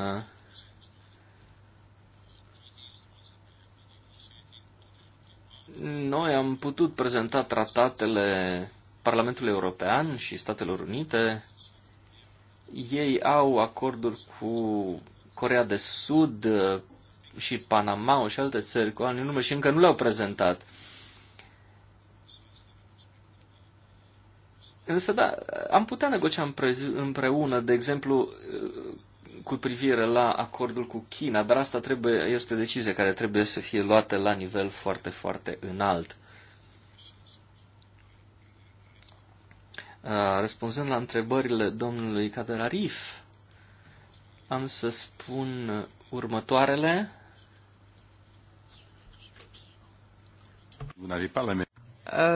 noi am putut prezenta tratatele Parlamentului European și Statelor Unite. Ei au acorduri cu Corea de Sud uh, și Panama și alte țări cu anii nume și încă nu le-au prezentat. Însă, da, am putea negocia împreună, de exemplu, uh, cu privire la acordul cu China, dar asta trebuie, este o decizie care trebuie să fie luată la nivel foarte, foarte înalt. Uh, răspunzând la întrebările domnului Caderarif, am să spun următoarele. Uh,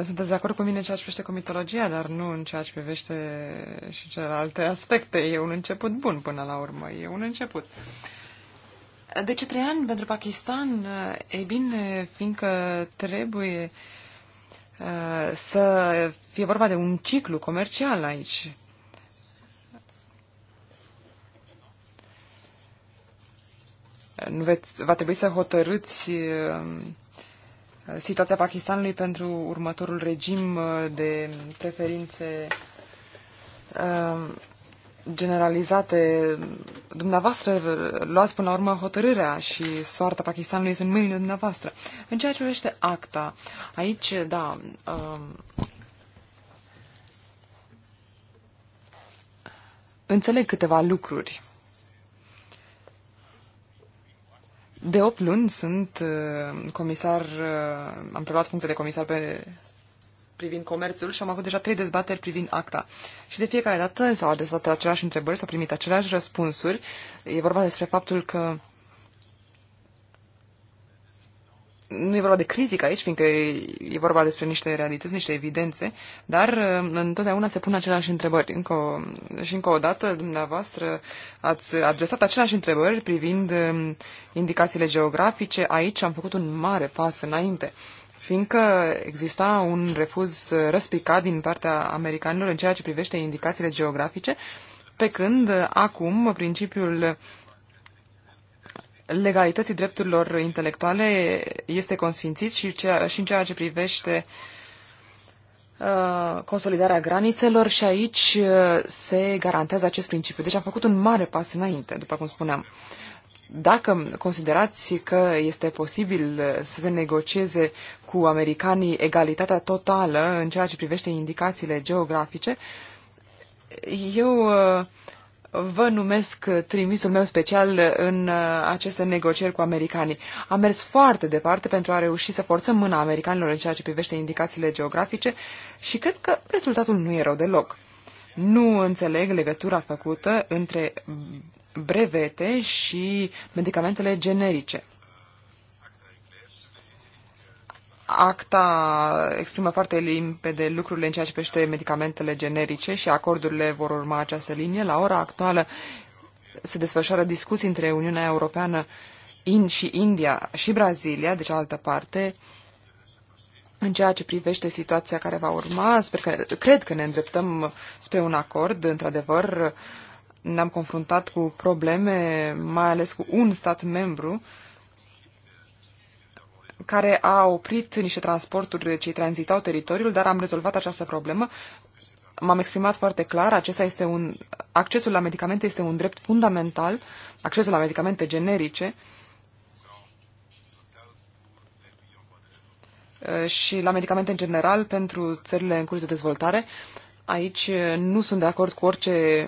sunteți de acord cu mine în ceea ce privește mitologia, dar nu în ceea ce privește și celelalte aspecte. E un început bun până la urmă. E un început. De ce trei ani pentru Pakistan? Uh, e bine, fiindcă trebuie uh, să fie vorba de un ciclu comercial aici. veți, va trebui să hotărâți uh, situația Pakistanului pentru următorul regim uh, de preferințe uh, generalizate. Dumneavoastră luați până la urmă hotărârea și soarta Pakistanului este în mâinile dumneavoastră. În ceea ce privește acta, aici, da, înțeleg câteva lucruri De 8 luni sunt uh, comisar, uh, am preluat funcția de comisar pe privind comerțul și am avut deja trei dezbateri privind acta. Și de fiecare dată s-au adresat aceleași întrebări, s-au primit aceleași răspunsuri. E vorba despre faptul că nu e vorba de critică aici, fiindcă e vorba despre niște realități, niște evidențe, dar uh, întotdeauna se pun aceleași întrebări. Încă o, și încă o dată, dumneavoastră ați adresat aceleași întrebări privind um, indicațiile geografice. Aici am făcut un mare pas înainte fiindcă exista un refuz uh, răspicat din partea americanilor în ceea ce privește indicațiile geografice, pe când uh, acum principiul uh, legalității drepturilor intelectuale este consfințit și, cea, și în ceea ce privește uh, consolidarea granițelor și aici uh, se garantează acest principiu. Deci am făcut un mare pas înainte, după cum spuneam. Dacă considerați că este posibil uh, să se negocieze cu americanii egalitatea totală în ceea ce privește indicațiile geografice, eu uh, vă numesc uh, trimisul meu special uh, în uh, aceste negocieri cu americanii. Am mers foarte departe pentru a reuși să forțăm mâna americanilor în ceea ce privește indicațiile geografice și cred că rezultatul nu e rău deloc. Nu înțeleg legătura făcută între brevete și medicamentele generice. Acta exprimă foarte limpede lucrurile în ceea ce privește medicamentele generice și acordurile vor urma această linie. La ora actuală se desfășoară discuții între Uniunea Europeană in și India și Brazilia, de cealaltă parte, în ceea ce privește situația care va urma. Sper că, cred că ne îndreptăm spre un acord, într-adevăr. Ne-am confruntat cu probleme, mai ales cu un stat membru, uh, care a oprit niște transporturi ce tranzitau teritoriul, dar am rezolvat această problemă. M-am exprimat foarte clar, acesta este un, accesul la medicamente este un drept fundamental, accesul la medicamente generice, și la medicamente în general pentru țările în curs de dezvoltare. Aici eh, nu sunt de acord cu orice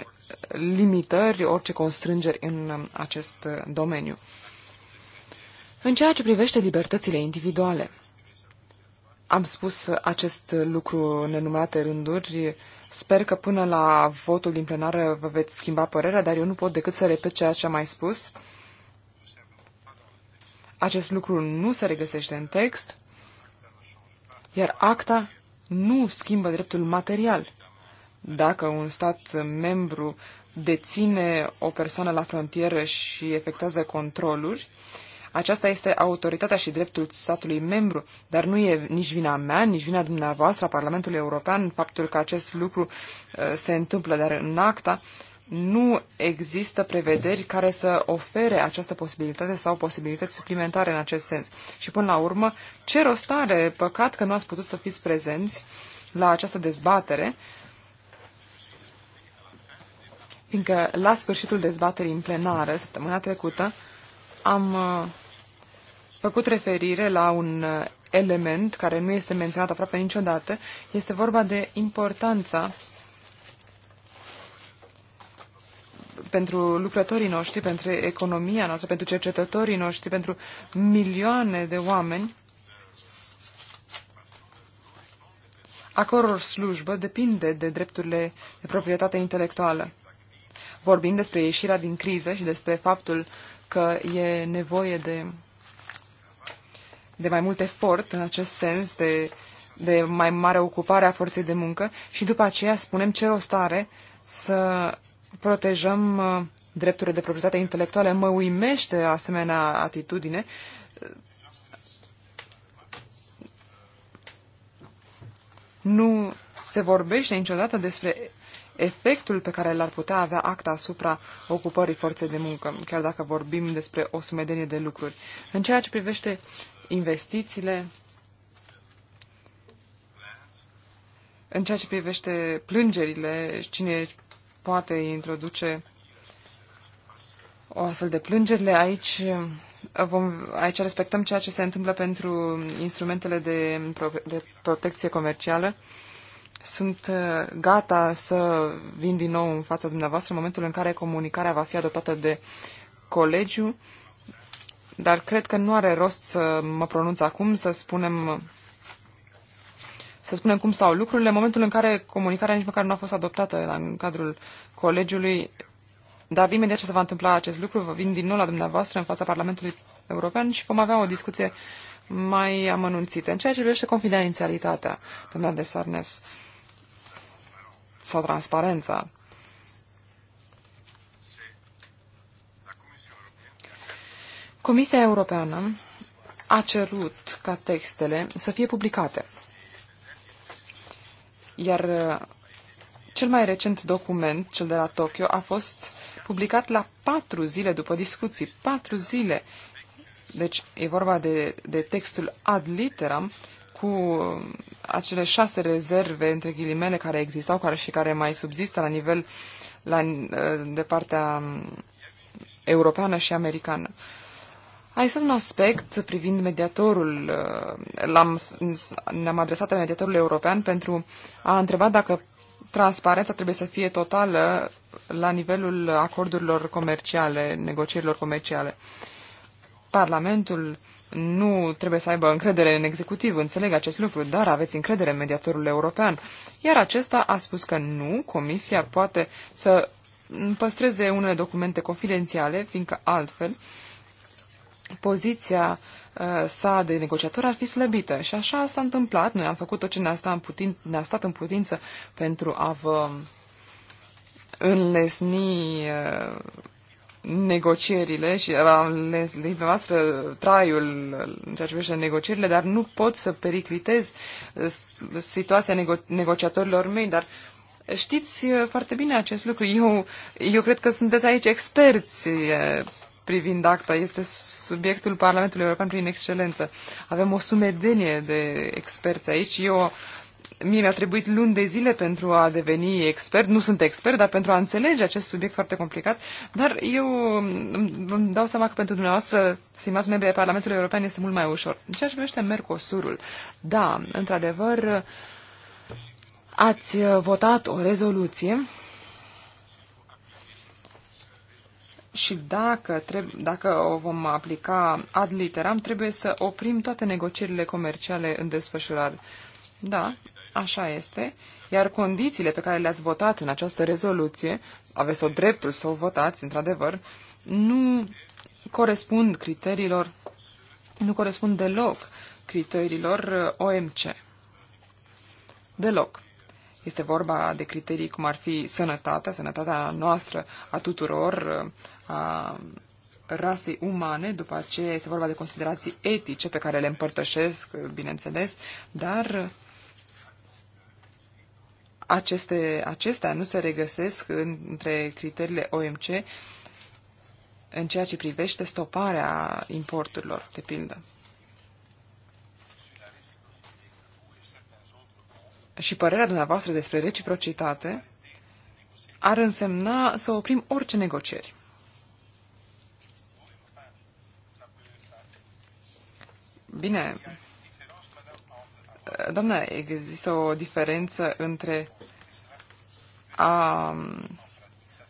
limitări, orice constrângeri în eh, acest eh, domeniu. În ceea ce privește libertățile individuale, am spus acest lucru în nenumărate rânduri. Sper că până la votul din plenară vă veți schimba părerea, dar eu nu pot decât să repet ceea ce am mai spus. Acest lucru nu se regăsește în text, iar acta nu schimbă dreptul material. Dacă un stat membru deține o persoană la frontieră și efectuează controluri, aceasta este autoritatea și dreptul statului membru, dar nu e nici vina mea, nici vina dumneavoastră a Parlamentului European faptul că acest lucru uh, se întâmplă, dar în acta nu există prevederi care să ofere această posibilitate sau posibilități suplimentare în acest sens. Și până la urmă, ce rost are, păcat că nu ați putut să fiți prezenți la această dezbatere, fiindcă la sfârșitul dezbaterii în plenară, săptămâna trecută, uh, am uh, făcut referire la un uh, element care nu este menționat aproape niciodată. Este vorba de importanța pentru lucrătorii noștri, pentru economia noastră, pentru cercetătorii noștri, pentru milioane de oameni a căror slujbă depinde de drepturile de proprietate intelectuală. Vorbind despre ieșirea din criză și despre faptul că e nevoie de, de mai mult efort în acest sens, de, de mai mare ocupare a forței de muncă și după aceea spunem ce rost are să protejăm uh, drepturile de proprietate intelectuală. Mă uimește asemenea atitudine. Nu se vorbește niciodată despre efectul pe care l-ar putea avea acta asupra ocupării forței de muncă, chiar dacă vorbim despre o sumedenie de lucruri. În ceea ce privește investițiile, în ceea ce privește plângerile, cine poate introduce o astfel de plângerile, aici vom, aici respectăm ceea ce se întâmplă pentru instrumentele de, de protecție comercială sunt uh, gata să vin din nou în fața dumneavoastră în momentul în care comunicarea va fi adoptată de colegiu, dar cred că nu are rost să mă pronunț acum, să spunem să spunem cum stau lucrurile. În momentul în care comunicarea nici măcar nu a fost adoptată în cadrul colegiului, dar imediat ce se va întâmpla acest lucru, vă vin din nou la dumneavoastră în fața Parlamentului European și vom avea o discuție mai amănunțită. În ceea ce privește confidențialitatea, domnule de Sarnes, sau transparența. Comisia Europeană a cerut ca textele să fie publicate. Iar uh, cel mai recent document, cel de la Tokyo, a fost publicat la patru zile după discuții. Patru zile. Deci e vorba de, de textul ad literam cu uh, acele șase rezerve, între ghilimele, care existau care și care mai subzistă la nivel la, uh, de partea um, europeană și americană. A existat un aspect privind mediatorul. Uh, l-am, ne-am adresat la mediatorul european pentru a întreba dacă transparența trebuie să fie totală la nivelul acordurilor comerciale, negocierilor comerciale. Parlamentul uh, nu trebuie să aibă încredere în executiv, înțeleg acest lucru, dar aveți încredere în mediatorul european. Iar acesta a spus că nu, comisia poate să păstreze unele documente confidențiale, fiindcă altfel poziția uh, sa de negociator ar fi slăbită. Și așa s-a întâmplat. Noi am făcut tot ce ne-a stat, în putin, ne stat în putință pentru a vă înlesni uh, negocierile și le dumneavoastră traiul în ceea ce privește negocierile, dar nu pot să periclitez uh, situația nego- negociatorilor mei, dar știți uh, foarte bine acest lucru. Eu, eu cred că sunteți aici experți uh, privind acta. Este subiectul Parlamentului European prin excelență. Avem o sumedenie de experți aici. Eu Mie mi-a trebuit luni de zile pentru a deveni expert, nu sunt expert, dar pentru a înțelege acest subiect foarte complicat. Dar eu mm, îmi dau seama că pentru dumneavoastră, simați membri ai Parlamentului European, este mult mai ușor. În ceea ce privește Mercosurul, da, într-adevăr, ați votat o rezoluție și dacă, treb- dacă o vom aplica ad literam, trebuie să oprim toate negocierile comerciale în desfășurare. Da, Așa este, iar condițiile pe care le-ați votat în această rezoluție, aveți o dreptul să o votați, într-adevăr, nu corespund criteriilor, nu corespund deloc criteriilor uh, OMC. Deloc. Este vorba de criterii cum ar fi sănătatea, sănătatea noastră a tuturor, uh, a rasei umane, după aceea este vorba de considerații etice pe care le împărtășesc, bineînțeles, dar aceste, acestea nu se regăsesc între criteriile OMC în ceea ce privește stoparea importurilor, de pildă. Și părerea dumneavoastră despre reciprocitate ar însemna să oprim orice negocieri. Bine, doamna, există o diferență între a um,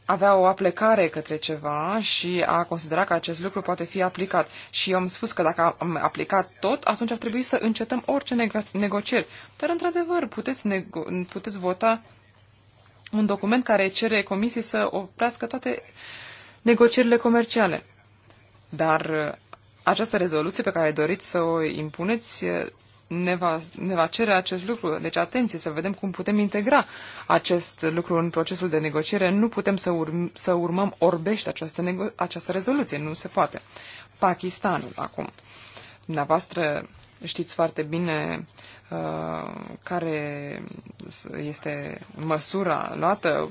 avea o aplecare către ceva și a considera că acest lucru poate fi aplicat. Și eu am spus că dacă am aplicat tot, atunci ar trebui să încetăm orice nego- negocieri. Dar, într-adevăr, puteți, nego- puteți vota un document care cere comisiei să oprească toate negocierile comerciale. Dar uh, această rezoluție pe care doriți să o impuneți uh, ne va, ne va cere acest lucru. Deci, atenție, să vedem cum putem integra acest lucru în procesul de negociere. Nu putem să, urm, să urmăm orbește această, nego- această rezoluție. Nu se poate. Pakistanul, acum. Dumneavoastră știți foarte bine uh, care este măsura luată.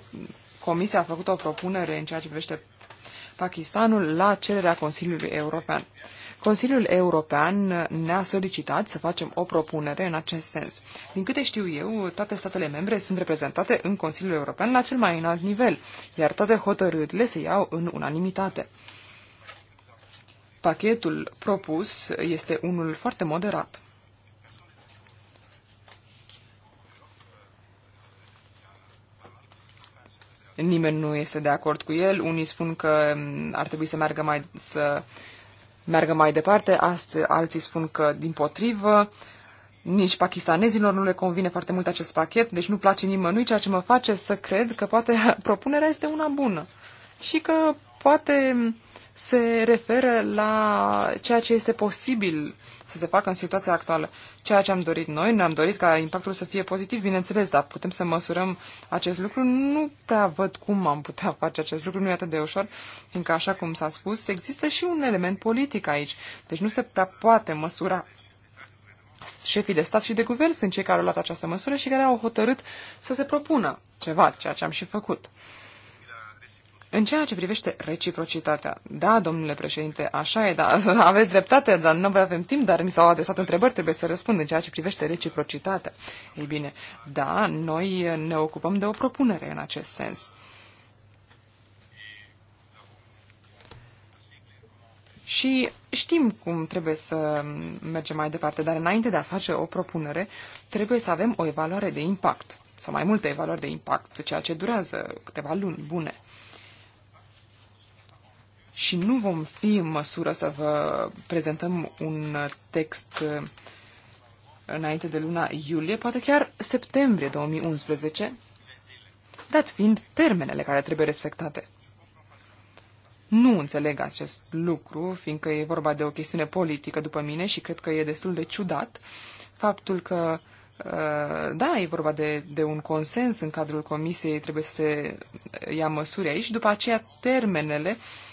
Comisia a făcut o propunere în ceea ce privește Pakistanul la cererea Consiliului European. Consiliul European ne-a solicitat să facem o propunere în acest sens. Din câte știu eu, toate statele membre sunt reprezentate în Consiliul European la cel mai înalt nivel, iar toate hotărârile se iau în unanimitate. Pachetul propus este unul foarte moderat. nimeni nu este de acord cu el. Unii spun că mm, ar trebui să meargă mai, să meargă mai departe, Ast, alții spun că din potrivă. Nici pakistanezilor nu le convine foarte mult acest pachet, deci nu place nimănui, ceea ce mă face să cred că poate propunerea este una bună și că poate mm, se referă la ceea ce este posibil să se facă în situația actuală ceea ce am dorit noi. Ne-am dorit ca impactul să fie pozitiv, bineînțeles, dar putem să măsurăm acest lucru. Nu prea văd cum am putea face acest lucru, nu e atât de ușor, fiindcă, așa cum s-a spus, există și un element politic aici. Deci nu se prea poate măsura șefii de stat și de guvern sunt cei care au luat această măsură și care au hotărât să se propună ceva, ceea ce am și făcut. În ceea ce privește reciprocitatea, da, domnule președinte, așa e, da, aveți dreptate, dar nu avem timp, dar mi s-au adresat întrebări, trebuie să răspund în ceea ce privește reciprocitatea. Ei bine, da, noi ne ocupăm de o propunere în acest sens. Și știm cum trebuie să mergem mai departe, dar înainte de a face o propunere, trebuie să avem o evaluare de impact, sau mai multe evaluări de impact, ceea ce durează câteva luni bune și nu vom fi în măsură să vă prezentăm un text uh, înainte de luna iulie, poate chiar septembrie 2011, dat fiind termenele care trebuie respectate. Nu înțeleg acest lucru, fiindcă e vorba de o chestiune politică după mine și cred că e destul de ciudat faptul că, uh, da, e vorba de, de un consens în cadrul comisiei, trebuie să se ia măsuri aici, după aceea termenele uh,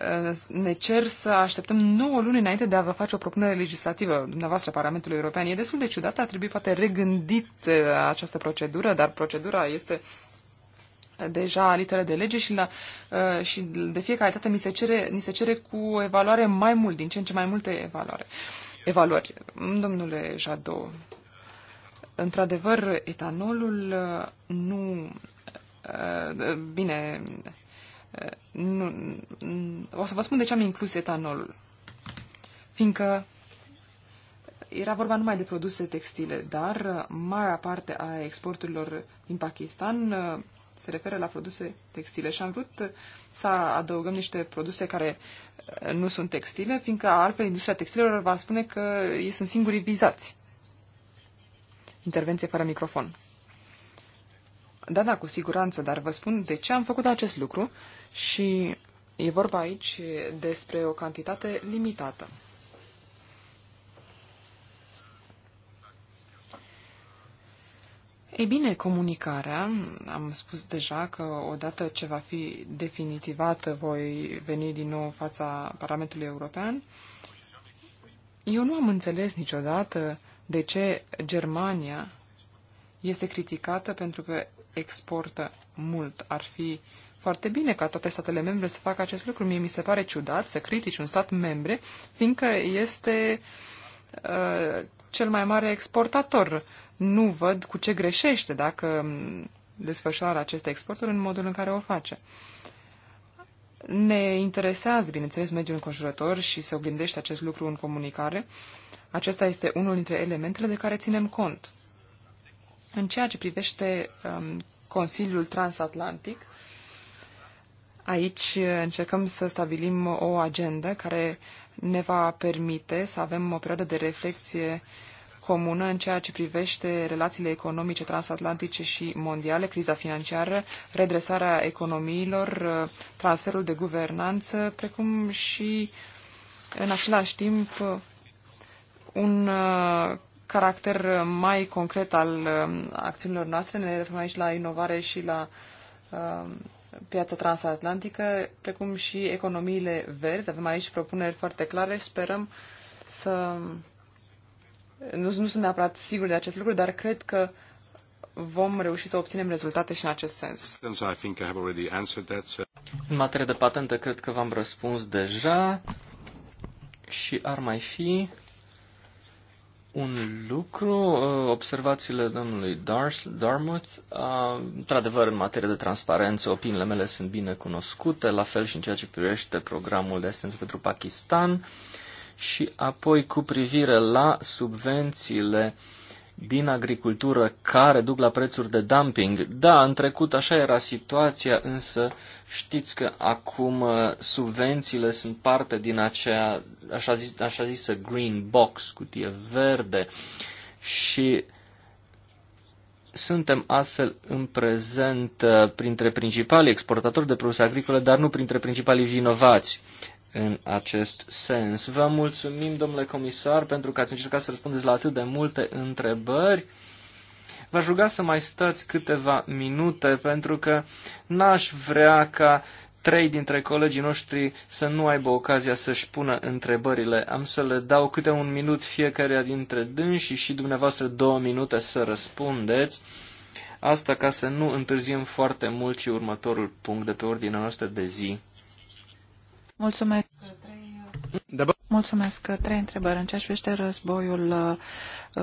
Uh, ne cer să așteptăm 9 luni înainte de a vă face o propunere legislativă dumneavoastră Parlamentului European. E destul de ciudat, a trebuit poate regândit uh, această procedură, dar procedura este deja literă de lege și, la, uh, și de fiecare dată mi se cere, ni se cere cu evaluare mai mult, din ce în ce mai multe evaluare. evaluări. Domnule Jadot, într-adevăr, etanolul nu... bine, nu, o să vă spun de ce am inclus etanolul. Fiindcă era vorba numai de produse textile, dar marea parte a exporturilor din Pakistan uh, se referă la produse textile și am vrut să adăugăm niște produse care uh, nu sunt textile, fiindcă altfel industria textilelor va spune că ei sunt singurii vizați. Intervenție fără microfon. Da, da, cu siguranță, dar vă spun de ce am făcut acest lucru și e vorba aici despre o cantitate limitată. Ei bine, comunicarea, am spus deja că odată ce va fi definitivată voi veni din nou fața Parlamentului European. Eu nu am înțeles niciodată de ce Germania este criticată pentru că exportă mult. Ar fi uh, foarte bine ca toate statele membre să facă acest lucru. Mie mi se pare ciudat să critici un stat membre, fiindcă este uh, cel mai mare exportator. Nu văd cu ce greșește dacă um, desfășoară aceste exporturi în modul în care o face. Ne interesează, bineînțeles, mediul înconjurător și se oglindește acest lucru în comunicare. Acesta este unul dintre elementele de care ținem cont. În ceea ce privește um, Consiliul Transatlantic, Aici încercăm să stabilim o agendă care ne va permite să avem o perioadă de reflexie comună în ceea ce privește relațiile economice transatlantice și mondiale, criza financiară, redresarea economiilor, transferul de guvernanță, precum și, în același timp, un uh, caracter mai concret al um, acțiunilor noastre. Ne referim aici la inovare și la um, piața transatlantică, precum și economiile verzi. Avem aici propuneri foarte clare și sperăm să... Nu, nu sunt neapărat sigur de acest lucru, dar cred că vom reuși să obținem rezultate și în acest sens. În materie de patentă, cred că v-am răspuns deja și ar mai fi un lucru, uh, observațiile domnului Darmouth, uh, într-adevăr, în materie de transparență, opiniile mele sunt bine cunoscute, la fel și în ceea ce privește programul de asistență pentru Pakistan și apoi cu privire la subvențiile uh, din agricultură care duc la prețuri de dumping. Da, în trecut așa era situația, însă știți că acum uh, subvențiile sunt parte din acea, așa, zis, așa zisă green box, cutie verde și suntem astfel în prezent uh, printre principalii exportatori de produse agricole, dar nu printre principalii vinovați în acest sens. Vă mulțumim, domnule comisar, pentru că ați încercat să răspundeți la atât de multe întrebări. V-aș ruga să mai stați câteva minute, pentru că n-aș vrea ca trei dintre colegii noștri să nu aibă ocazia să-și pună întrebările. Am să le dau câte un minut fiecare dintre dânsii și dumneavoastră două minute să răspundeți. Asta ca să nu întârziem foarte mult și următorul punct de pe ordinea noastră de zi. Mulțumesc. Mulțumesc. Trei întrebări. În ce privește războiul uh,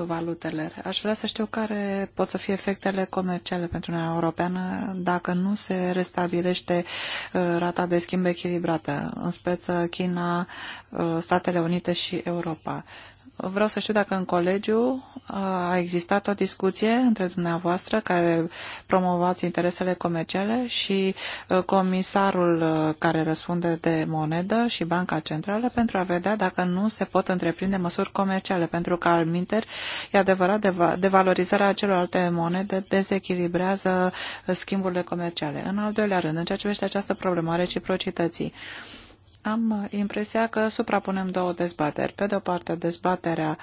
valutelor, aș vrea să știu care pot să fie efectele comerciale pentru Uniunea Europeană dacă nu se restabilește uh, rata de schimb echilibrată, în speță China, uh, Statele Unite și Europa vreau să știu dacă în colegiu a existat o discuție între dumneavoastră care promovați interesele comerciale și comisarul care răspunde de monedă și Banca Centrală pentru a vedea dacă nu se pot întreprinde măsuri comerciale, pentru că al minter e adevărat devalorizarea celorlalte monede dezechilibrează schimburile comerciale. În al doilea rând, în ceea ce privește această problemă a reciprocității, am impresia că suprapunem două dezbateri. Pe de o parte, dezbaterea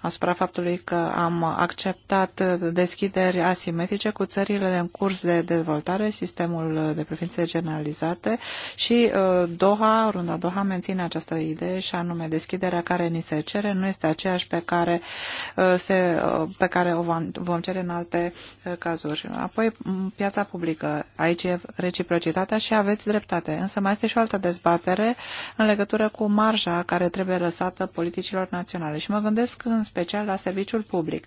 asupra faptului că am acceptat deschideri asimetrice cu țările în curs de dezvoltare, sistemul de preferințe generalizate și uh, Doha, runda Doha menține această idee și anume deschiderea care ni se cere nu este aceeași pe care, uh, se, uh, pe care o vom cere în alte cazuri. Apoi piața publică, aici e reciprocitatea și aveți dreptate, însă mai este și o altă dezbatere în legătură cu marja care trebuie lăsată politicilor naționale și mă gândesc în special la serviciul public.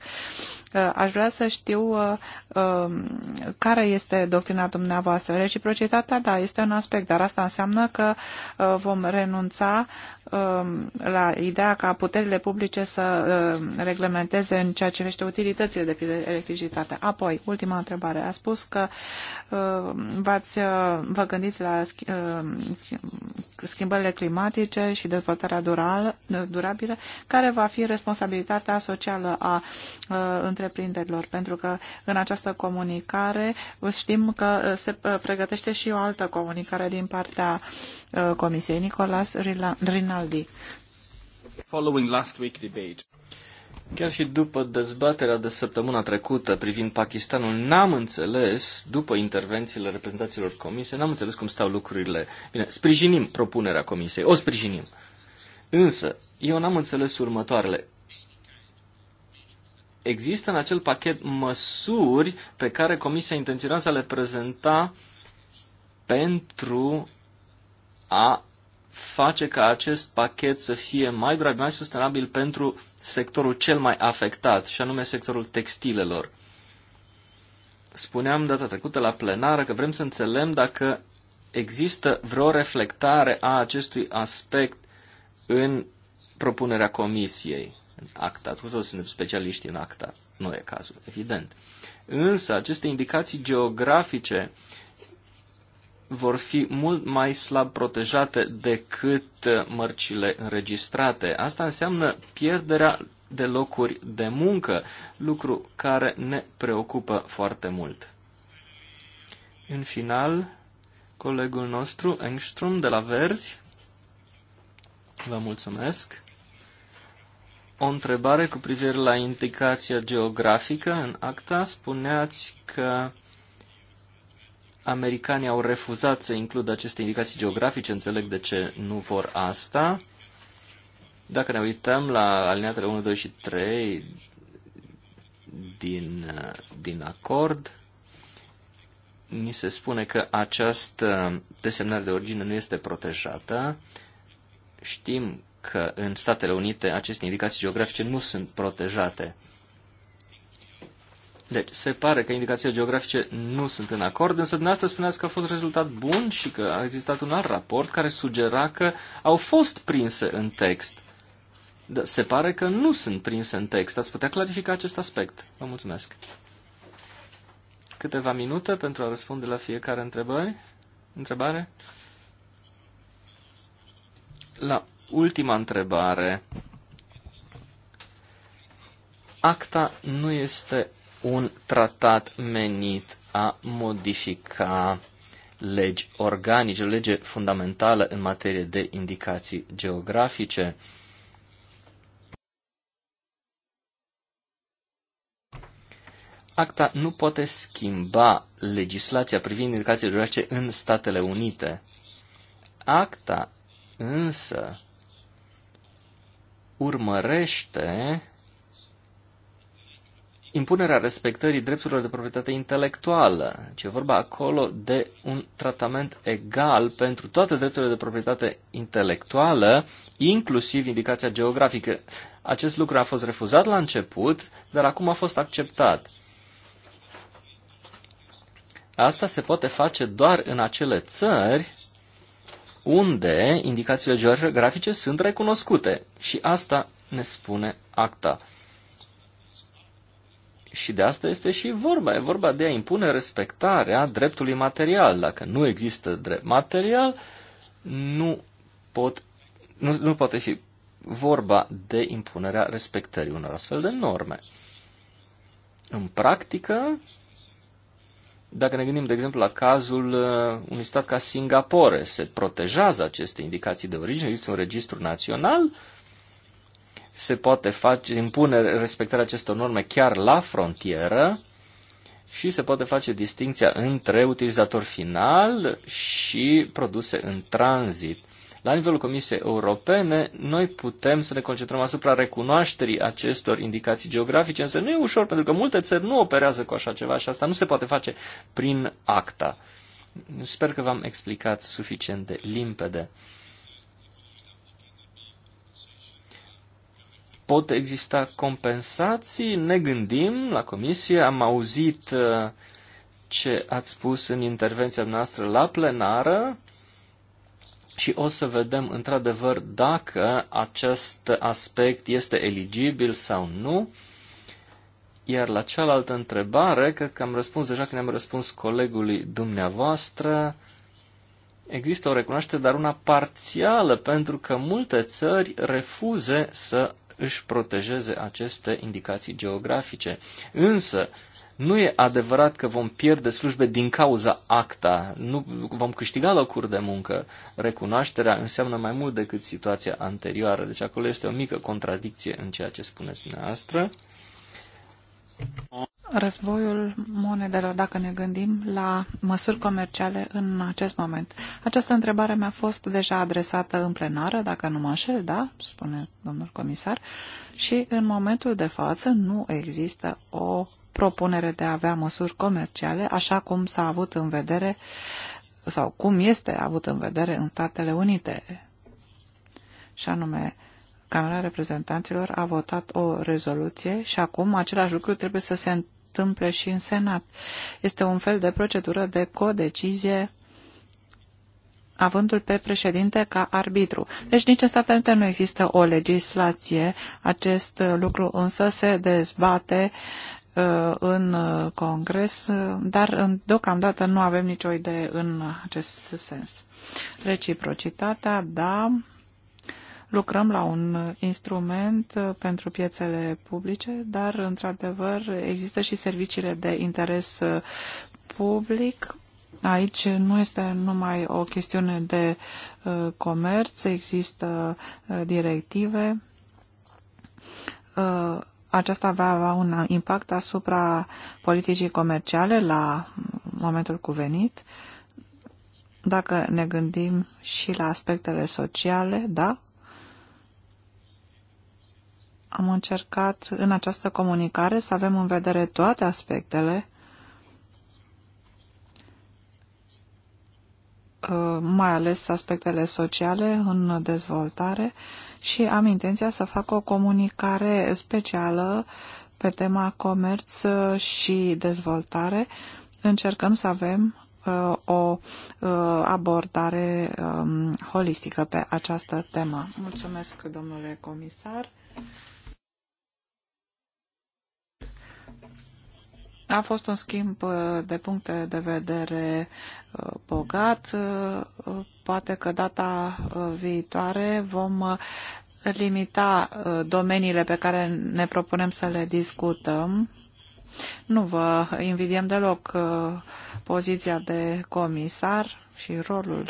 Uh, aș vrea să știu uh, um, care este doctrina dumneavoastră. Reciprocitatea, da, este un aspect, dar asta înseamnă că uh, vom renunța um, la ideea ca puterile publice să reglementeze în ceea ce vește utilitățile de electricitate. Apoi, ultima întrebare. A spus că v-ați, vă gândiți la schimbările climatice și dezvoltarea durabilă. Care va fi responsabilitatea socială a întreprinderilor, pentru că în această comunicare știm că uh, se uh, pregătește și o altă comunicare din partea uh, Comisiei. Nicolas Rinaldi. Following last week debate. Chiar și după dezbaterea de săptămâna trecută privind Pakistanul, n-am înțeles, după intervențiile reprezentanților comisiei, n-am înțeles cum stau lucrurile. Bine, sprijinim propunerea comisiei, o sprijinim. Însă, eu n-am înțeles următoarele există în acel pachet măsuri pe care Comisia intenționează să le prezenta pentru a face ca acest pachet să fie mai durabil, mai sustenabil pentru sectorul cel mai afectat, și anume sectorul textilelor. Spuneam data trecută la plenară că vrem să înțelegem dacă există vreo reflectare a acestui aspect în propunerea comisiei în acta. Cu toți suntem specialiști în acta. Nu e cazul, evident. Însă, aceste indicații geografice vor fi mult mai slab protejate decât mărcile înregistrate. Asta înseamnă pierderea de locuri de muncă, lucru care ne preocupă foarte mult. În final, colegul nostru, Engström de la Verzi, vă mulțumesc o întrebare cu privire la indicația geografică în acta. Spuneați că americanii au refuzat să includă aceste indicații geografice, înțeleg de ce nu vor asta. Dacă ne uităm la alineatele 1, 2 și 3 din, din acord, ni se spune că această desemnare de origine nu este protejată. Știm că în Statele Unite aceste indicații geografice nu sunt protejate. Deci, se pare că indicațiile geografice nu sunt în acord, însă dumneavoastră spuneați că a fost rezultat bun și că a existat un alt raport care sugera că au fost prinse în text. Dar se pare că nu sunt prinse în text. Ați putea clarifica acest aspect. Vă mulțumesc. Câteva minute pentru a răspunde la fiecare întrebări. întrebare. La ultima întrebare. Acta nu este un tratat menit a modifica legi organice, o lege fundamentală în materie de indicații geografice. Acta nu poate schimba legislația privind indicațiile geografice în Statele Unite. Acta însă urmărește impunerea respectării drepturilor de proprietate intelectuală, Ce e vorba acolo de un tratament egal pentru toate drepturile de proprietate intelectuală, inclusiv indicația geografică. Acest lucru a fost refuzat la început, dar acum a fost acceptat. Asta se poate face doar în acele țări unde indicațiile geografice sunt recunoscute. Și asta ne spune acta. Și de asta este și vorba. E vorba de a impune respectarea dreptului material. Dacă nu există drept material, nu, pot, nu, nu poate fi vorba de impunerea respectării unor astfel de norme. În practică, dacă ne gândim, de exemplu, la cazul uh, unui stat ca Singapore, se protejează aceste indicații de origine, există un registru național, se poate face, impune respectarea acestor norme chiar la frontieră și se poate face distinția între utilizator final și produse în tranzit. La nivelul Comisiei Europene, noi putem să ne concentrăm asupra recunoașterii acestor indicații geografice, însă nu e ușor, pentru că multe țări nu operează cu așa ceva și asta nu se poate face prin acta. Sper că v-am explicat suficient de limpede. Pot exista compensații? Ne gândim la comisie, am auzit uh, ce ați spus în intervenția noastră la plenară și o să vedem într-adevăr dacă acest aspect este eligibil sau nu. Iar la cealaltă întrebare, cred că am răspuns deja când am răspuns colegului dumneavoastră, există o recunoaștere, dar una parțială, pentru că multe țări refuze să își protejeze aceste indicații geografice. Însă, nu e adevărat că vom pierde slujbe din cauza acta, nu vom câștiga locuri de muncă. Recunoașterea înseamnă mai mult decât situația anterioară, deci acolo este o mică contradicție în ceea ce spuneți dumneavoastră. Războiul monedelor, dacă ne gândim la măsuri comerciale în acest moment. Această întrebare mi-a fost deja adresată în plenară, dacă nu mă înșel, da, spune domnul comisar, și în momentul de față nu există o propunere de a avea măsuri comerciale, așa cum s-a avut în vedere sau cum este avut în vedere în Statele Unite. Și anume, Camera Reprezentanților a votat o rezoluție și acum același lucru trebuie să se întâmple și în Senat. Este un fel de procedură de codecizie avându-l pe președinte ca arbitru. Deci nici în Statele Unite nu există o legislație. Acest lucru însă se dezbate uh, Uh, în uh, Congres, uh, dar deocamdată nu avem nicio idee în acest sens. Reciprocitatea, da, lucrăm la un instrument pentru piețele publice, dar, într-adevăr, există și serviciile de interes public. Aici nu este numai o chestiune de comerț, există directive aceasta va avea un impact asupra politicii comerciale la momentul cuvenit. Dacă ne gândim și la aspectele sociale, da, am încercat în această comunicare să avem în vedere toate aspectele uh, mai ales aspectele sociale în dezvoltare, și am intenția să fac o comunicare specială pe tema comerț și dezvoltare. Încercăm să avem uh, o uh, abordare um, holistică pe această temă. Mulțumesc, domnule comisar. A fost un schimb uh, de puncte de vedere uh, bogat. Uh, poate că data viitoare vom limita domeniile pe care ne propunem să le discutăm. Nu vă invidiem deloc poziția de comisar și rolul.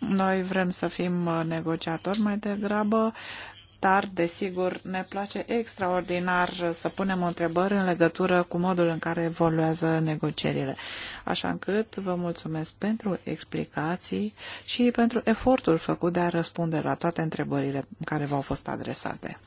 Noi vrem să fim negociatori mai degrabă dar, desigur, ne place extraordinar să punem întrebări în legătură cu modul în care evoluează negocierile. Așa încât vă mulțumesc pentru explicații și pentru efortul făcut de a răspunde la toate întrebările care v-au fost adresate.